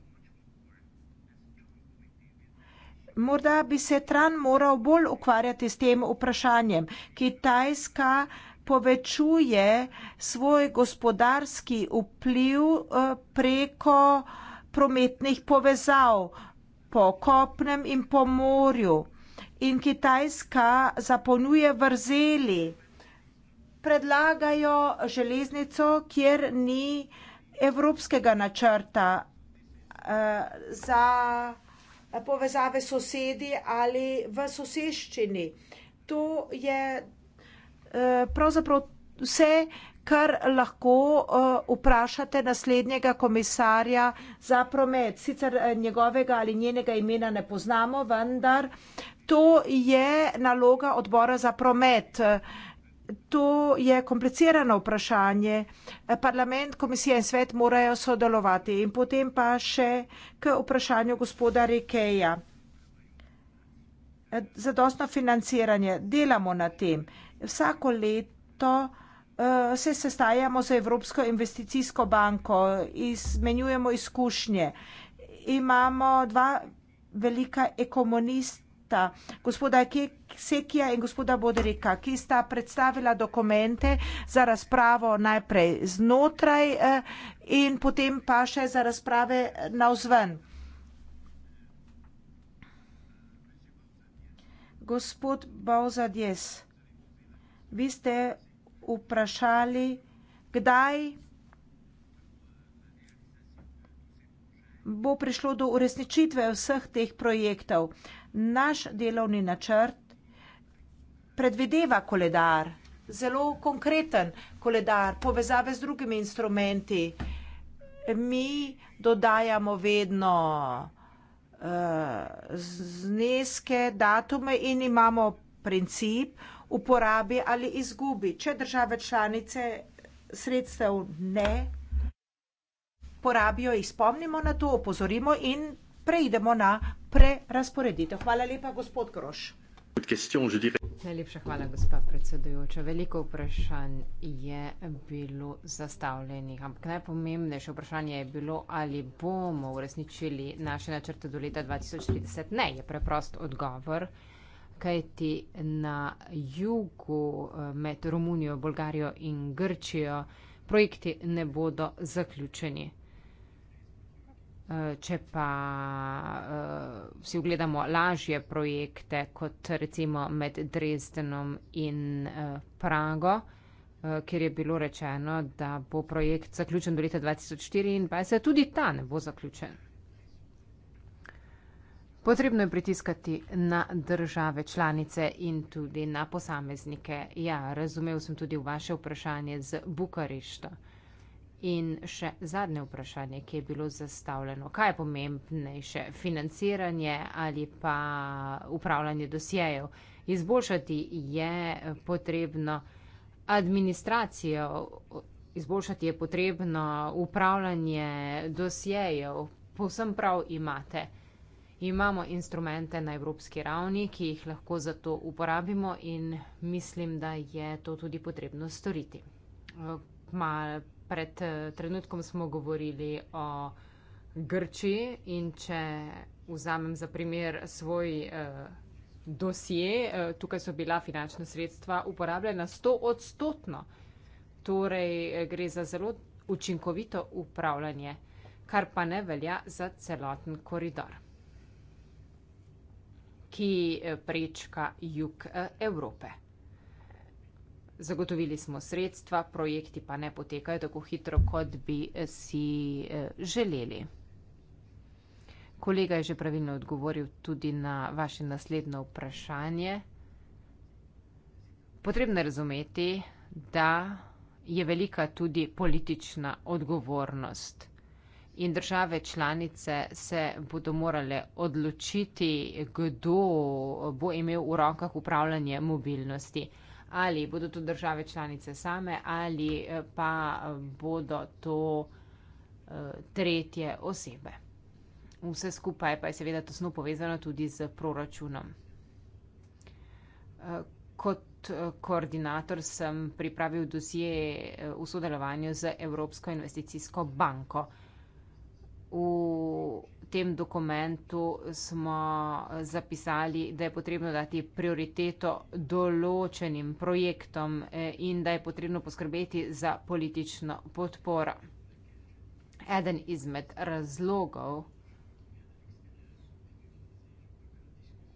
Morda bi se Tran moral bolj ukvarjati s tem vprašanjem. Kitajska povečuje svoj gospodarski vpliv eh, preko prometnih povezav po kopnem in po morju. In Kitajska zapolnjuje vrzeli predlagajo železnico, kjer ni evropskega načrta eh, za povezave sosedi ali v soseščini. To je eh, pravzaprav vse, kar lahko eh, vprašate naslednjega komisarja za promet. Sicer njegovega ali njenega imena ne poznamo, vendar to je naloga odbora za promet to je komplicirano vprašanje. Parlament, komisija in svet morajo sodelovati. In potem pa še k vprašanju gospoda Rikeja. Zadostno financiranje. Delamo na tem. Vsako leto eh, se sestajamo z Evropsko investicijsko banko, izmenjujemo izkušnje. Imamo dva velika ekonomista. Egipta, gospoda Sekija in gospoda Bodrika, ki sta predstavila dokumente za razpravo najprej znotraj eh, in potem pa še za razprave navzven. Gospod Bauzadjes, vi ste vprašali, kdaj bo prišlo do uresničitve vseh teh projektov naš delovni načrt predvideva koledar, zelo konkreten koledar, povezave z drugimi instrumenti. Mi dodajamo vedno eh, zneske, datume in imamo princip uporabi ali izgubi. Če države članice sredstev ne porabijo, jih spomnimo na to, opozorimo in preidemo na prerasporeditev. Hvala lepa, gospod Groš. Najlepša hvala, gospa predsedujoča. Veliko vprašanj je bilo zastavljenih, ampak najpomembnejše vprašanje je bilo, ali bomo uresničili naše načrte do leta 2030. Ne, je preprost odgovor, kajti na jugu eh, med Romunijo, Bolgarijo in Grčijo projekti ne bodo zaključeni. Eh, če pa uh, si ogledamo lažje projekte, kot recimo med Dresdenom in uh, Prago, uh, kjer je bilo rečeno, da bo projekt zaključen do leta 2024, tudi ta ne bo zaključen. Potrebno je pritiskati na države članice in tudi na posameznike. Ja, razumel sem tudi vaše vprašanje z Bukarešto. Uh, In še zadnje vprašanje, ki je bilo zastavljeno. Kaj je pomembnejše, financiranje ali pa upravljanje dosjejev? Izboljšati je potrebno administracijo, izboljšati je potrebno upravljanje dosjejev. Povsem prav imate. Imamo instrumente na evropski ravni, ki jih lahko za to uporabimo in mislim, da je to tudi potrebno storiti pred eh, trenutkom smo govorili o Grčiji in če vzamem za primer svoj eh, dosje, eh, tukaj so bila finančna sredstva uporabljena 100 odstotno. Torej eh, gre za zelo učinkovito upravljanje, kar pa ne velja za celoten koridor, ki eh, prečka jug Evrope. Zagotovili smo sredstva, projekti pa ne potekajo tako hitro, kot bi si eh, želeli. Kolega je že pravilno odgovoril tudi na vaše naslednje vprašanje. Potrebno je razumeti, da je velika tudi politična odgovornost. In države članice se bodo morale odločiti, kdo bo imel v rokah upravljanje mobilnosti ali bodo to države članice same ali eh, pa eh, bodo to eh, tretje osebe. Vse skupaj pa je seveda tesno povezano tudi z proračunom. Kot koordinator sem pripravil dosije v sodelovanju z Evropsko investicijsko banko v tem dokumentu smo zapisali, da je potrebno dati prioriteto določenim projektom eh, in da je potrebno poskrbeti za politično podporo. Eden izmed razlogov,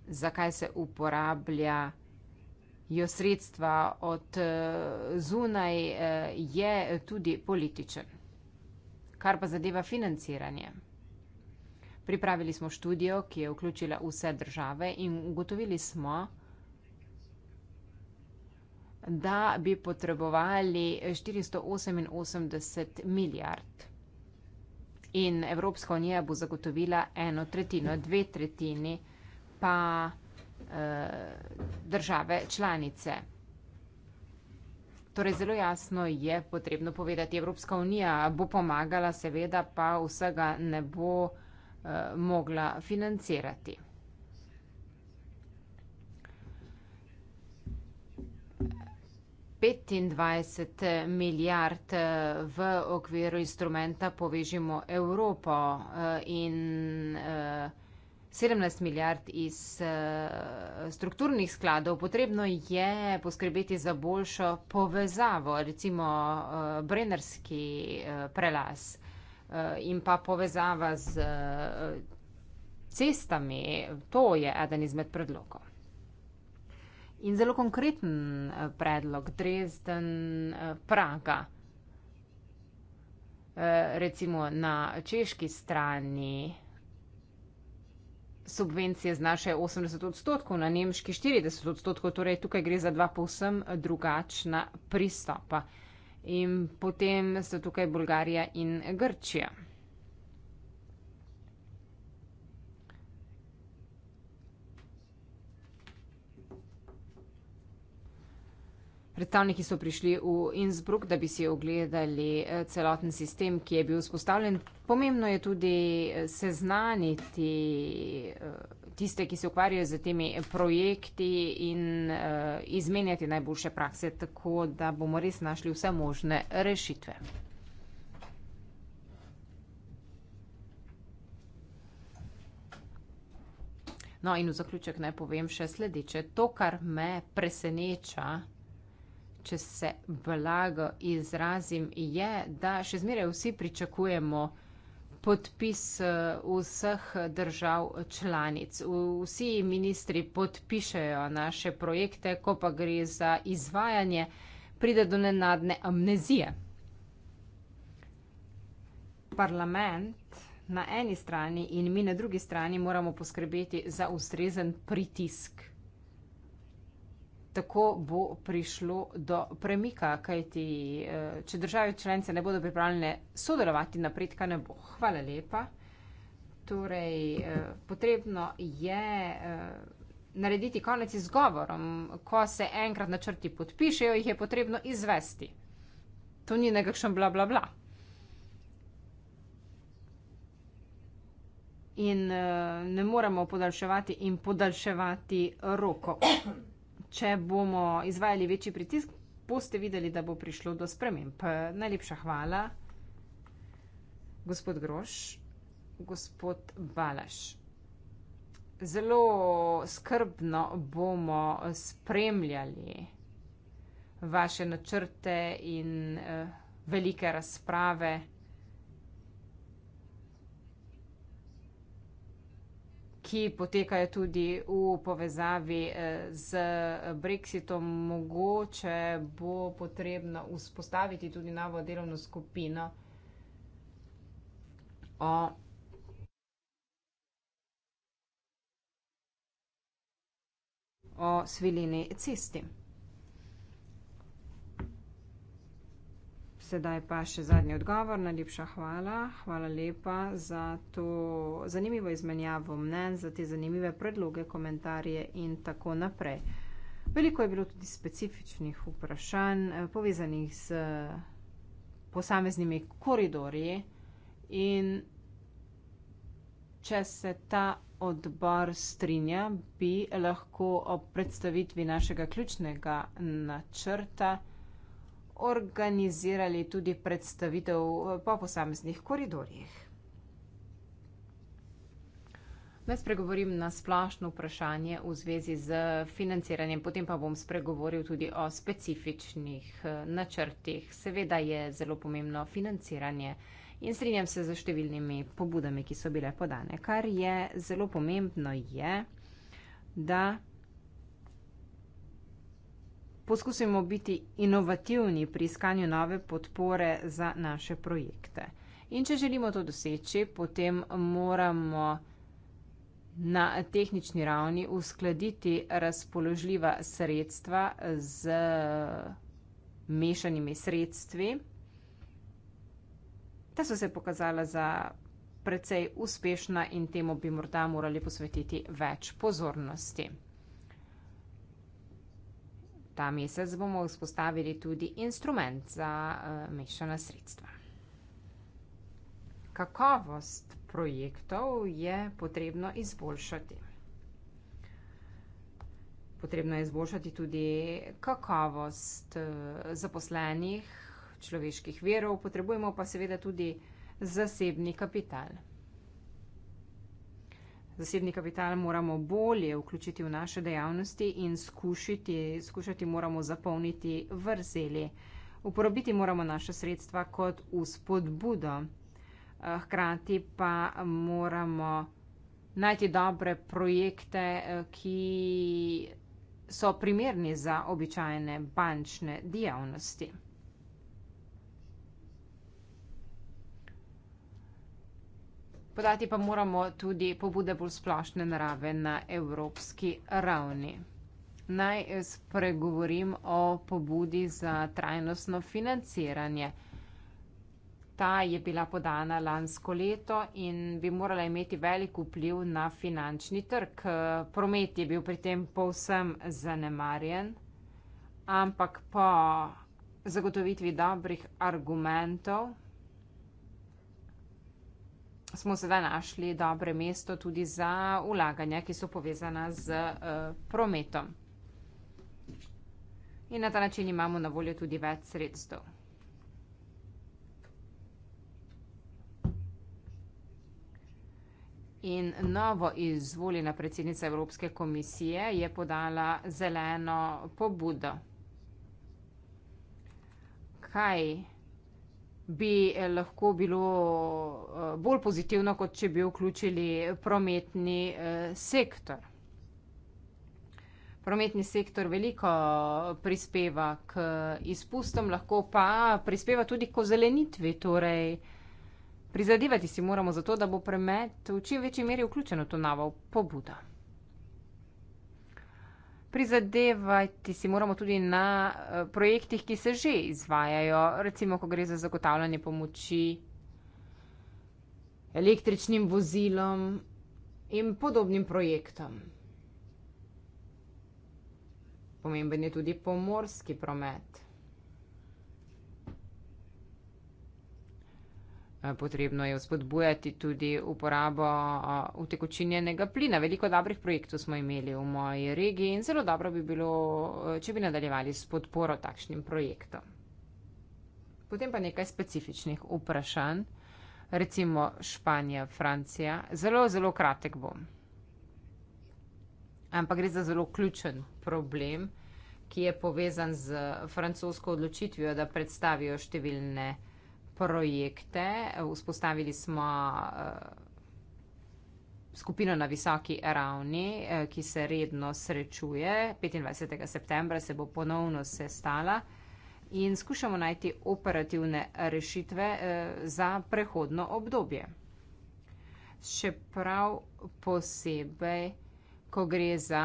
zakaj se uporablja jo sredstva od eh, zunaj, eh, je tudi političen. Kar pa zadeva financiranje. Pripravili smo študijo, ki je vključila vse države in ugotovili smo, da bi potrebovali 488 milijard. In Evropska unija bo zagotovila eno tretjino, dve tretjini pa eh, države članice. Torej, zelo jasno je potrebno povedati, Evropska unija bo pomagala, seveda pa vsega ne bo eh, mogla financirati. petindvajset milijard eh, v okviru instrumenta povežimo Evropo eh, in eh, 17 milijard iz uh, strukturnih skladov, potrebno je poskrbeti za boljšo povezavo, recimo uh, Brennerski uh, eh, prelas uh, in pa povezava z uh, cestami. To je eden izmed predlogov. In zelo konkreten predlog Dresden-Praga. Recimo na češki strani subvencije znašajo 80 odstotkov, na nemški 40 odstotkov, torej tukaj gre za dva povsem drugačna pristopa. In potem sta tukaj Bolgarija in Grčija. Predstavniki so prišli v Innsbruck, da bi si ogledali eh, celoten sistem, ki je bil vzpostavljen. Pomembno je tudi eh, seznaniti eh, tiste, ki se ukvarjajo z temi projekti in izmenjati najboljše prakse, tako da bomo res našli vse možne rešitve. No in v zaključek naj povem še sledeče. To, kar me preseneča, če se blago izrazim, je, da še zmeraj vsi pričakujemo podpis eh, vseh držav članic. Vsi ministri podpišajo naše projekte, ko pa gre za izvajanje, pride do nenadne amnezije. Parlament na eni strani in mi na drugi strani moramo poskrbeti za ustrezen pritisk tako bo prišlo do premika, kajti eh, če države članice ne bodo pripravljene sodelovati, napredka ne bo. Hvala lepa. Torej, eh, potrebno je eh, narediti konec izgovorom. Ko se enkrat načrti podpišejo, jih je potrebno izvesti. To ni nekakšen bla bla bla. In ne moremo podaljševati in podaljševati roko če bomo izvajali večji pritisk, boste videli, da bo prišlo do sprememb. Najlepša hvala, gospod Groš, gospod Balaš. Zelo skrbno bomo spremljali vaše načrte in eh, velike razprave. ki potekajo tudi v povezavi eh, z Brexitom. Mogoče bo potrebno vzpostaviti tudi novo delovno skupino o o svilini cesti. Sedaj pa še zadnji odgovor. Najlepša hvala. Hvala lepa za to zanimivo izmenjavo mnen, za te zanimive predloge, komentarje in tako naprej. Veliko je bilo tudi specifičnih vprašanj eh, povezanih z eh, posameznimi koridorji in če se ta odbor strinja, bi lahko ob predstavitvi našega ključnega načrta organizirali tudi predstavitev eh, po posameznih koridorjih. Naj spregovorim na splošno vprašanje v zvezi z financiranjem, potem pa bom spregovoril tudi o specifičnih eh, načrtih. Seveda je zelo pomembno financiranje in strinjam se z številnimi pobudami, ki so bile podane. Kar je zelo pomembno, je, da poskusimo biti inovativni pri iskanju nove podpore za naše projekte. In če želimo to doseči, potem moramo na tehnični ravni uskladiti razpoložljiva sredstva z mešanimi sredstvi. Ta so se pokazala za precej uspešna in temu bi morda morali posvetiti več pozornosti. Ta mesec bomo vzpostavili tudi instrument za uh, mešana sredstva. Kakovost projektov je potrebno izboljšati. Potrebno je izboljšati tudi kakovost uh, zaposlenih človeških verov, potrebujemo pa seveda tudi zasebni kapital. Zasebni kapital moramo bolje vključiti v naše dejavnosti in skušiti, skušati moramo zapolniti vrzeli. Uporabiti moramo naše sredstva kot vzpodbudo. Eh, hkrati pa moramo najti dobre projekte, eh, ki so primerni za običajne bančne dejavnosti. Podati pa moramo tudi pobude bolj splošne narave na evropski ravni. Naj spregovorim o pobudi za trajnostno financiranje. Ta je bila podana lansko leto in bi morala imeti velik vpliv na finančni trg. Promet je bil pri tem povsem zanemarjen, ampak po zagotovitvi dobrih argumentov smo sedaj našli dobre mesto tudi za ulaganja, ki so povezana z eh, prometom. In na ta način imamo na voljo tudi več sredstev. In novo izvoljena predsednica Evropske komisije je podala zeleno pobudo. Kaj je? bi eh, lahko bilo eh, bolj pozitivno, kot če bi vključili prometni eh, sektor. Prometni sektor veliko prispeva k izpustom, lahko pa prispeva tudi k ozelenitvi. Torej, prizadevati si moramo za to, da bo promet v čim večji meri vključen v to novo pobudo prizadevati si moramo tudi na eh, projektih, ki se že izvajajo, recimo, ko gre za zagotavljanje pomoči električnim vozilom in podobnim projektom. Pomemben je tudi pomorski promet. Eh, potrebno je vzpodbujati tudi uporabo eh, utekočinjenega plina. Veliko dobrih projektov smo imeli v moji regiji in zelo dobro bi bilo, eh, če bi nadaljevali s podporo takšnim projektom. Potem pa nekaj specifičnih vprašanj, recimo Španija, Francija. Zelo, zelo kratek bom. Ampak gre za zelo ključen problem, ki je povezan z francosko odločitvijo, da predstavijo številne projekte, vzpostavili smo eh, skupino na visoki ravni, eh, ki se redno srečuje. 25. septembra se bo ponovno sestala. In skušamo najti operativne rešitve eh, za prehodno obdobje. Še prav posebej, ko gre za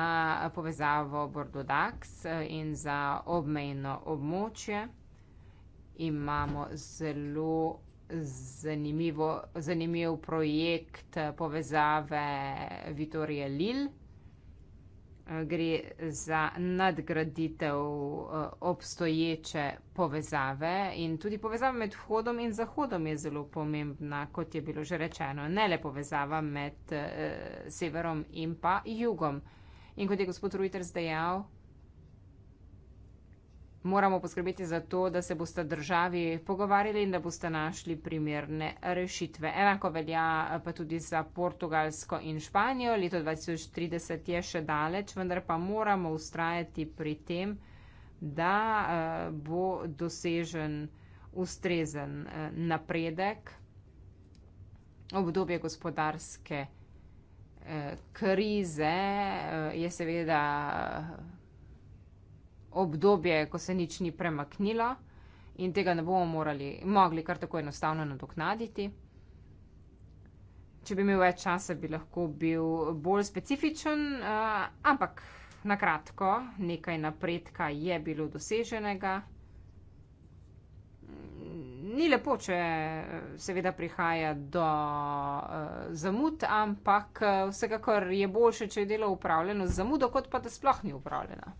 povezavo Bordodax in za obmejno območje imamo zelo zanimivo, zanimiv projekt povezave Vitorija Lil. Gre za nadgraditev eh, obstoječe povezave in tudi povezava med vhodom in zahodom je zelo pomembna, kot je bilo že rečeno. Ne le povezava med eh, severom in pa jugom. In kot je gospod Reuters dejal, moramo poskrbeti za to, da se boste državi pogovarjali in da boste našli primerne rešitve. Enako velja eh, pa tudi za Portugalsko in Španijo. Leto 2030 je še daleč, vendar pa moramo ustrajati pri tem, da eh, bo dosežen ustrezen eh, napredek obdobje gospodarske krize je seveda obdobje, ko se nič ni premaknilo in tega ne bomo morali, mogli kar tako enostavno nadoknaditi. Če bi imel več časa, bi lahko bil bolj specifičen, uh, ampak na kratko, nekaj napredka je bilo doseženega. Ni lepo, če eh, seveda prihaja do uh, zamud, ampak vsekakor je boljše, če je delo upravljeno z zamudo, kot pa da sploh ni upravljeno.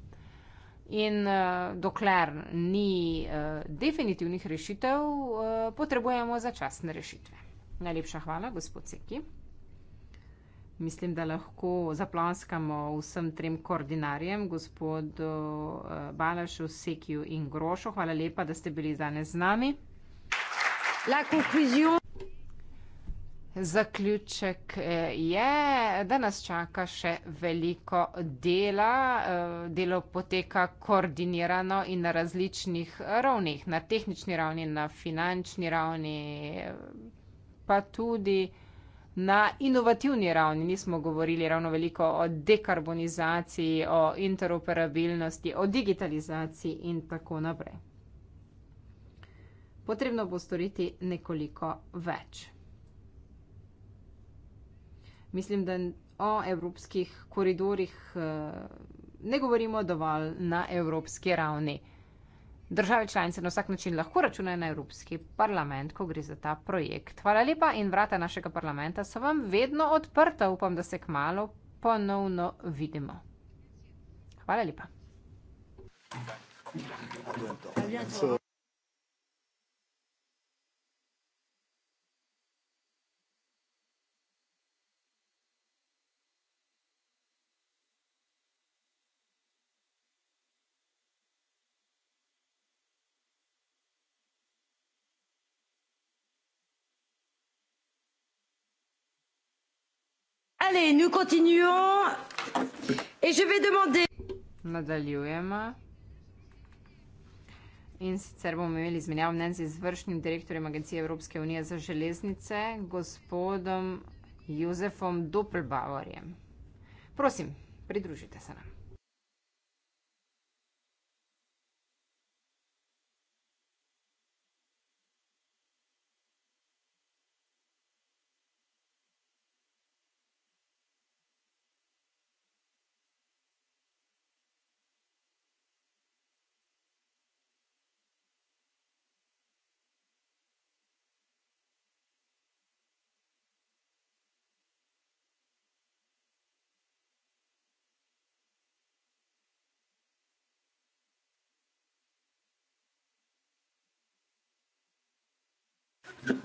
In uh, dokler ni uh, definitivnih rešitev, uh, potrebujemo začasne rešitve. Najlepša hvala, gospod Seki. Mislim, da lahko zaplanskamo vsem trem koordinarjem, gospodu uh, Balašu, Sekiju in Grošu. Hvala lepa, da ste bili danes z nami. La conclusion. Zaključek eh, je, da nas čaka še veliko dela. Eh, delo poteka koordinirano in na različnih ravnih, na tehnični ravni, na finančni ravni, pa tudi na inovativni ravni. Nismo govorili ravno veliko o dekarbonizaciji, o interoperabilnosti, o digitalizaciji in tako naprej. Potrebno bo storiti nekoliko več mislim, da o evropskih koridorjih eh, ne govorimo dovolj na evropski ravni. Države članice na vsak način lahko računajo na Evropski parlament, ko gre za ta projekt. Hvala lepa in vrata našega parlamenta so vam vedno odprta. Upam, da se k malo ponovno vidimo. Hvala lepa. nous continuons. Et je vais demander. Nadaljujemo. In sicer bomo imeli izmenjav mnen z izvršnim direktorjem Agencije Evropske unije za železnice, gospodom Jozefom Doppelbauerjem. Prosim, pridružite se nam.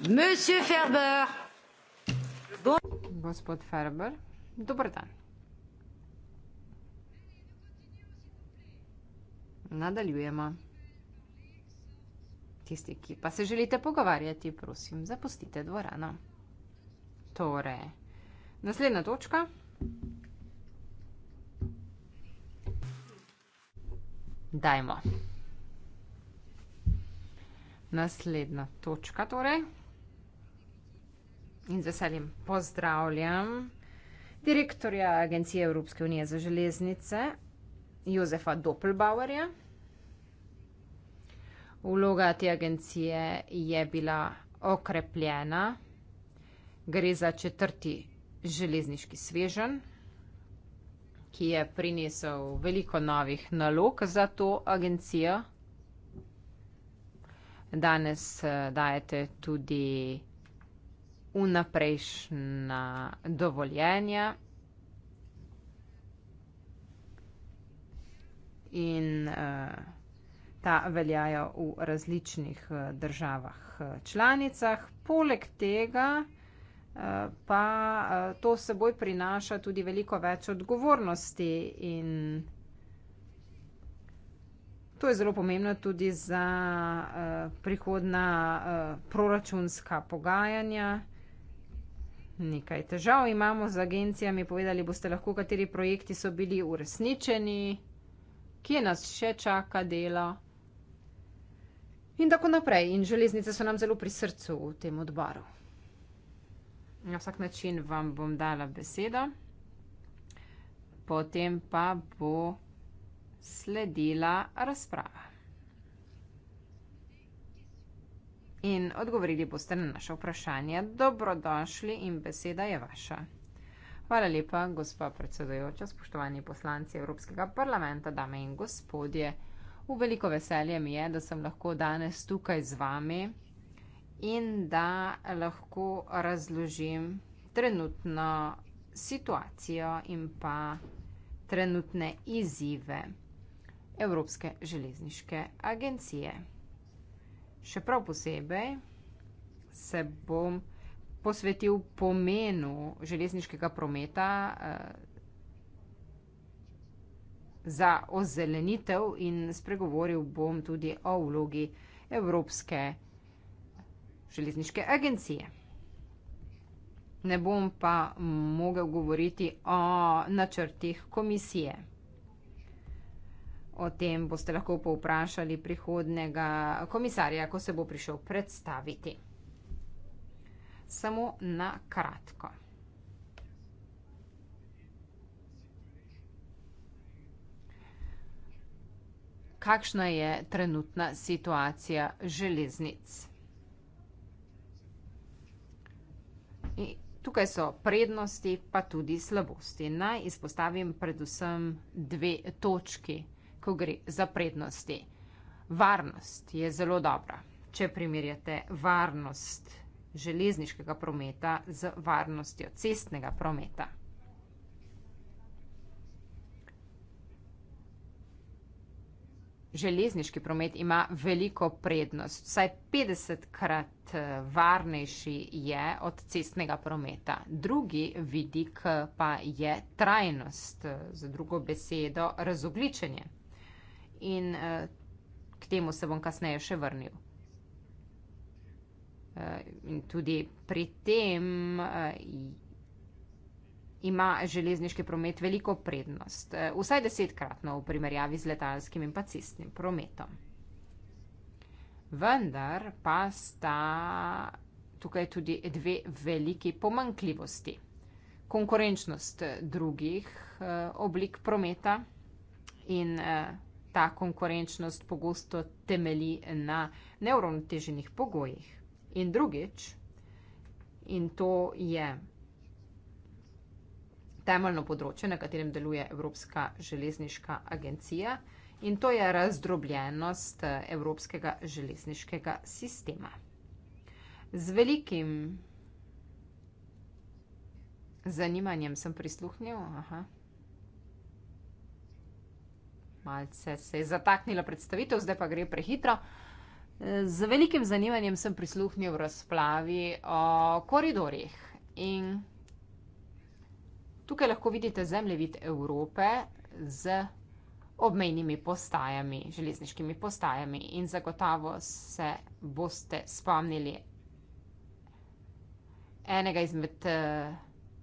Monsieur Ferber. Bon. Gospod Ferber, dober dan. Nadaljujemo. Tisti, ki pa se želite pogovarjati, prosim, zapustite dvorano. Torej, naslednja točka. Dajmo. Naslednja točka torej in z veseljem pozdravljam direktorja Agencije Evropske unije za železnice, Jozefa Doppelbauerja. Vloga te agencije je bila okrepljena. Gre za četrti železniški svežen, ki je prinesel veliko novih nalog za to agencijo. Danes eh, dajete tudi vnaprejšnja dovoljenja. In eh, ta veljajo v različnih eh, državah eh, članicah. Poleg tega pa to seboj prinaša tudi veliko več odgovornosti in to je zelo pomembno tudi za prihodna proračunska pogajanja nekaj težav imamo z agencijami, povedali boste lahko, kateri projekti so bili uresničeni, kje nas še čaka delo. In tako naprej. In železnice so nam zelo pri srcu v tem odboru. Na vsak način vam bom dala besedo, potem pa bo sledila razprava. in odgovorili boste na naše vprašanje. Dobrodošli in beseda je vaša. Hvala lepa, gospa predsedojoča, spoštovani poslanci Evropskega parlamenta, dame in gospodje. V veliko veselje mi je, da sem lahko danes tukaj z vami in da lahko razložim trenutno situacijo in pa trenutne izzive Evropske železniške agencije še prav posebej se bom posvetil pomenu železniškega prometa eh, za ozelenitev in spregovoril bom tudi o vlogi Evropske železniške agencije. Ne bom pa mogel govoriti o načrtih komisije. O tem boste lahko povprašali prihodnega komisarja, ko se bo prišel predstaviti. Samo na kratko. Kakšna je trenutna situacija železnic? In tukaj so prednosti, pa tudi slabosti. Naj izpostavim predvsem dve točki ko gre za prednosti. Varnost je zelo dobra. Če primerjate varnost železniškega prometa z varnostjo cestnega prometa. Železniški promet ima veliko prednost, vsaj 50-krat eh, varnejši je od cestnega prometa. Drugi vidik eh, pa je trajnost, eh, z drugo besedo razogličenje in eh, k temu se bom kasneje še vrnil. Eh, in tudi pri tem eh, ima železniški promet veliko prednost, vsaj desetkratno v primerjavi z letalskim in pa cestnim prometom. Vendar pa sta tukaj tudi dve veliki pomankljivosti. Konkurenčnost drugih oblik prometa in ta konkurenčnost pogosto temelji na neuravnoteženih pogojih. In drugič, in to je temeljno področje, na katerem deluje Evropska železniška agencija, in to je razdrobljenost eh, evropskega železniškega sistema. Z velikim zanimanjem sem prisluhnil, aha malce se je zataknila predstavitev, zdaj pa gre prehitro. Z velikim zanimanjem sem prisluhnil v razplavi o koridorjih in tukaj lahko vidite zemljevid Evrope z obmejnimi postajami, železniškimi postajami in zagotavo se boste spomnili enega izmed eh,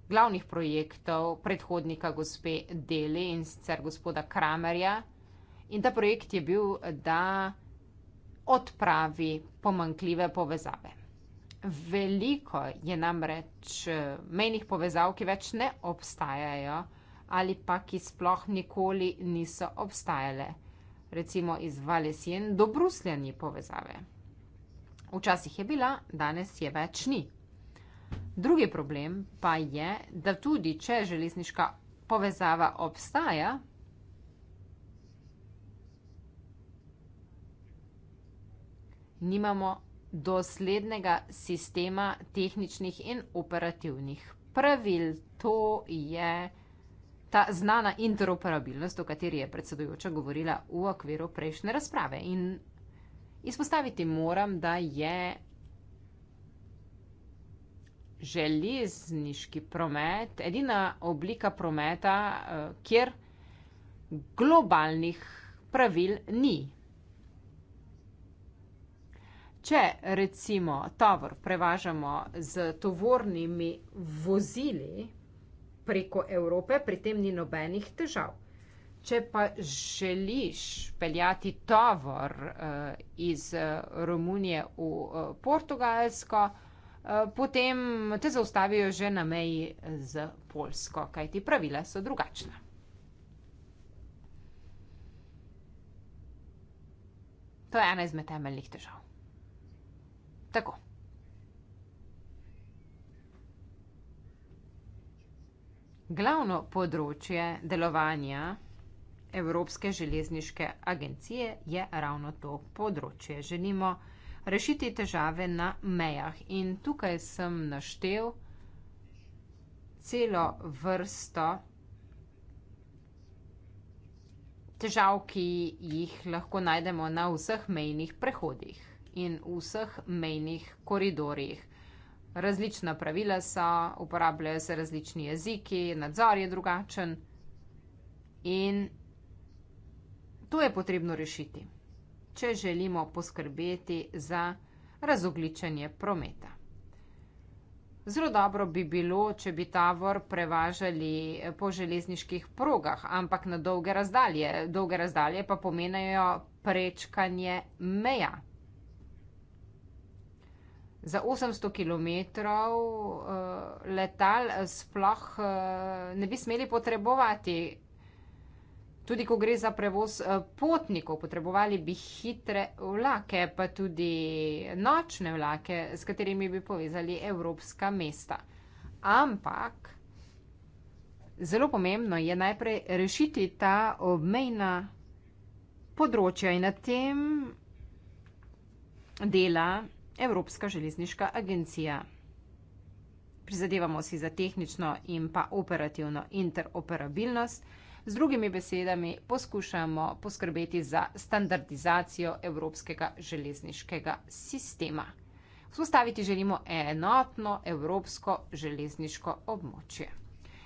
glavnih projektov predhodnika gospe Deli in sicer gospoda Kramerja, In ta projekt je bil, da odpravi pomankljive povezave. Veliko je namreč eh, menjih povezav, ki več ne obstajajo ali pa ki sploh nikoli niso obstajale. Recimo iz Valesien do Bruslja ni povezave. Včasih je bila, danes je več ni. Drugi problem pa je, da tudi če železniška povezava obstaja, nimamo doslednega sistema tehničnih in operativnih pravil. To je ta znana interoperabilnost, o kateri je predsedujoča govorila v okviru prejšnje razprave. In izpostaviti moram, da je železniški promet edina oblika prometa, eh, kjer globalnih pravil ni če recimo tovor prevažamo z tovornimi vozili preko Evrope, pri tem ni nobenih težav. Če pa želiš peljati tovor eh, iz eh, Romunije v eh, Portugalsko, potem te zaustavijo že na meji z Polsko, kajti pravile so drugačne. To je ena izmed temeljnih težav. Tako. Glavno področje delovanja Evropske železniške agencije je ravno to področje. Želimo rešiti težave na mejah in tukaj sem naštel celo vrsto težav, ki jih lahko najdemo na vseh mejnih prehodih in v vseh mejnih koridorjih. Različna pravila so, uporabljajo se različni jeziki, nadzor je drugačen in to je potrebno rešiti, če želimo poskrbeti za razogličenje prometa. Zelo dobro bi bilo, če bi tavor prevažali po železniških progah, ampak na dolge razdalje. Dolge razdalje pa pomenijo prečkanje meja za 800 km uh, letal sploh uh, ne bi smeli potrebovati. Tudi, ko gre za prevoz eh, potnikov, potrebovali bi hitre vlake, pa tudi nočne vlake, s katerimi bi povezali evropska mesta. Ampak zelo pomembno je najprej rešiti ta obmejna področja in na tem dela Evropska železniška agencija. Prizadevamo si za tehnično in pa operativno interoperabilnost, z drugimi besedami poskušamo poskrbeti za standardizacijo evropskega železniškega sistema. Vzpostaviti želimo enotno evropsko železniško območje.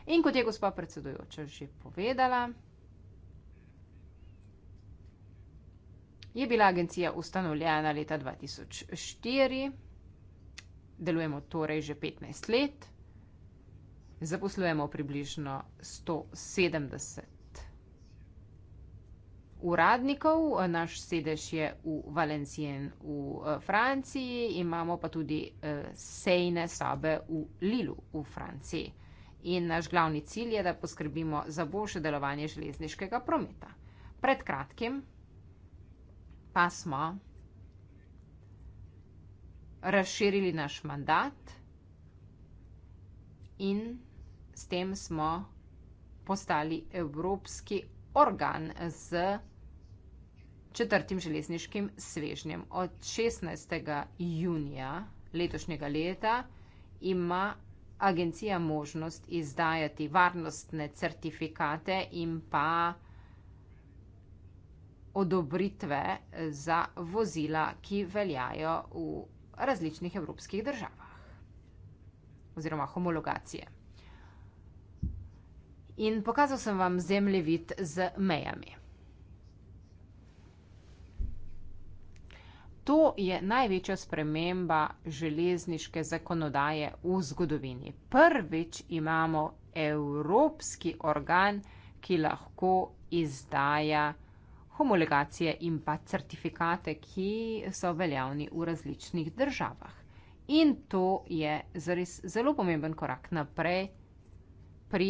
In kot je gospa predsedujoča že povedala, je bila agencija ustanovljena leta 2004, delujemo torej že 15 let, zaposlujemo približno 170 uradnikov, naš sedež je v Valencien v eh, Franciji, imamo pa tudi eh, sejne sobe v Lilu v Franciji. In naš glavni cilj je, da poskrbimo za boljše delovanje železniškega prometa. Pred kratkim pa smo razširili naš mandat in s tem smo postali evropski organ s četrtim železniškim svežnjem. Od šestnajstega junija letošnjega leta ima agencija možnost izdajati varnostne certifikate in pa odobritve eh, za vozila, ki veljajo v različnih evropskih državah oziroma homologacije. In pokazal sem vam zemljevid z mejami. To je največja sprememba železniške zakonodaje v zgodovini. Prvič imamo evropski organ, ki lahko izdaja homologacije in pa certifikate, ki so veljavni v različnih državah. In to je zares zelo pomemben korak naprej pri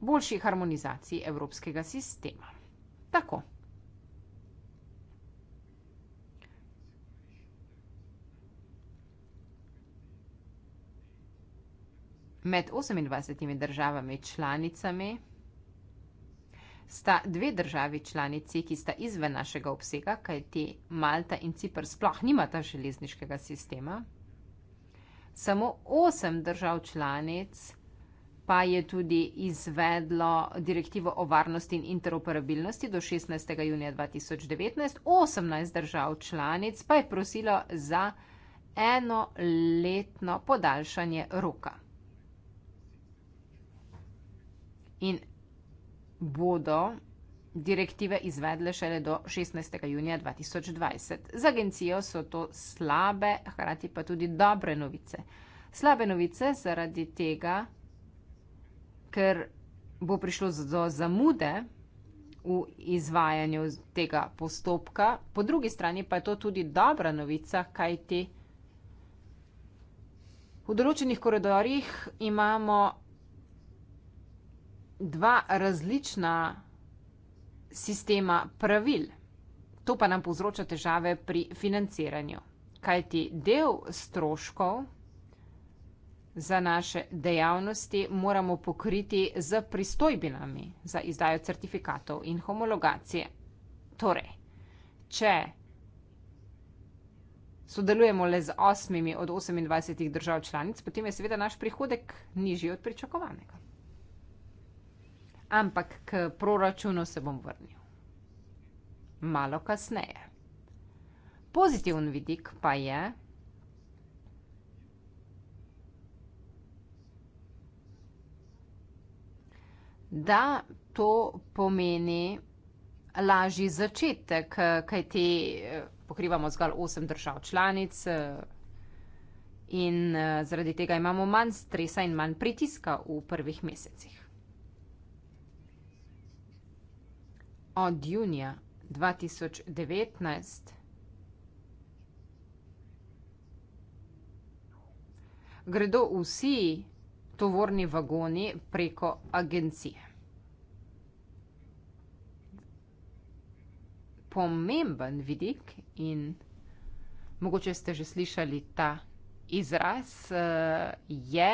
boljši harmonizaciji evropskega sistema. Tako. Med 28 državami članicami sta dve državi članici, ki sta izven našega obsega, kajti Malta in Cipr sploh nimata železniškega sistema. Samo osem držav članic pa je tudi izvedlo direktivo o varnosti in interoperabilnosti do 16. junija 2019. 18 držav članic pa je prosilo za eno letno podaljšanje roka. in bodo direktive izvedle šele do 16. junija 2020. Za agencijo so to slabe, hkrati pa tudi dobre novice. Slabe novice zaradi tega, ker bo prišlo do zamude v izvajanju tega postopka, po drugi strani pa je to tudi dobra novica, kaj ti v določenih koridorjih imamo dva različna sistema pravil. To pa nam povzroča težave pri financiranju, kajti del stroškov za naše dejavnosti moramo pokriti z pristojbinami za izdajo certifikatov in homologacije. Torej, če sodelujemo le z osmimi od 28 držav članic, potem je seveda naš prihodek nižji od pričakovanega. Ampak k proračunu se bom vrnil. Malo kasneje. Pozitiven vidik pa je, da to pomeni lažji začetek, kaj ti pokrivamo zgolj 8 držav članic in zaradi tega imamo manj stresa in manj pritiska v prvih mesecih. od junija 2019 gredo vsi tovorni vagoni preko agencije. Pomemben vidik in mogoče ste že slišali ta izraz, eh, je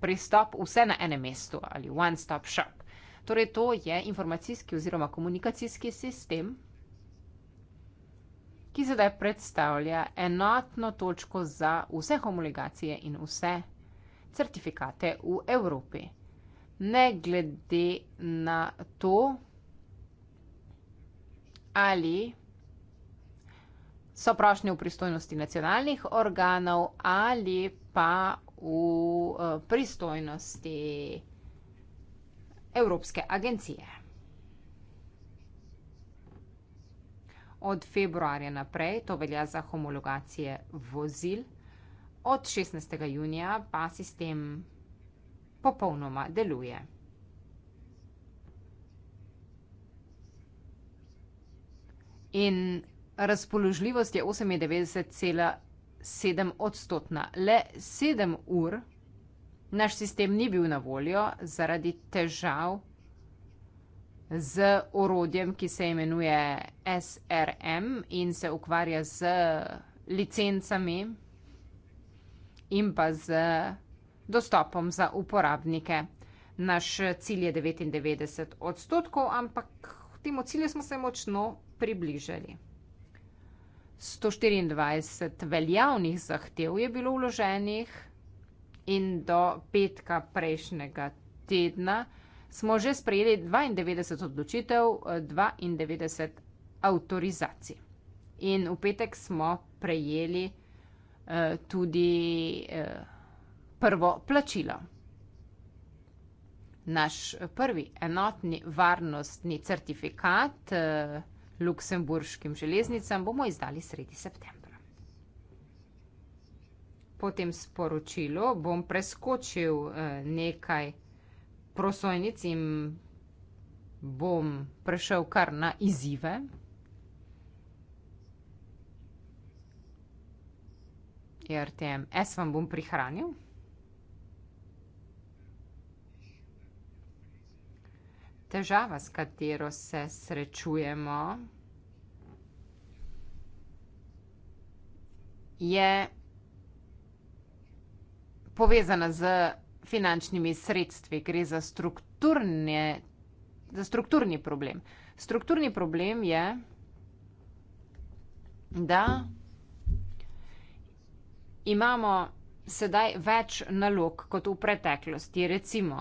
pristop vse na enem mestu ali one stop shop. Torej, to je informacijski oziroma komunikacijski sistem, ki zdaj predstavlja enotno točko za vse homologacije in vse certifikate v Evropi. Ne glede na to, ali so prošnje v pristojnosti nacionalnih organov ali pa v eh, pristojnosti. Evropske agencije. Od februarja naprej to velja za homologacije vozil, od šestnajstega junija pa sistem popolnoma deluje. In razpoložljivost je osemindevetdeset cela sedem odstotna, le sedem ur Naš sistem ni bil na voljo zaradi težav z orodjem, ki se imenuje SRM in se ukvarja z licencami in pa z dostopom za uporabnike. Naš cilj je 99 odstotkov, ampak temu cilju smo se močno približali. 124 veljavnih zahtev je bilo vloženih in do petka prejšnjega tedna smo že sprejeli 92 odločitev, 92 avtorizacij. In v petek smo prejeli eh, tudi eh, prvo plačilo. Naš eh, prvi enotni varnostni certifikat eh, Luksemburškim železnicam bomo izdali sredi septembra po tem sporočilu, bom preskočil eh, nekaj prosojnic in bom prešel kar na izive. RTM S vam bom prihranil. Težava, s katero se srečujemo, je povezana z finančnimi sredstvi, gre za, za strukturni problem. Strukturni problem je, da imamo sedaj več nalog kot v preteklosti. Recimo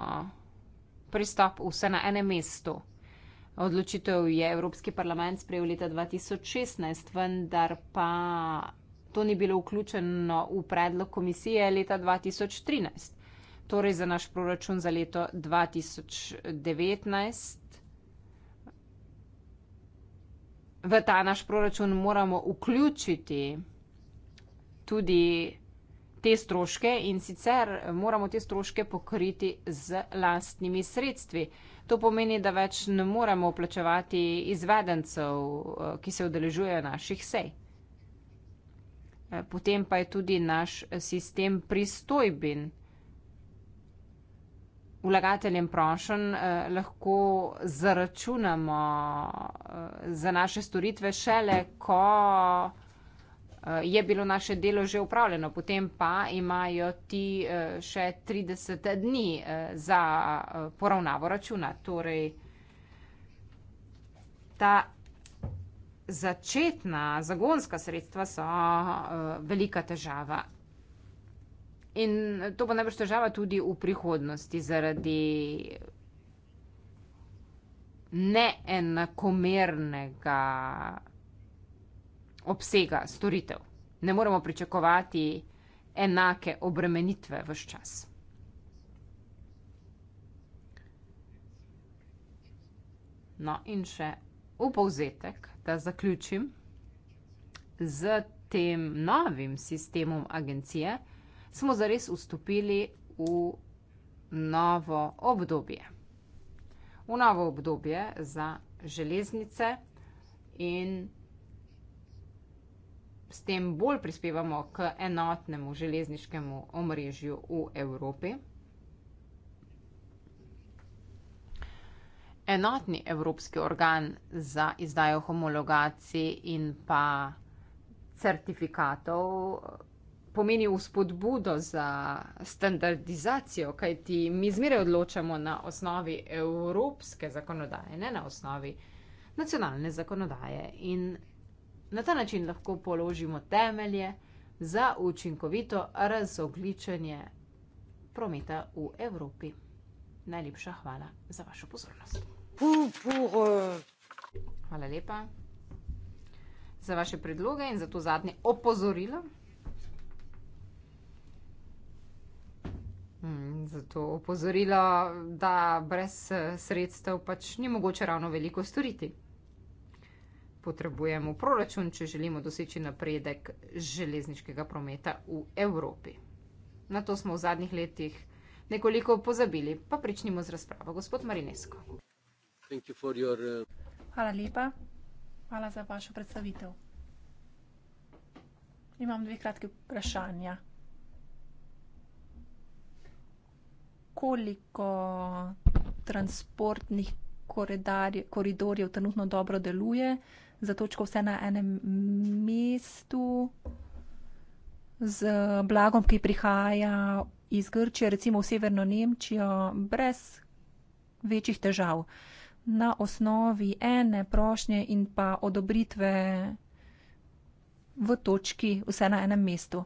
pristop vse na enem mestu. Odločitev je Evropski parlament sprejel leta 2016, vendar pa to ni bilo vključeno v predlog komisije leta 2013. Torej za naš proračun za leto 2019 v ta naš proračun moramo vključiti tudi te stroške in sicer moramo te stroške pokriti z lastnimi sredstvi. To pomeni, da več ne moremo plačevati izvedencev, eh, ki se odeležujejo naših sej. Eh, potem pa je tudi naš eh, sistem pristojbin. Vlagateljem prošen eh, lahko zaračunamo za naše storitve šele, ko je bilo naše delo že upravljeno, potem pa imajo ti še 30 dni za poravnavo računa. Torej, ta začetna zagonska sredstva so uh, velika težava. In to bo najbrž težava tudi v prihodnosti zaradi neenakomernega obsega storitev. Ne moremo pričakovati enake obremenitve v vse čas. No, in še v povzetek, da zaključim, z tem novim sistemom agencije smo zares vstopili v novo obdobje. V novo obdobje za železnice in s tem bolj prispevamo k enotnemu železniškemu omrežju v Evropi. enotni evropski organ za izdajo homologacij in pa certifikatov pomeni vzpodbudo za standardizacijo, kaj ti mi zmeraj odločamo na osnovi evropske zakonodaje, ne na osnovi nacionalne zakonodaje in na ta način lahko položimo temelje za učinkovito razogličenje prometa v Evropi najlepša hvala za vašo pozornost. Hvala lepa za vaše predloge in za to zadnje opozorilo. Hmm, za to opozorilo, da brez eh, sredstev pač ni mogoče ravno veliko storiti. Potrebujemo proračun, če želimo doseči napredek železniškega prometa v Evropi. Na to smo v zadnjih letih nekoliko pozabili. Pa pričnimo z razpravo, gospod Marinesko. Your, uh... Hvala lepa. Hvala za vašo predstavitev. Imam dve kratke vprašanja. Koliko transportnih koridorjev trenutno dobro deluje, za točko vse na enem mestu, z blagom, ki prihaja iz Grčije, recimo v Severno Nemčijo, brez večjih težav. Na osnovi ene prošnje in pa odobritve v točki, vse na enem mestu.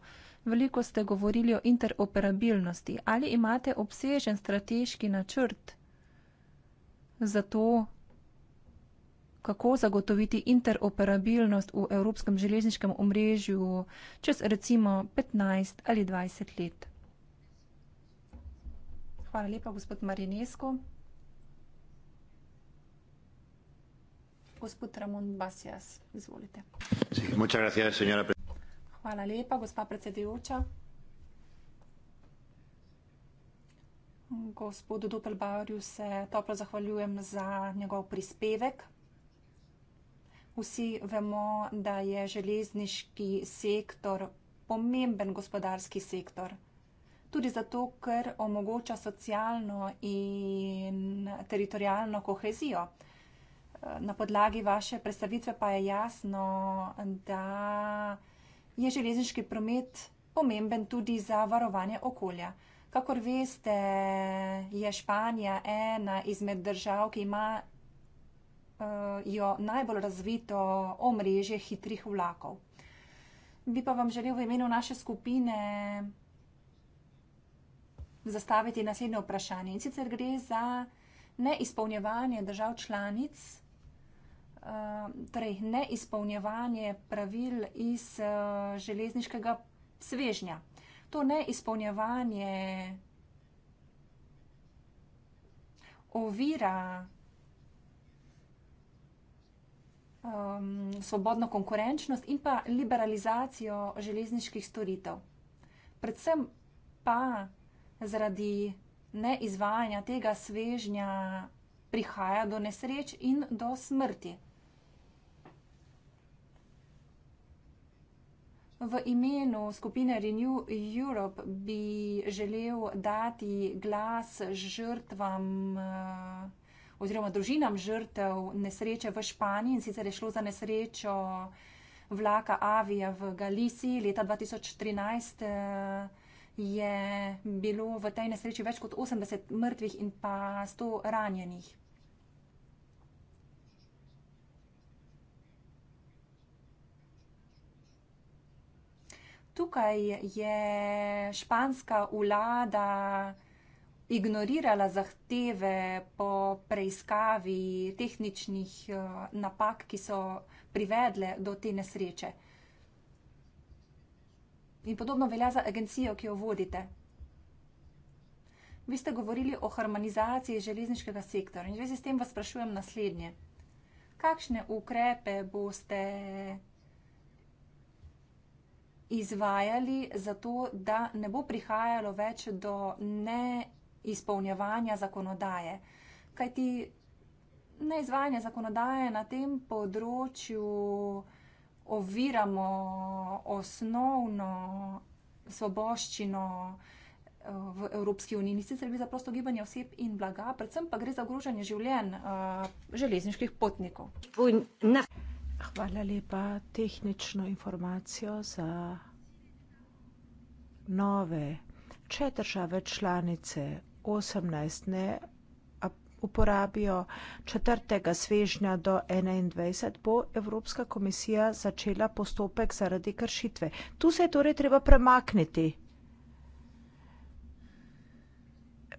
Veliko ste govorili o interoperabilnosti. Ali imate obsežen strateški načrt za to, kako zagotoviti interoperabilnost v evropskem železniškem omrežju čez recimo 15 ali 20 let? Hvala lepa, gospod Marinesko. Gospod Ramon Basjas, izvolite. Hvala lepa, gospa predsedujoča. Gospodu Doppelbauerju se toplo zahvaljujem za njegov prispevek. Vsi vemo, da je železniški sektor pomemben gospodarski sektor tudi zato, ker omogoča socialno in teritorijalno kohezijo. Na podlagi vaše predstavitve pa je jasno, da je železniški promet pomemben tudi za varovanje okolja. Kakor veste, je Španija ena izmed držav, ki ima eh, jo najbolj razvito omrežje hitrih vlakov. Bi pa vam želel v imenu naše skupine zastaviti naslednje vprašanje. In sicer gre za neizpolnjevanje držav članic, eh, torej neizpolnjevanje pravil iz eh, železniškega svežnja. To neizpolnjevanje ovira um, svobodno konkurenčnost in pa liberalizacijo železniških storitev. Predvsem pa zaradi neizvajanja tega svežnja prihaja do nesreč in do smrti. V imenu skupine Renew Europe bi želel dati glas žrtvam eh, oziroma družinam žrtev nesreče v Španiji in sicer je šlo za nesrečo vlaka Avija v Galiciji leta 2013 je bilo v tej nesreči več kot 80 mrtvih in pa 100 ranjenih. Tukaj je španska vlada ignorirala zahteve po preiskavi tehničnih eh, napak, ki so privedle do te nesreče. In podobno velja za agencijo, ki jo vodite. Vi ste govorili o harmonizaciji železniškega sektorja in v zvezi s tem vas sprašujem naslednje. Kakšne ukrepe boste izvajali za to, da ne bo prihajalo več do neizpolnjevanja zakonodaje? Kajti neizvajanje zakonodaje na tem področju oviramo osnovno svoboščino eh, v Evropski uniji. Ni sicer gre za prosto gibanje oseb in blaga, predvsem pa gre za ogrožanje življenj eh, železniških potnikov. Hvala lepa tehnično informacijo za nove. Če države članice 18 ne uporabijo. 4. svežnja do 21 bo Evropska komisija začela postopek zaradi kršitve. Tu se je torej treba premakniti.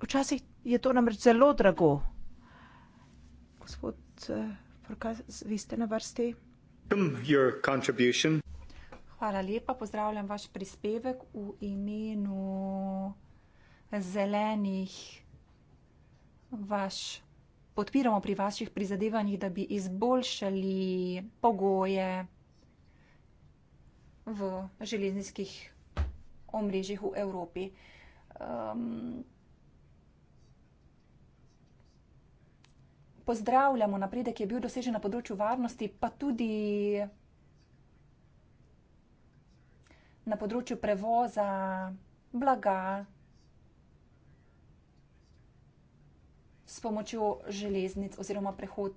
Včasih je to namreč zelo drago. Gospod Prokaz, eh, vi ste na vrsti. Hvala lepa, pozdravljam vaš prispevek v imenu zelenih vaš, podpiramo pri vaših prizadevanjih, da bi izboljšali pogoje v železniških omrežjih v Evropi. Um, pozdravljamo napredek, ki je bil dosežen na področju varnosti, pa tudi na področju prevoza blaga s pomočjo železnic oziroma prehod.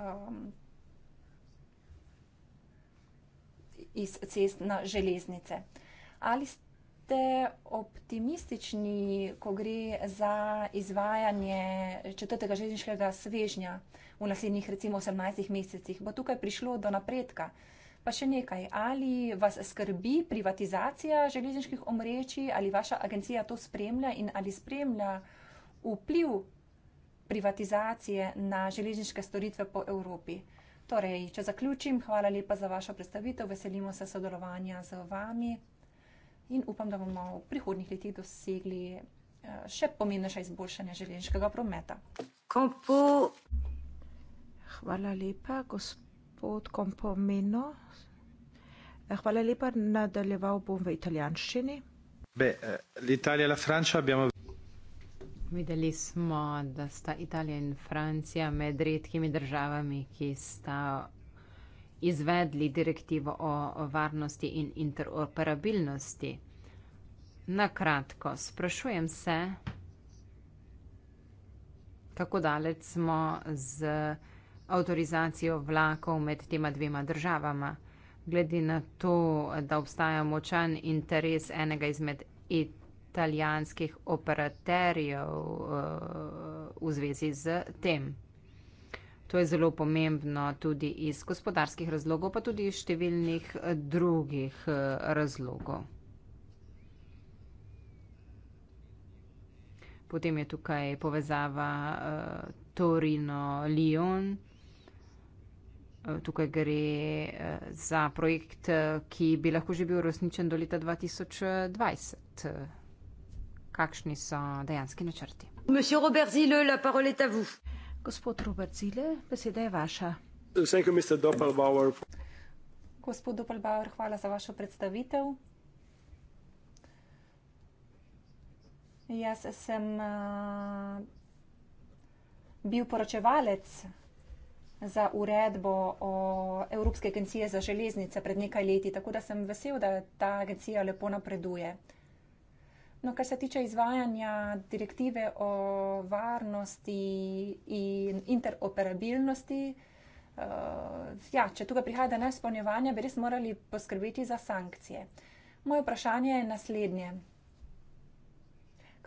Um, Iz cest na železnice. Ali ste optimistični, ko gre za izvajanje četrtega železniškega svežnja v naslednjih, recimo, 18 mesecih? Bo tukaj prišlo do napredka? Pa še nekaj, ali vas skrbi privatizacija železniških omrečij, ali vaša agencija to spremlja in ali spremlja uh, vpliv privatizacije na železniške storitve po Evropi. Torej, če zaključim, hvala lepa za vašo predstavitev, veselimo se sodelovanja z vami in upam, da bomo v prihodnih letih dosegli eh, še pomembnejša izboljšanja železniškega prometa. Kompo. Hvala lepa, gospod Kompomeno. Eh, hvala lepa, nadaljeval bom v italijanščini. Beh, eh, l'Italia e la Francia abbiamo Videli smo, da sta Italija in Francija med redkimi državami, ki sta izvedli direktivo o varnosti in interoperabilnosti. Na kratko, sprašujem se, kako daleč smo z avtorizacijo vlakov med tema dvema državama. Glede na to, da obstaja močan interes enega izmed italijanskih operaterjev eh, v zvezi z tem. To je zelo pomembno tudi iz gospodarskih razlogov, pa tudi iz številnih eh, drugih eh, razlogov. Potem je tukaj povezava Torino-Lion. Tukaj gre za projekt, ki bi lahko že bil uresničen do leta 2020 kakšni so dejanski načrti. Robert Zile, Gospod Robert Zile, beseda je vaša. You, Gospod Doppelbauer, hvala za vašo predstavitev. Jaz sem uh, bil poročevalec za uredbo o Evropske agencije za železnice pred nekaj leti, tako da sem vesel, da ta agencija lepo napreduje. No, kar se tiče izvajanja direktive o varnosti in interoperabilnosti, uh, ja, če tukaj prihaja do neizpolnjevanja, bi res morali poskrbeti za sankcije. Moje vprašanje je naslednje.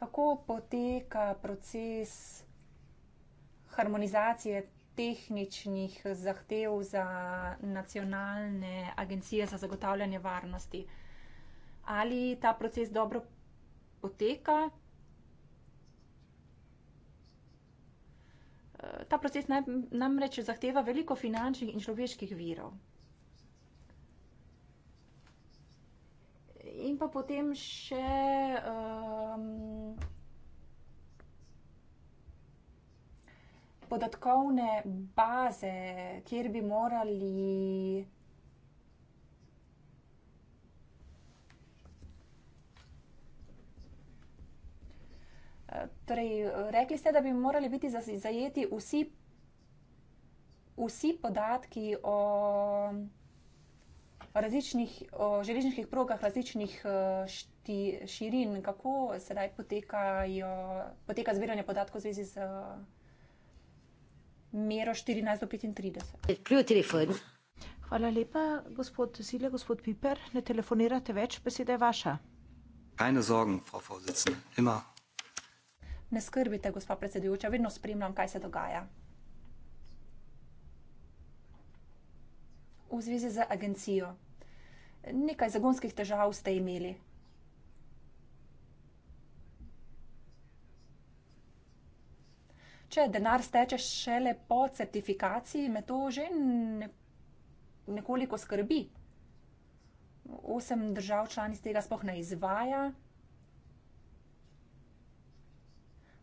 Kako poteka proces harmonizacije tehničnih zahtev za nacionalne agencije za zagotavljanje varnosti? Ali ta proces dobro poteka? poteka. Eh, ta proces namreč zahteva veliko finančnih in človeških virov. In pa potem še um, podatkovne baze, kjer bi morali. Torej, rekli ste, da bi morali biti zajeti vsi, vsi podatki o različnih o železniških progah različnih eh, šti, širin, kako sedaj potekajo, poteka zbiranje podatkov v zvezi z mero 14 do 35. Hvala lepa, gospod Sile, gospod Piper. Ne telefonirate več, beseda je vaša. Keine Sorgen, Frau Vorsitzende, immer Ne skrbite, gospa predsedujoča, vedno spremljam, kaj se dogaja. V zvezi z agencijo. Nekaj zagonskih težav ste imeli. Če denar steče šele po certifikaciji, me to že ne, nekoliko skrbi. Osem držav članic tega spoh ne izvaja.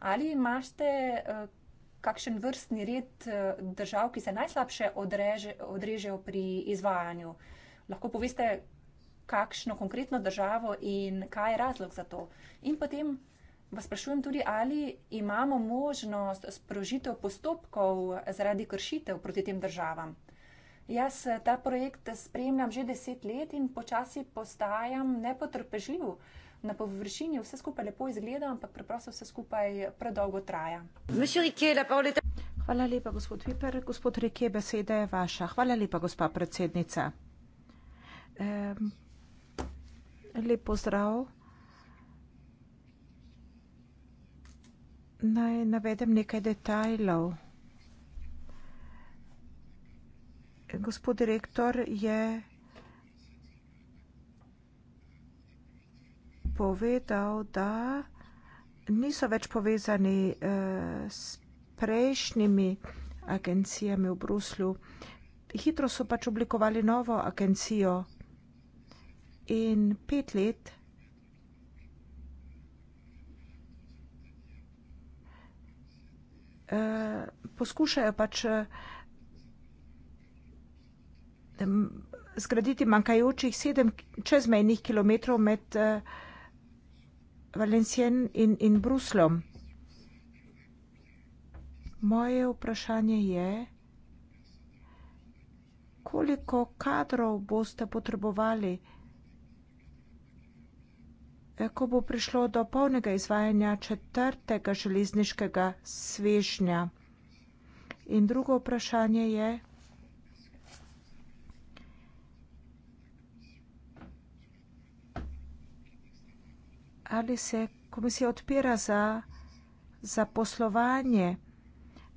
Ali imaš te, eh, kakšen vrstni red eh, držav, ki se najslabše odreže, odrežejo pri izvajanju? Lahko poveste, kakšno konkretno državo in kaj je razlog za to. In potem vas sprašujem tudi, ali imamo možnost sprožitev postopkov zaradi kršitev proti tem državam. Jaz eh, ta projekt spremljam že deset let in počasi postajam nepotrpežljiv. Na površini vse skupaj lepo izgleda, ampak preprosto vse skupaj predolgo traja. Hvala lepa, gospod Viper. Gospod Rike, beseda je vaša. Hvala lepa, gospa predsednica. Um, lep pozdrav. Naj navedem nekaj detajlov. Gospod direktor je. povedal, da niso več povezani eh, s prejšnjimi agencijami v Bruslju. Hitro so pač oblikovali novo agencijo in pet let eh, poskušajo pač eh, zgraditi manjkajočih sedem čezmejnih kilometrov med eh, Valencijanom in, in Bruslom. Moje vprašanje je, koliko kadrov boste potrebovali, eh, ko bo prišlo do polnega izvajanja četrtega železniškega svežnja. In drugo vprašanje je, ali se komisija odpira za, za poslovanje.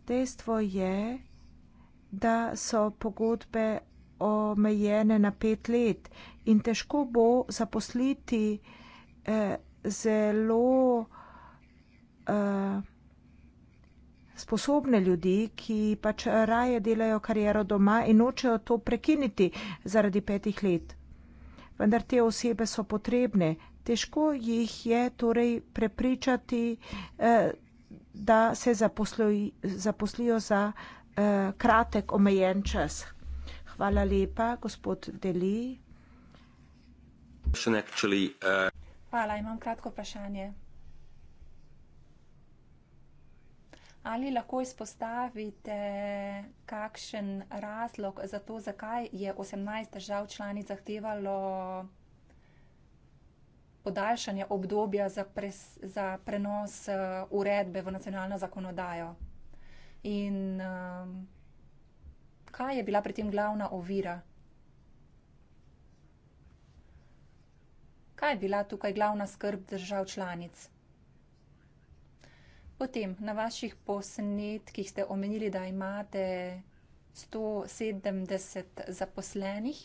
Dejstvo je, da so pogodbe omejene na pet let in težko bo zaposliti eh, zelo eh, sposobne ljudi, ki pač raje delajo kariero doma in nočejo to prekiniti zaradi petih let. Vendar te osebe so potrebne, težko jih je torej prepričati, eh, da se zaposlijo za eh, kratek, omejen čas. Hvala lepa, gospod Deli. Eh, Hvala, imam kratko vprašanje. Ali lahko izpostavite kakšen razlog za to, zakaj je 18 držav članic zahtevalo podaljšanje obdobja za, pres, za prenos uh, uredbe v nacionalno zakonodajo. In uh, kaj je bila pri tem glavna ovira? Kaj je bila tukaj glavna skrb držav članic? Potem na vaših posnetkih ste omenili, da imate 170 zaposlenih.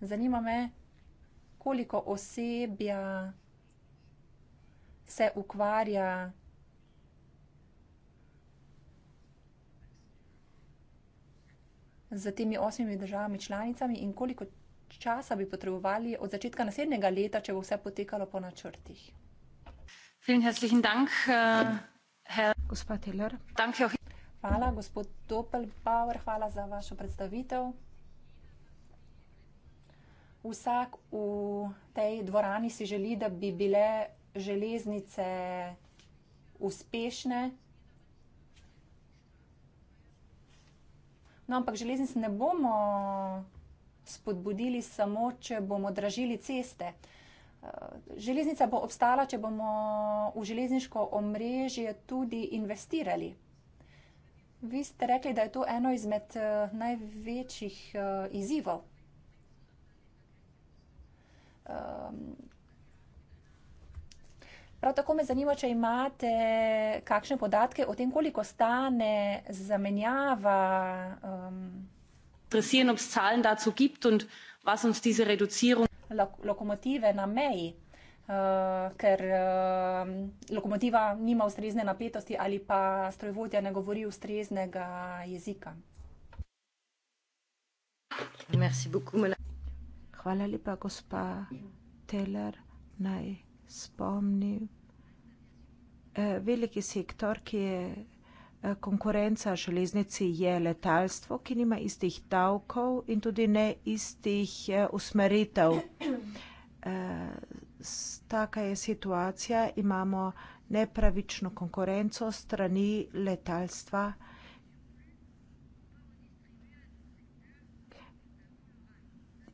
Zanima me, koliko osebja se ukvarja z temi osmimi državami članicami in koliko časa bi potrebovali od začetka naslednjega leta, če bo vse potekalo po načrtih. Äh, hvala, gospod Doppelbauer, hvala za vašo predstavitev vsak v tej dvorani si želi, da bi bile železnice uspešne. No, ampak železnice ne bomo spodbudili samo, če bomo dražili ceste. Eh, železnica bo obstala, če bomo v železniško omrežje tudi investirali. Vi ste rekli, da je to eno izmed eh, največjih eh, izzivov. Um, prav tako me zanima, če imate kakšne podatke o tem, koliko stane zamenjava. Um, ehm, Interesirajo nas, kaj za to obstaja in kaj nas ta reducirana. Lokomotive na meji, uh, ker uh, lokomotiva nima ustrezne napetosti ali pa strojvodja ne govori ustreznega jezika. Merci beaucoup, Mela. Hvala lepa, gospa Teller, naj spomnim. Eh, veliki sektor, ki je eh, konkurenca železnici, je letalstvo, ki nima istih davkov in tudi ne istih eh, usmeritev. Taka je situacija, imamo nepravično konkurenco strani letalstva.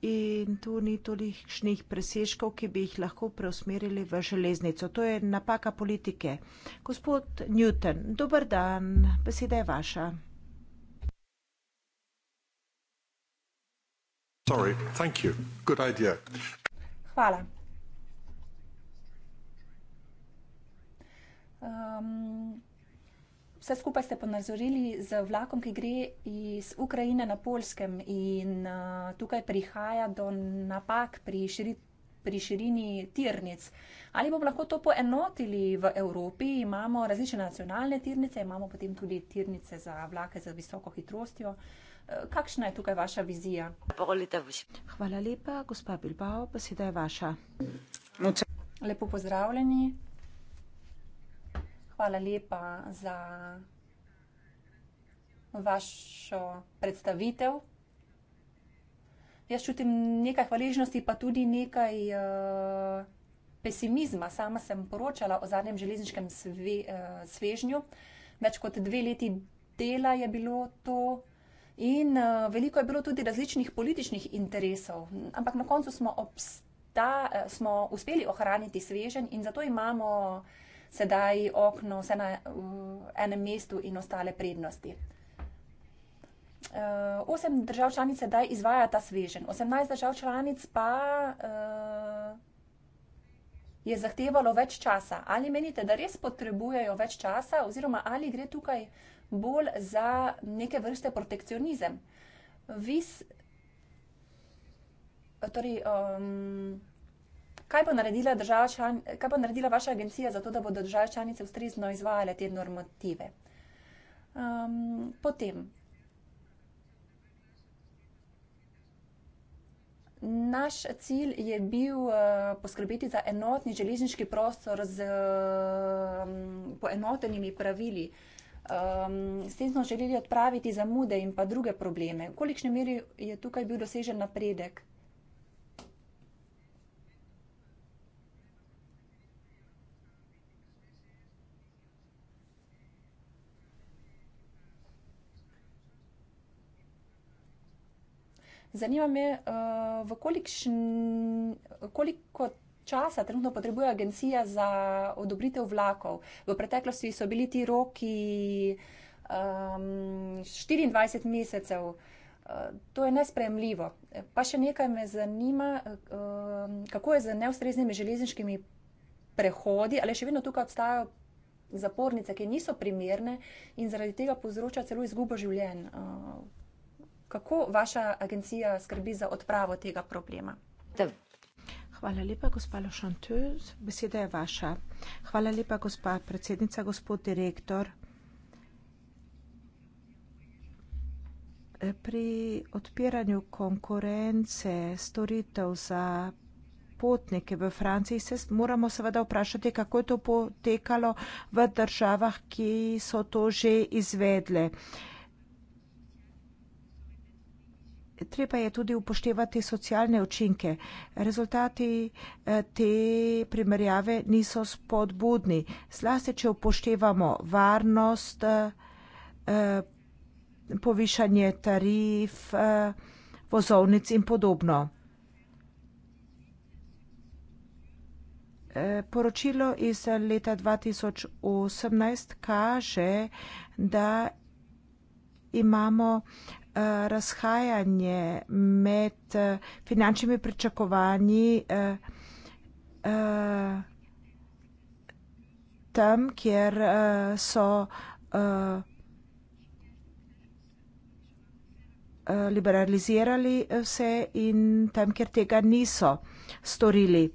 in tu ni tolikšnih presežkov, ki bi jih lahko preusmerili v železnico. To je napaka politike. Gospod Newton, dober dan, beseda je vaša. Sorry, thank you. Good idea. Hvala. Um, Vse skupaj ste ponazorili z vlakom, ki gre iz Ukrajine na Polskem in uh, tukaj prihaja do napak pri, širi, pri širini tirnic. Ali bomo lahko to poenotili v Evropi? Imamo različne nacionalne tirnice, imamo potem tudi tirnice za vlake z visoko hitrostjo. E, kakšna je tukaj vaša vizija? Hvala lepa, gospa Bilbao, pa sedaj je vaša. Lepo pozdravljeni. Hvala lepa za vašo predstavitev. Jaz čutim nekaj hvaležnosti, pa tudi nekaj uh, pesimizma. Sama sem poročala o zadnjem železniškem sve, uh, svežnju. Več kot dve leti dela je bilo to in uh, veliko je bilo tudi različnih političnih interesov. Ampak na koncu smo, obsta, uh, smo uspeli ohraniti svežen in zato imamo sedaj okno vse na enem mestu in ostale prednosti. Uh, osem držav članic sedaj izvaja ta svežen, osemnajst držav članic pa uh, je zahtevalo več časa. Ali menite, da res potrebujejo več časa oziroma ali gre tukaj bolj za neke vrste protekcionizem? Vis, torej, um, Kaj bo, član, kaj bo naredila vaša agencija za to, da bodo države članice ustrezno izvajale te normative? Um, potem. Naš cilj je bil uh, poskrbeti za enotni železniški prostor z um, poenotenimi pravili. Um, s tem smo želeli odpraviti zamude in pa druge probleme. V kolikšni meri je tukaj bil dosežen napredek? Zanima me, uh, v kolikšn, koliko časa trenutno potrebuje agencija za odobritev vlakov. V preteklosti so bili ti roki um, ehm, 24 mesecev. Eh, to je nespremljivo. Pa še nekaj me zanima, ehm, kako je z neustreznimi železniškimi prehodi, ali še vedno tukaj obstajajo zapornice, ki niso primerne in zaradi tega povzroča celo izgubo življenj. Eh, Kako vaša agencija skrbi za odpravo tega problema? Hvala lepa, gospa Lošantuz. Beseda je vaša. Hvala lepa, gospa predsednica, gospod direktor. Pri odpiranju konkurence storitev za potnike v Franciji se moramo seveda vprašati, kako je to potekalo v državah, ki so to že izvedle. treba je tudi upoštevati socialne učinke. Rezultati eh, te primerjave niso spodbudni. Zlasti, če upoštevamo varnost, eh, eh, povišanje tarif, vozovnic in podobno. Poročilo iz leta 2018 kaže, da imamo Eh, razhajanje med eh, finančnimi pričakovanji eh, tam, kjer so liberalizirali vse in tam, kjer tega niso storili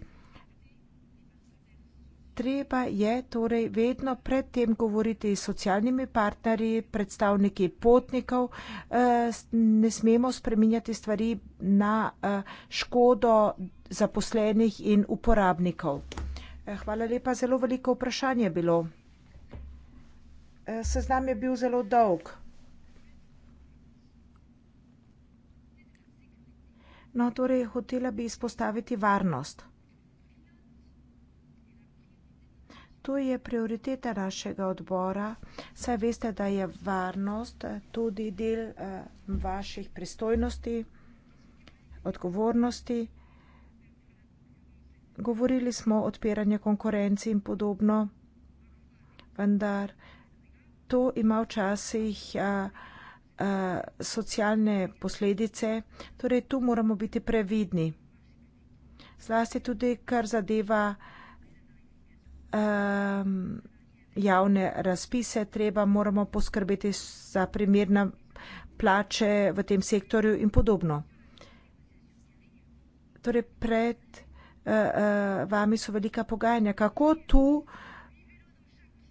treba je torej vedno predtem govoriti s socialnimi partnerji, predstavniki potnikov, eh, ne smemo spreminjati stvari na eh, škodo zaposlenih in uporabnikov. Eh, hvala lepa, zelo veliko vprašanje je bilo. Seznam je bil zelo dolg. No, torej, hotela bi izpostaviti varnost. to je prioriteta našega odbora, saj veste, da je varnost tudi del eh, vaših pristojnosti, odgovornosti. Govorili smo o odpiranju konkurenci in podobno, vendar to ima včasih eh, eh, socialne posledice, torej tu moramo biti previdni. Zlasti tudi, kar zadeva um, javne razpise, treba moramo poskrbeti za primerna plače v tem sektorju in podobno. Torej, pred uh, uh, vami so velika pogajanja. Kako tu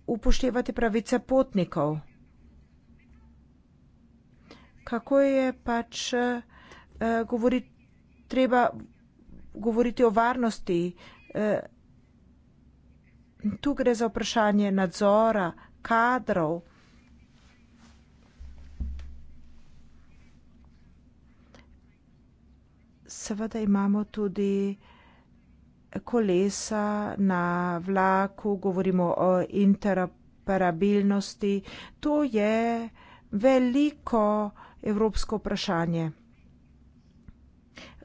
upoštevati pravice potnikov? Kako je pač uh, eh, govori, treba govoriti o varnosti? Uh, In tu gre za vprašanje nadzora, kadrov. Seveda imamo tudi kolesa na vlaku, govorimo o interoperabilnosti. To je veliko evropsko vprašanje.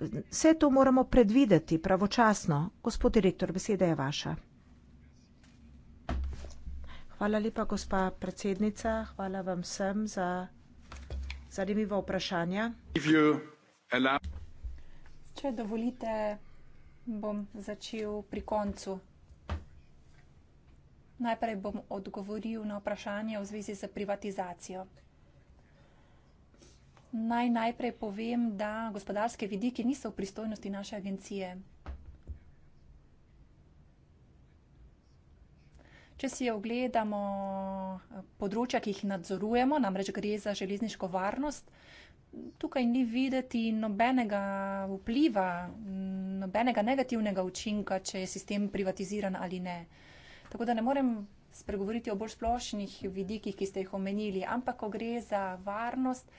Vse to moramo predvideti pravočasno. Gospod direktor, beseda je vaša. Hvala lepa, gospa predsednica. Hvala vam vsem za zanimivo vprašanje. Če dovolite, bom začel pri koncu. Najprej bom odgovoril na vprašanje v zvezi z privatizacijo. Naj najprej povem, da gospodarske vidiki niso v pristojnosti naše agencije. Če si ogledamo eh, področja, ki jih nadzorujemo, namreč gre za železniško varnost, tukaj ni videti nobenega vpliva, nobenega negativnega učinka, če je sistem privatiziran ali ne. Tako da ne morem spregovoriti o bolj splošnih vidikih, ki ste jih omenili, ampak ko gre za varnost,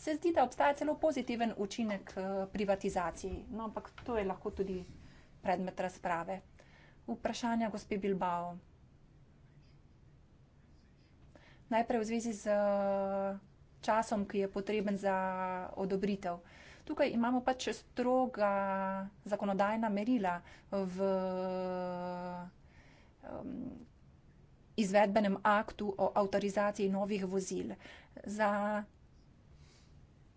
se zdi, da obstaja celo pozitiven učinek eh, privatizaciji. No, ampak to je lahko tudi predmet razprave. Vprašanja gospe Bilbao najprej v zvezi z eh, časom, ki je potreben za odobritev. Tukaj imamo pač stroga zakonodajna merila v um, izvedbenem aktu o avtorizaciji novih vozil. Za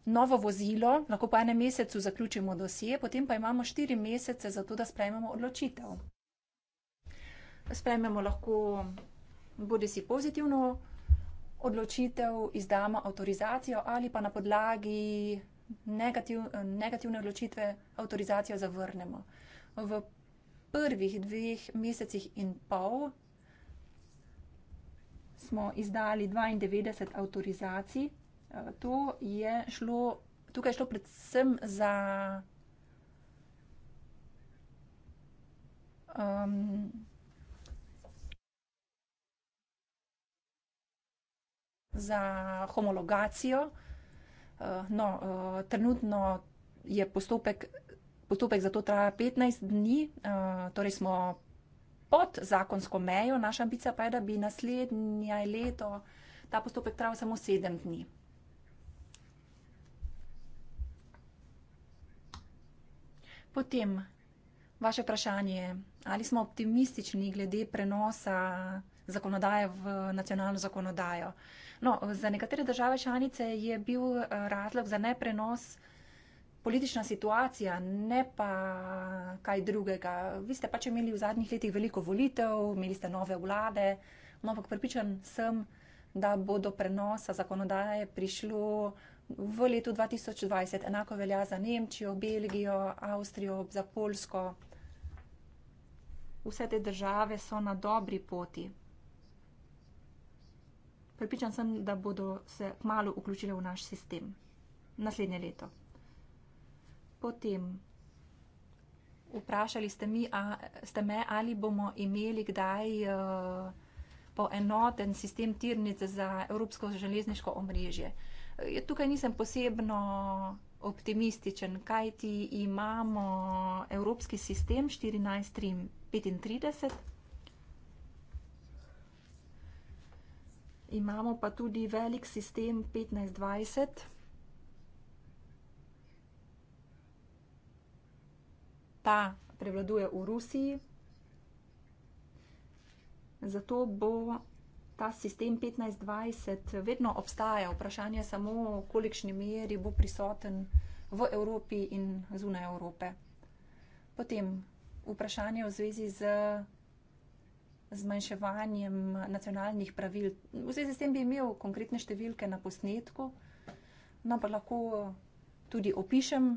novo vozilo lahko po enem mesecu zaključimo dosje, potem pa imamo štiri mesece za to, da sprejmemo odločitev. Sprejmemo lahko bodi si pozitivno odločitev izdamo avtorizacijo ali pa na podlagi negativ, negativne odločitve avtorizacijo zavrnemo. V prvih dveh mesecih in pol smo izdali 92 avtorizacij. Eh, to je šlo, tukaj je šlo predvsem za um, za homologacijo. Eh, no, eh, trenutno je postopek, postopek za to traja 15 dni, eh, torej smo pod zakonsko mejo, naša ambicija pa je, da bi naslednje leto ta postopek trajal samo 7 dni. Potem vaše vprašanje, ali smo optimistični glede prenosa zakonodaje v nacionalno zakonodajo. No, za nekatere države članice je bil eh, razlog za neprenos politična situacija, ne pa kaj drugega. Vi ste pač imeli v zadnjih letih veliko volitev, imeli ste nove vlade, no, ampak pripričan sem, da bo do prenosa zakonodaje prišlo v letu 2020. Enako velja za Nemčijo, Belgijo, Avstrijo, za Polsko. Vse te države so na dobri poti. Pripričan sem, da bodo se malo vključili v naš sistem. Naslednje leto. Potem vprašali ste, mi, a, ste me, ali bomo imeli kdaj uh, poenoten sistem tirnic za evropsko železniško omrežje. Eh, tukaj nisem posebno optimističen, kaj ti imamo evropski sistem 14.35. Imamo pa tudi velik sistem 1520. Ta prevladuje v Rusiji. Zato bo ta sistem 1520 vedno obstajal. Vprašanje je samo, v kolikšni meri bo prisoten v Evropi in zunaj Evrope. Potem vprašanje v zvezi z zmanjševanjem nacionalnih pravil. V zvezi s tem bi imel konkretne številke na posnetku, no pa lahko tudi opišem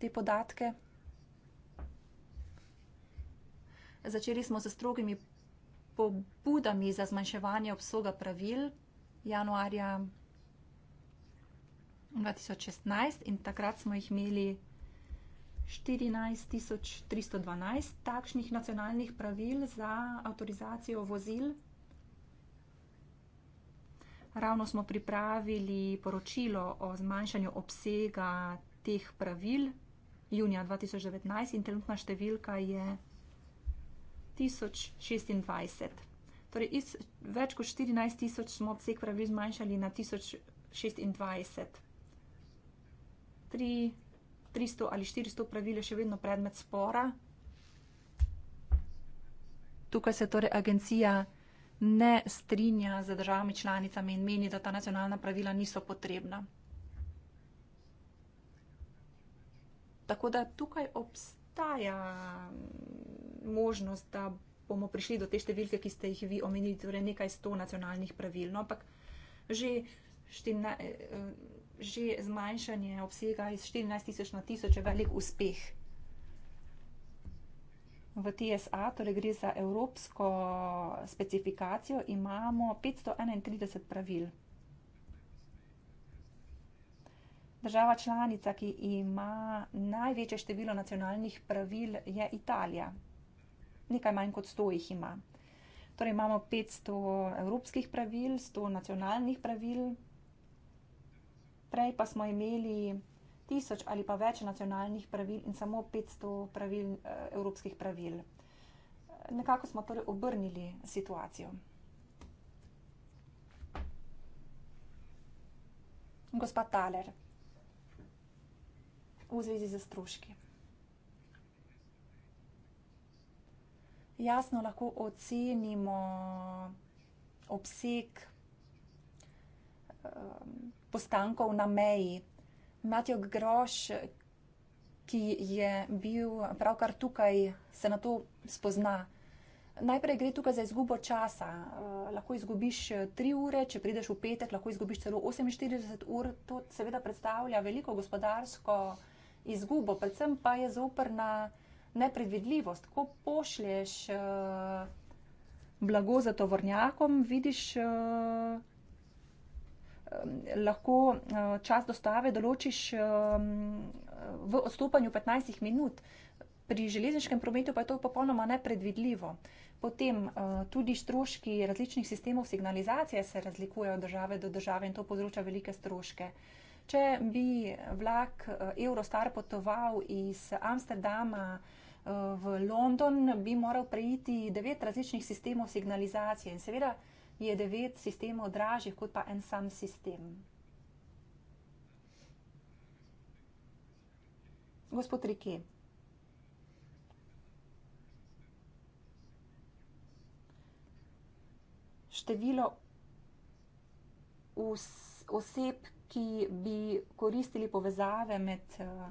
te podatke. Začeli smo s strogimi pobudami za zmanjševanje obsoga pravil januarja 2016 in takrat smo jih imeli 14 tisoč 312 takšnih nacionalnih pravil za avtorizacijo vozil. Ravno smo pripravili poročilo o zmanjšanju obsega teh pravil junija 2019 in trenutna številka je 1026. Torej iz več kot 14 tisoč smo obseg pravil zmanjšali na 1026. 3 300 ali 400 pravil je še vedno predmet spora. Tukaj se torej agencija ne strinja z državami članicami in meni, da ta nacionalna pravila niso potrebna. Tako da tukaj obstaja možnost, da bomo prišli do te številke, ki ste jih vi omenili, torej nekaj sto nacionalnih pravil. No, ampak že 14 že zmanjšanje obsega iz 14 tisoč na tisoč je velik uspeh. V TSA, torej gre za evropsko specifikacijo, imamo 531 pravil. Država članica, ki ima največje število nacionalnih pravil, je Italija. Nekaj manj kot 100 jih ima. Torej imamo 500 evropskih pravil, 100 nacionalnih pravil, prej pa smo imeli tisoč ali pa več nacionalnih pravil in samo 500 pravil, eh, evropskih pravil. Nekako smo torej obrnili situacijo. Gospod Taler, v zvezi za stroški. Jasno lahko ocenimo obseg eh, postankov na meji. Matjog Groš, ki je bil pravkar tukaj, se na to spozna. Najprej gre tukaj za izgubo časa. Eh, lahko izgubiš eh, tri ure, če prideš v petek, lahko izgubiš celo 48 ur. To seveda predstavlja veliko gospodarsko izgubo, predvsem pa je zoprna nepredvidljivost. Ko pošlješ eh, blago za tovornjakom, vidiš Um, lahko uh, čas dostave določiš um, v odstopanju 15 minut. Pri železniškem prometu pa je to popolnoma nepredvidljivo. Potem uh, tudi stroški različnih sistemov signalizacije se razlikujejo od države do države in to povzroča velike stroške. Če bi vlak uh, Eurostar potoval iz Amsterdama v London, bi moral preiti devet različnih sistemov signalizacije in seveda je devet sistemov dražjih kot pa en sam sistem. Gospod Rike. Število oseb, ki bi koristili povezave med uh,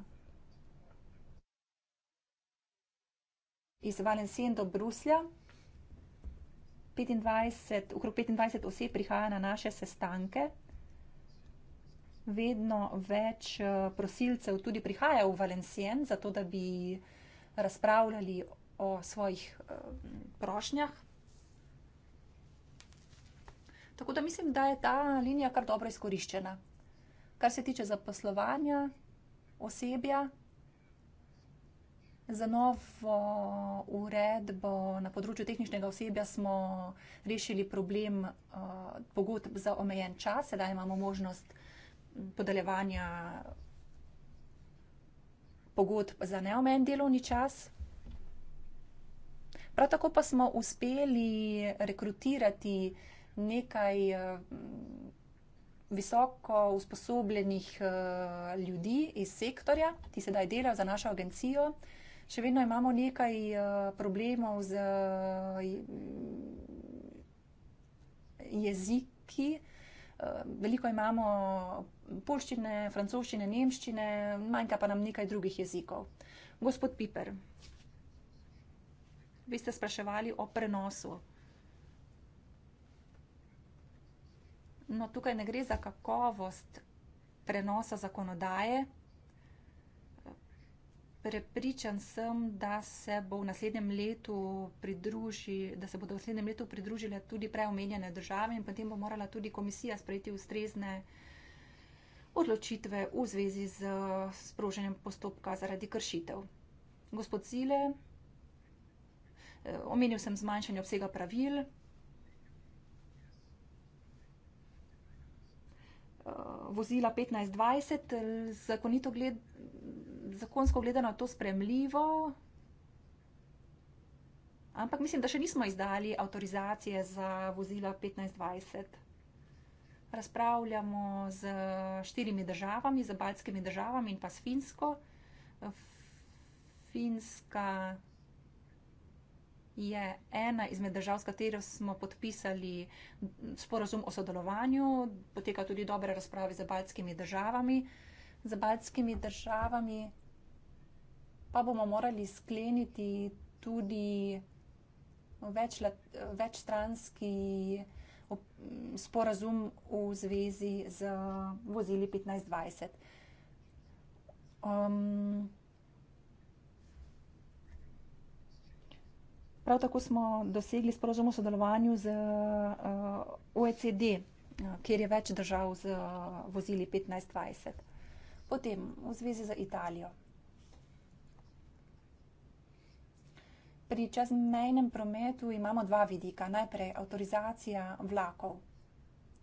iz Valencien do Bruslja, 25, okrog 25 oseb prihaja na naše sestanke. Vedno več eh, prosilcev tudi prihaja v Valencien, zato da bi razpravljali o svojih eh, prošnjah. Tako da mislim, da je ta linija kar dobro izkoriščena. Kar se tiče zaposlovanja, osebja, Za novo uredbo na področju tehničnega osebja smo rešili problem uh, pogodb za omejen čas, sedaj imamo možnost podaljevanja pogodb za neomejen delovni čas. Prav tako pa smo uspeli rekrutirati nekaj eh, visoko usposobljenih eh, ljudi iz sektorja, ki sedaj delajo za našo agencijo. Uh, še vedno imamo nekaj uh, problemov z uh, jeziki. Eh, veliko imamo polščine, francoščine, nemščine, manjka pa nam nekaj drugih jezikov. Gospod Piper, vi ste spraševali o prenosu. No, tukaj ne gre za kakovost prenosa zakonodaje, Prepričan sem, da se, bo pridruži, da se bodo v naslednjem letu pridružile tudi preomenjene države in potem bo morala tudi komisija sprejeti ustrezne odločitve v zvezi z sproženjem postopka zaradi kršitev. Gospod Zile, eh, omenil sem zmanjšanje obsega pravil. Eh, vozila 1520, zakonito gledano zakonsko gledano to spremljivo. Ampak mislim, da še nismo izdali avtorizacije za vozila 1520. Razpravljamo z štirimi državami, z baltskimi državami in pa s Finsko. Finska je ena izmed držav, s katero smo podpisali sporozum o sodelovanju. Poteka tudi dobre razprave z baltskimi državami. Z baltskimi državami pa bomo morali skleniti tudi več, večstranski sporazum v zvezi z vozili 1520. Um, prav tako smo dosegli sporozum o sodelovanju z uh, OECD, uh, kjer je več držav z uh, vozili 1520. Potem v zvezi z Italijo. pri čezmejnem prometu imamo dva vidika. Najprej avtorizacija vlakov.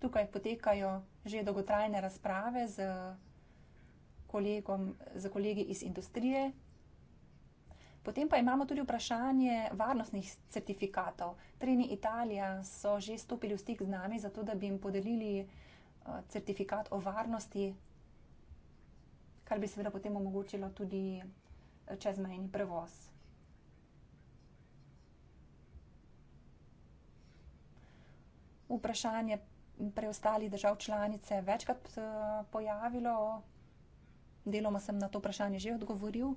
Tukaj potekajo že dolgotrajne razprave z, kolegom, z kolegi iz industrije. Potem pa imamo tudi vprašanje varnostnih certifikatov. Treni Italija so že stopili v stik z nami, zato da bi jim podelili eh, certifikat o varnosti, kar bi seveda potem omogočilo tudi eh, čezmejni prevoz. vprašanje preostalih držav članice večkrat eh, pojavilo. Deloma sem na to vprašanje že odgovoril.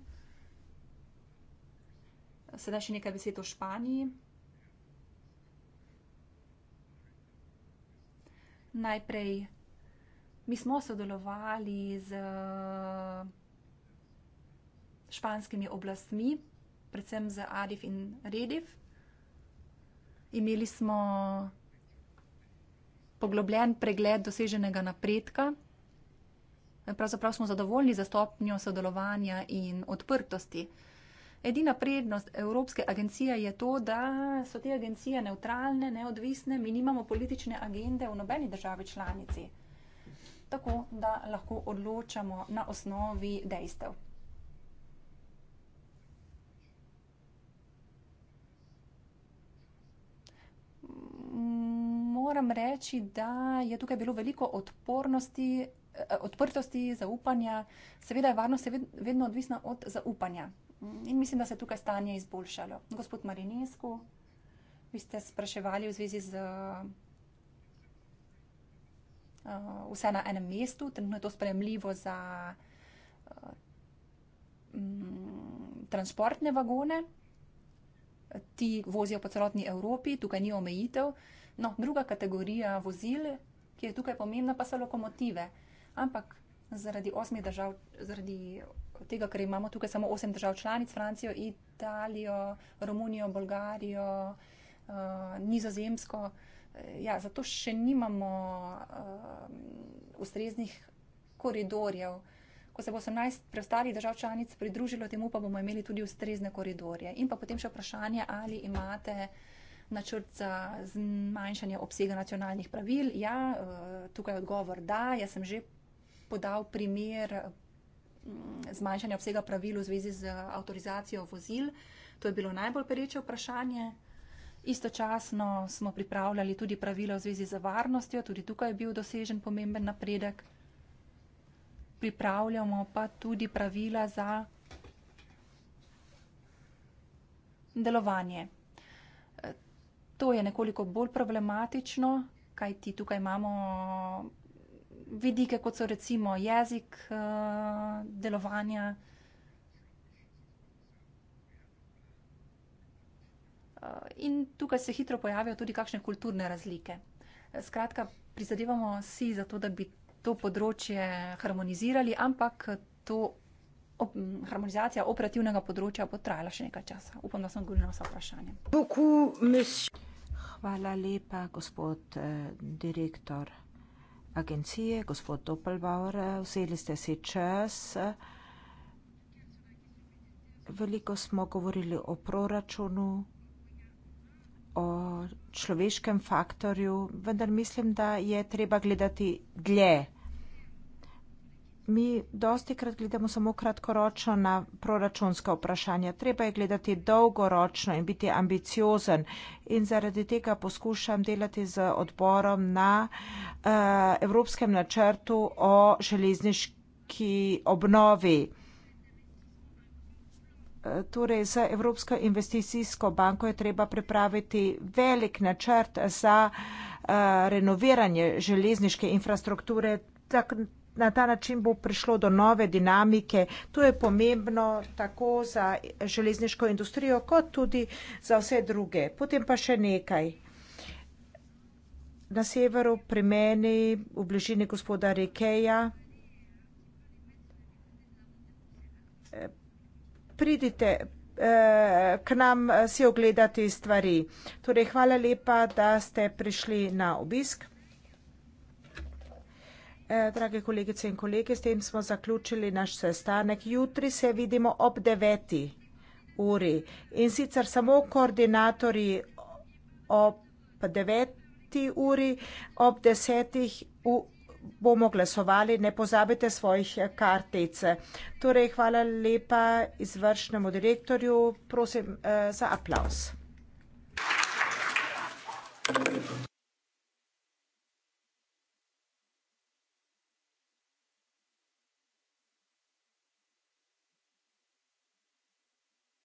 Sedaj še nekaj besed o Španiji. Najprej, mi smo sodelovali z španskimi oblastmi, predvsem z ADIF in REDIF. Imeli smo poglobljen pregled doseženega napredka. Pravzaprav smo zadovoljni za stopnjo sodelovanja in odprtosti. Edina prednost Evropske agencije je to, da so te agencije neutralne, neodvisne, mi nimamo politične agende v nobeni državi članici, tako da lahko odločamo na osnovi dejstev. Mm moram reči, da je tukaj bilo veliko odpornosti, eh, odprtosti, zaupanja. Seveda je varnost vedno odvisna od zaupanja. In mislim, da se je tukaj stanje izboljšalo. Gospod Marinesku, vi ste spraševali v zvezi z eh, vse na enem mestu, trenutno je to spremljivo za eh, mm, transportne vagone. Ti vozijo po celotni Evropi, tukaj ni omejitev. No, druga kategorija vozil, ki je tukaj pomembna, pa so lokomotive. Ampak zaradi osmih držav, zaradi tega, ker imamo tukaj samo osem držav članic, Francijo, Italijo, Romunijo, Bolgarijo, uh, Nizozemsko, eh, ja, zato še nimamo uh, ustreznih koridorjev. Ko se bo 18 preostalih držav članic pridružilo temu, pa bomo imeli tudi ustrezne koridorje. In pa potem še vprašanje, ali imate načrt za zmanjšanje obsega nacionalnih pravil? Ja, eh, tukaj je odgovor da. Jaz sem že podal primer mm, zmanjšanja obsega pravil v zvezi z eh, avtorizacijo vozil. To je bilo najbolj pereče vprašanje. Istočasno smo pripravljali tudi pravila v zvezi z varnostjo, tudi tukaj je bil dosežen pomemben napredek. Pripravljamo pa tudi pravila za delovanje To je nekoliko bolj problematično, kajti tukaj imamo vidike, kot so recimo jezik eh, delovanja. Eh, in tukaj se hitro pojavijo tudi kakšne kulturne razlike. Skratka, prizadevamo si za to, da bi to področje harmonizirali, ampak to ob, harmonizacija operativnega področja bo trajala še nekaj časa. Upam, da sem odgovoril na vse vprašanje. Hvala lepa, gospod eh, direktor agencije, gospod Doppelbauer. Eh, vzeli ste si čas. Eh, veliko smo govorili o proračunu, o človeškem faktorju, vendar mislim, da je treba gledati dlje mi dosti krat gledamo samo kratkoročno na proračunska vprašanja. Treba je gledati dolgoročno in biti ambiciozen. In zaradi tega poskušam delati z odborom na uh, Evropskem načrtu o železniški obnovi. Eh, torej, z Evropsko investicijsko banko je treba pripraviti velik načrt za uh, renoviranje železniške infrastrukture. Tak, na ta način bo prišlo do nove dinamike. To je pomembno tako za železniško industrijo, kot tudi za vse druge. Potem pa še nekaj. Na severu pri meni, v bližini gospoda Rekeja, pridite eh, k nam eh, si ogledati stvari. Torej, hvala lepa, da ste prišli na obisk. Eh, drage kolegice in kolege, s tem smo zaključili naš sestanek. Jutri se vidimo ob 9. uri in sicer samo koordinatori ob 9. uri, ob 10. bomo glasovali, ne pozabite svojih kartic. Torej, hvala lepa izvršnemu direktorju, prosim eh, za aplaus. Thank you.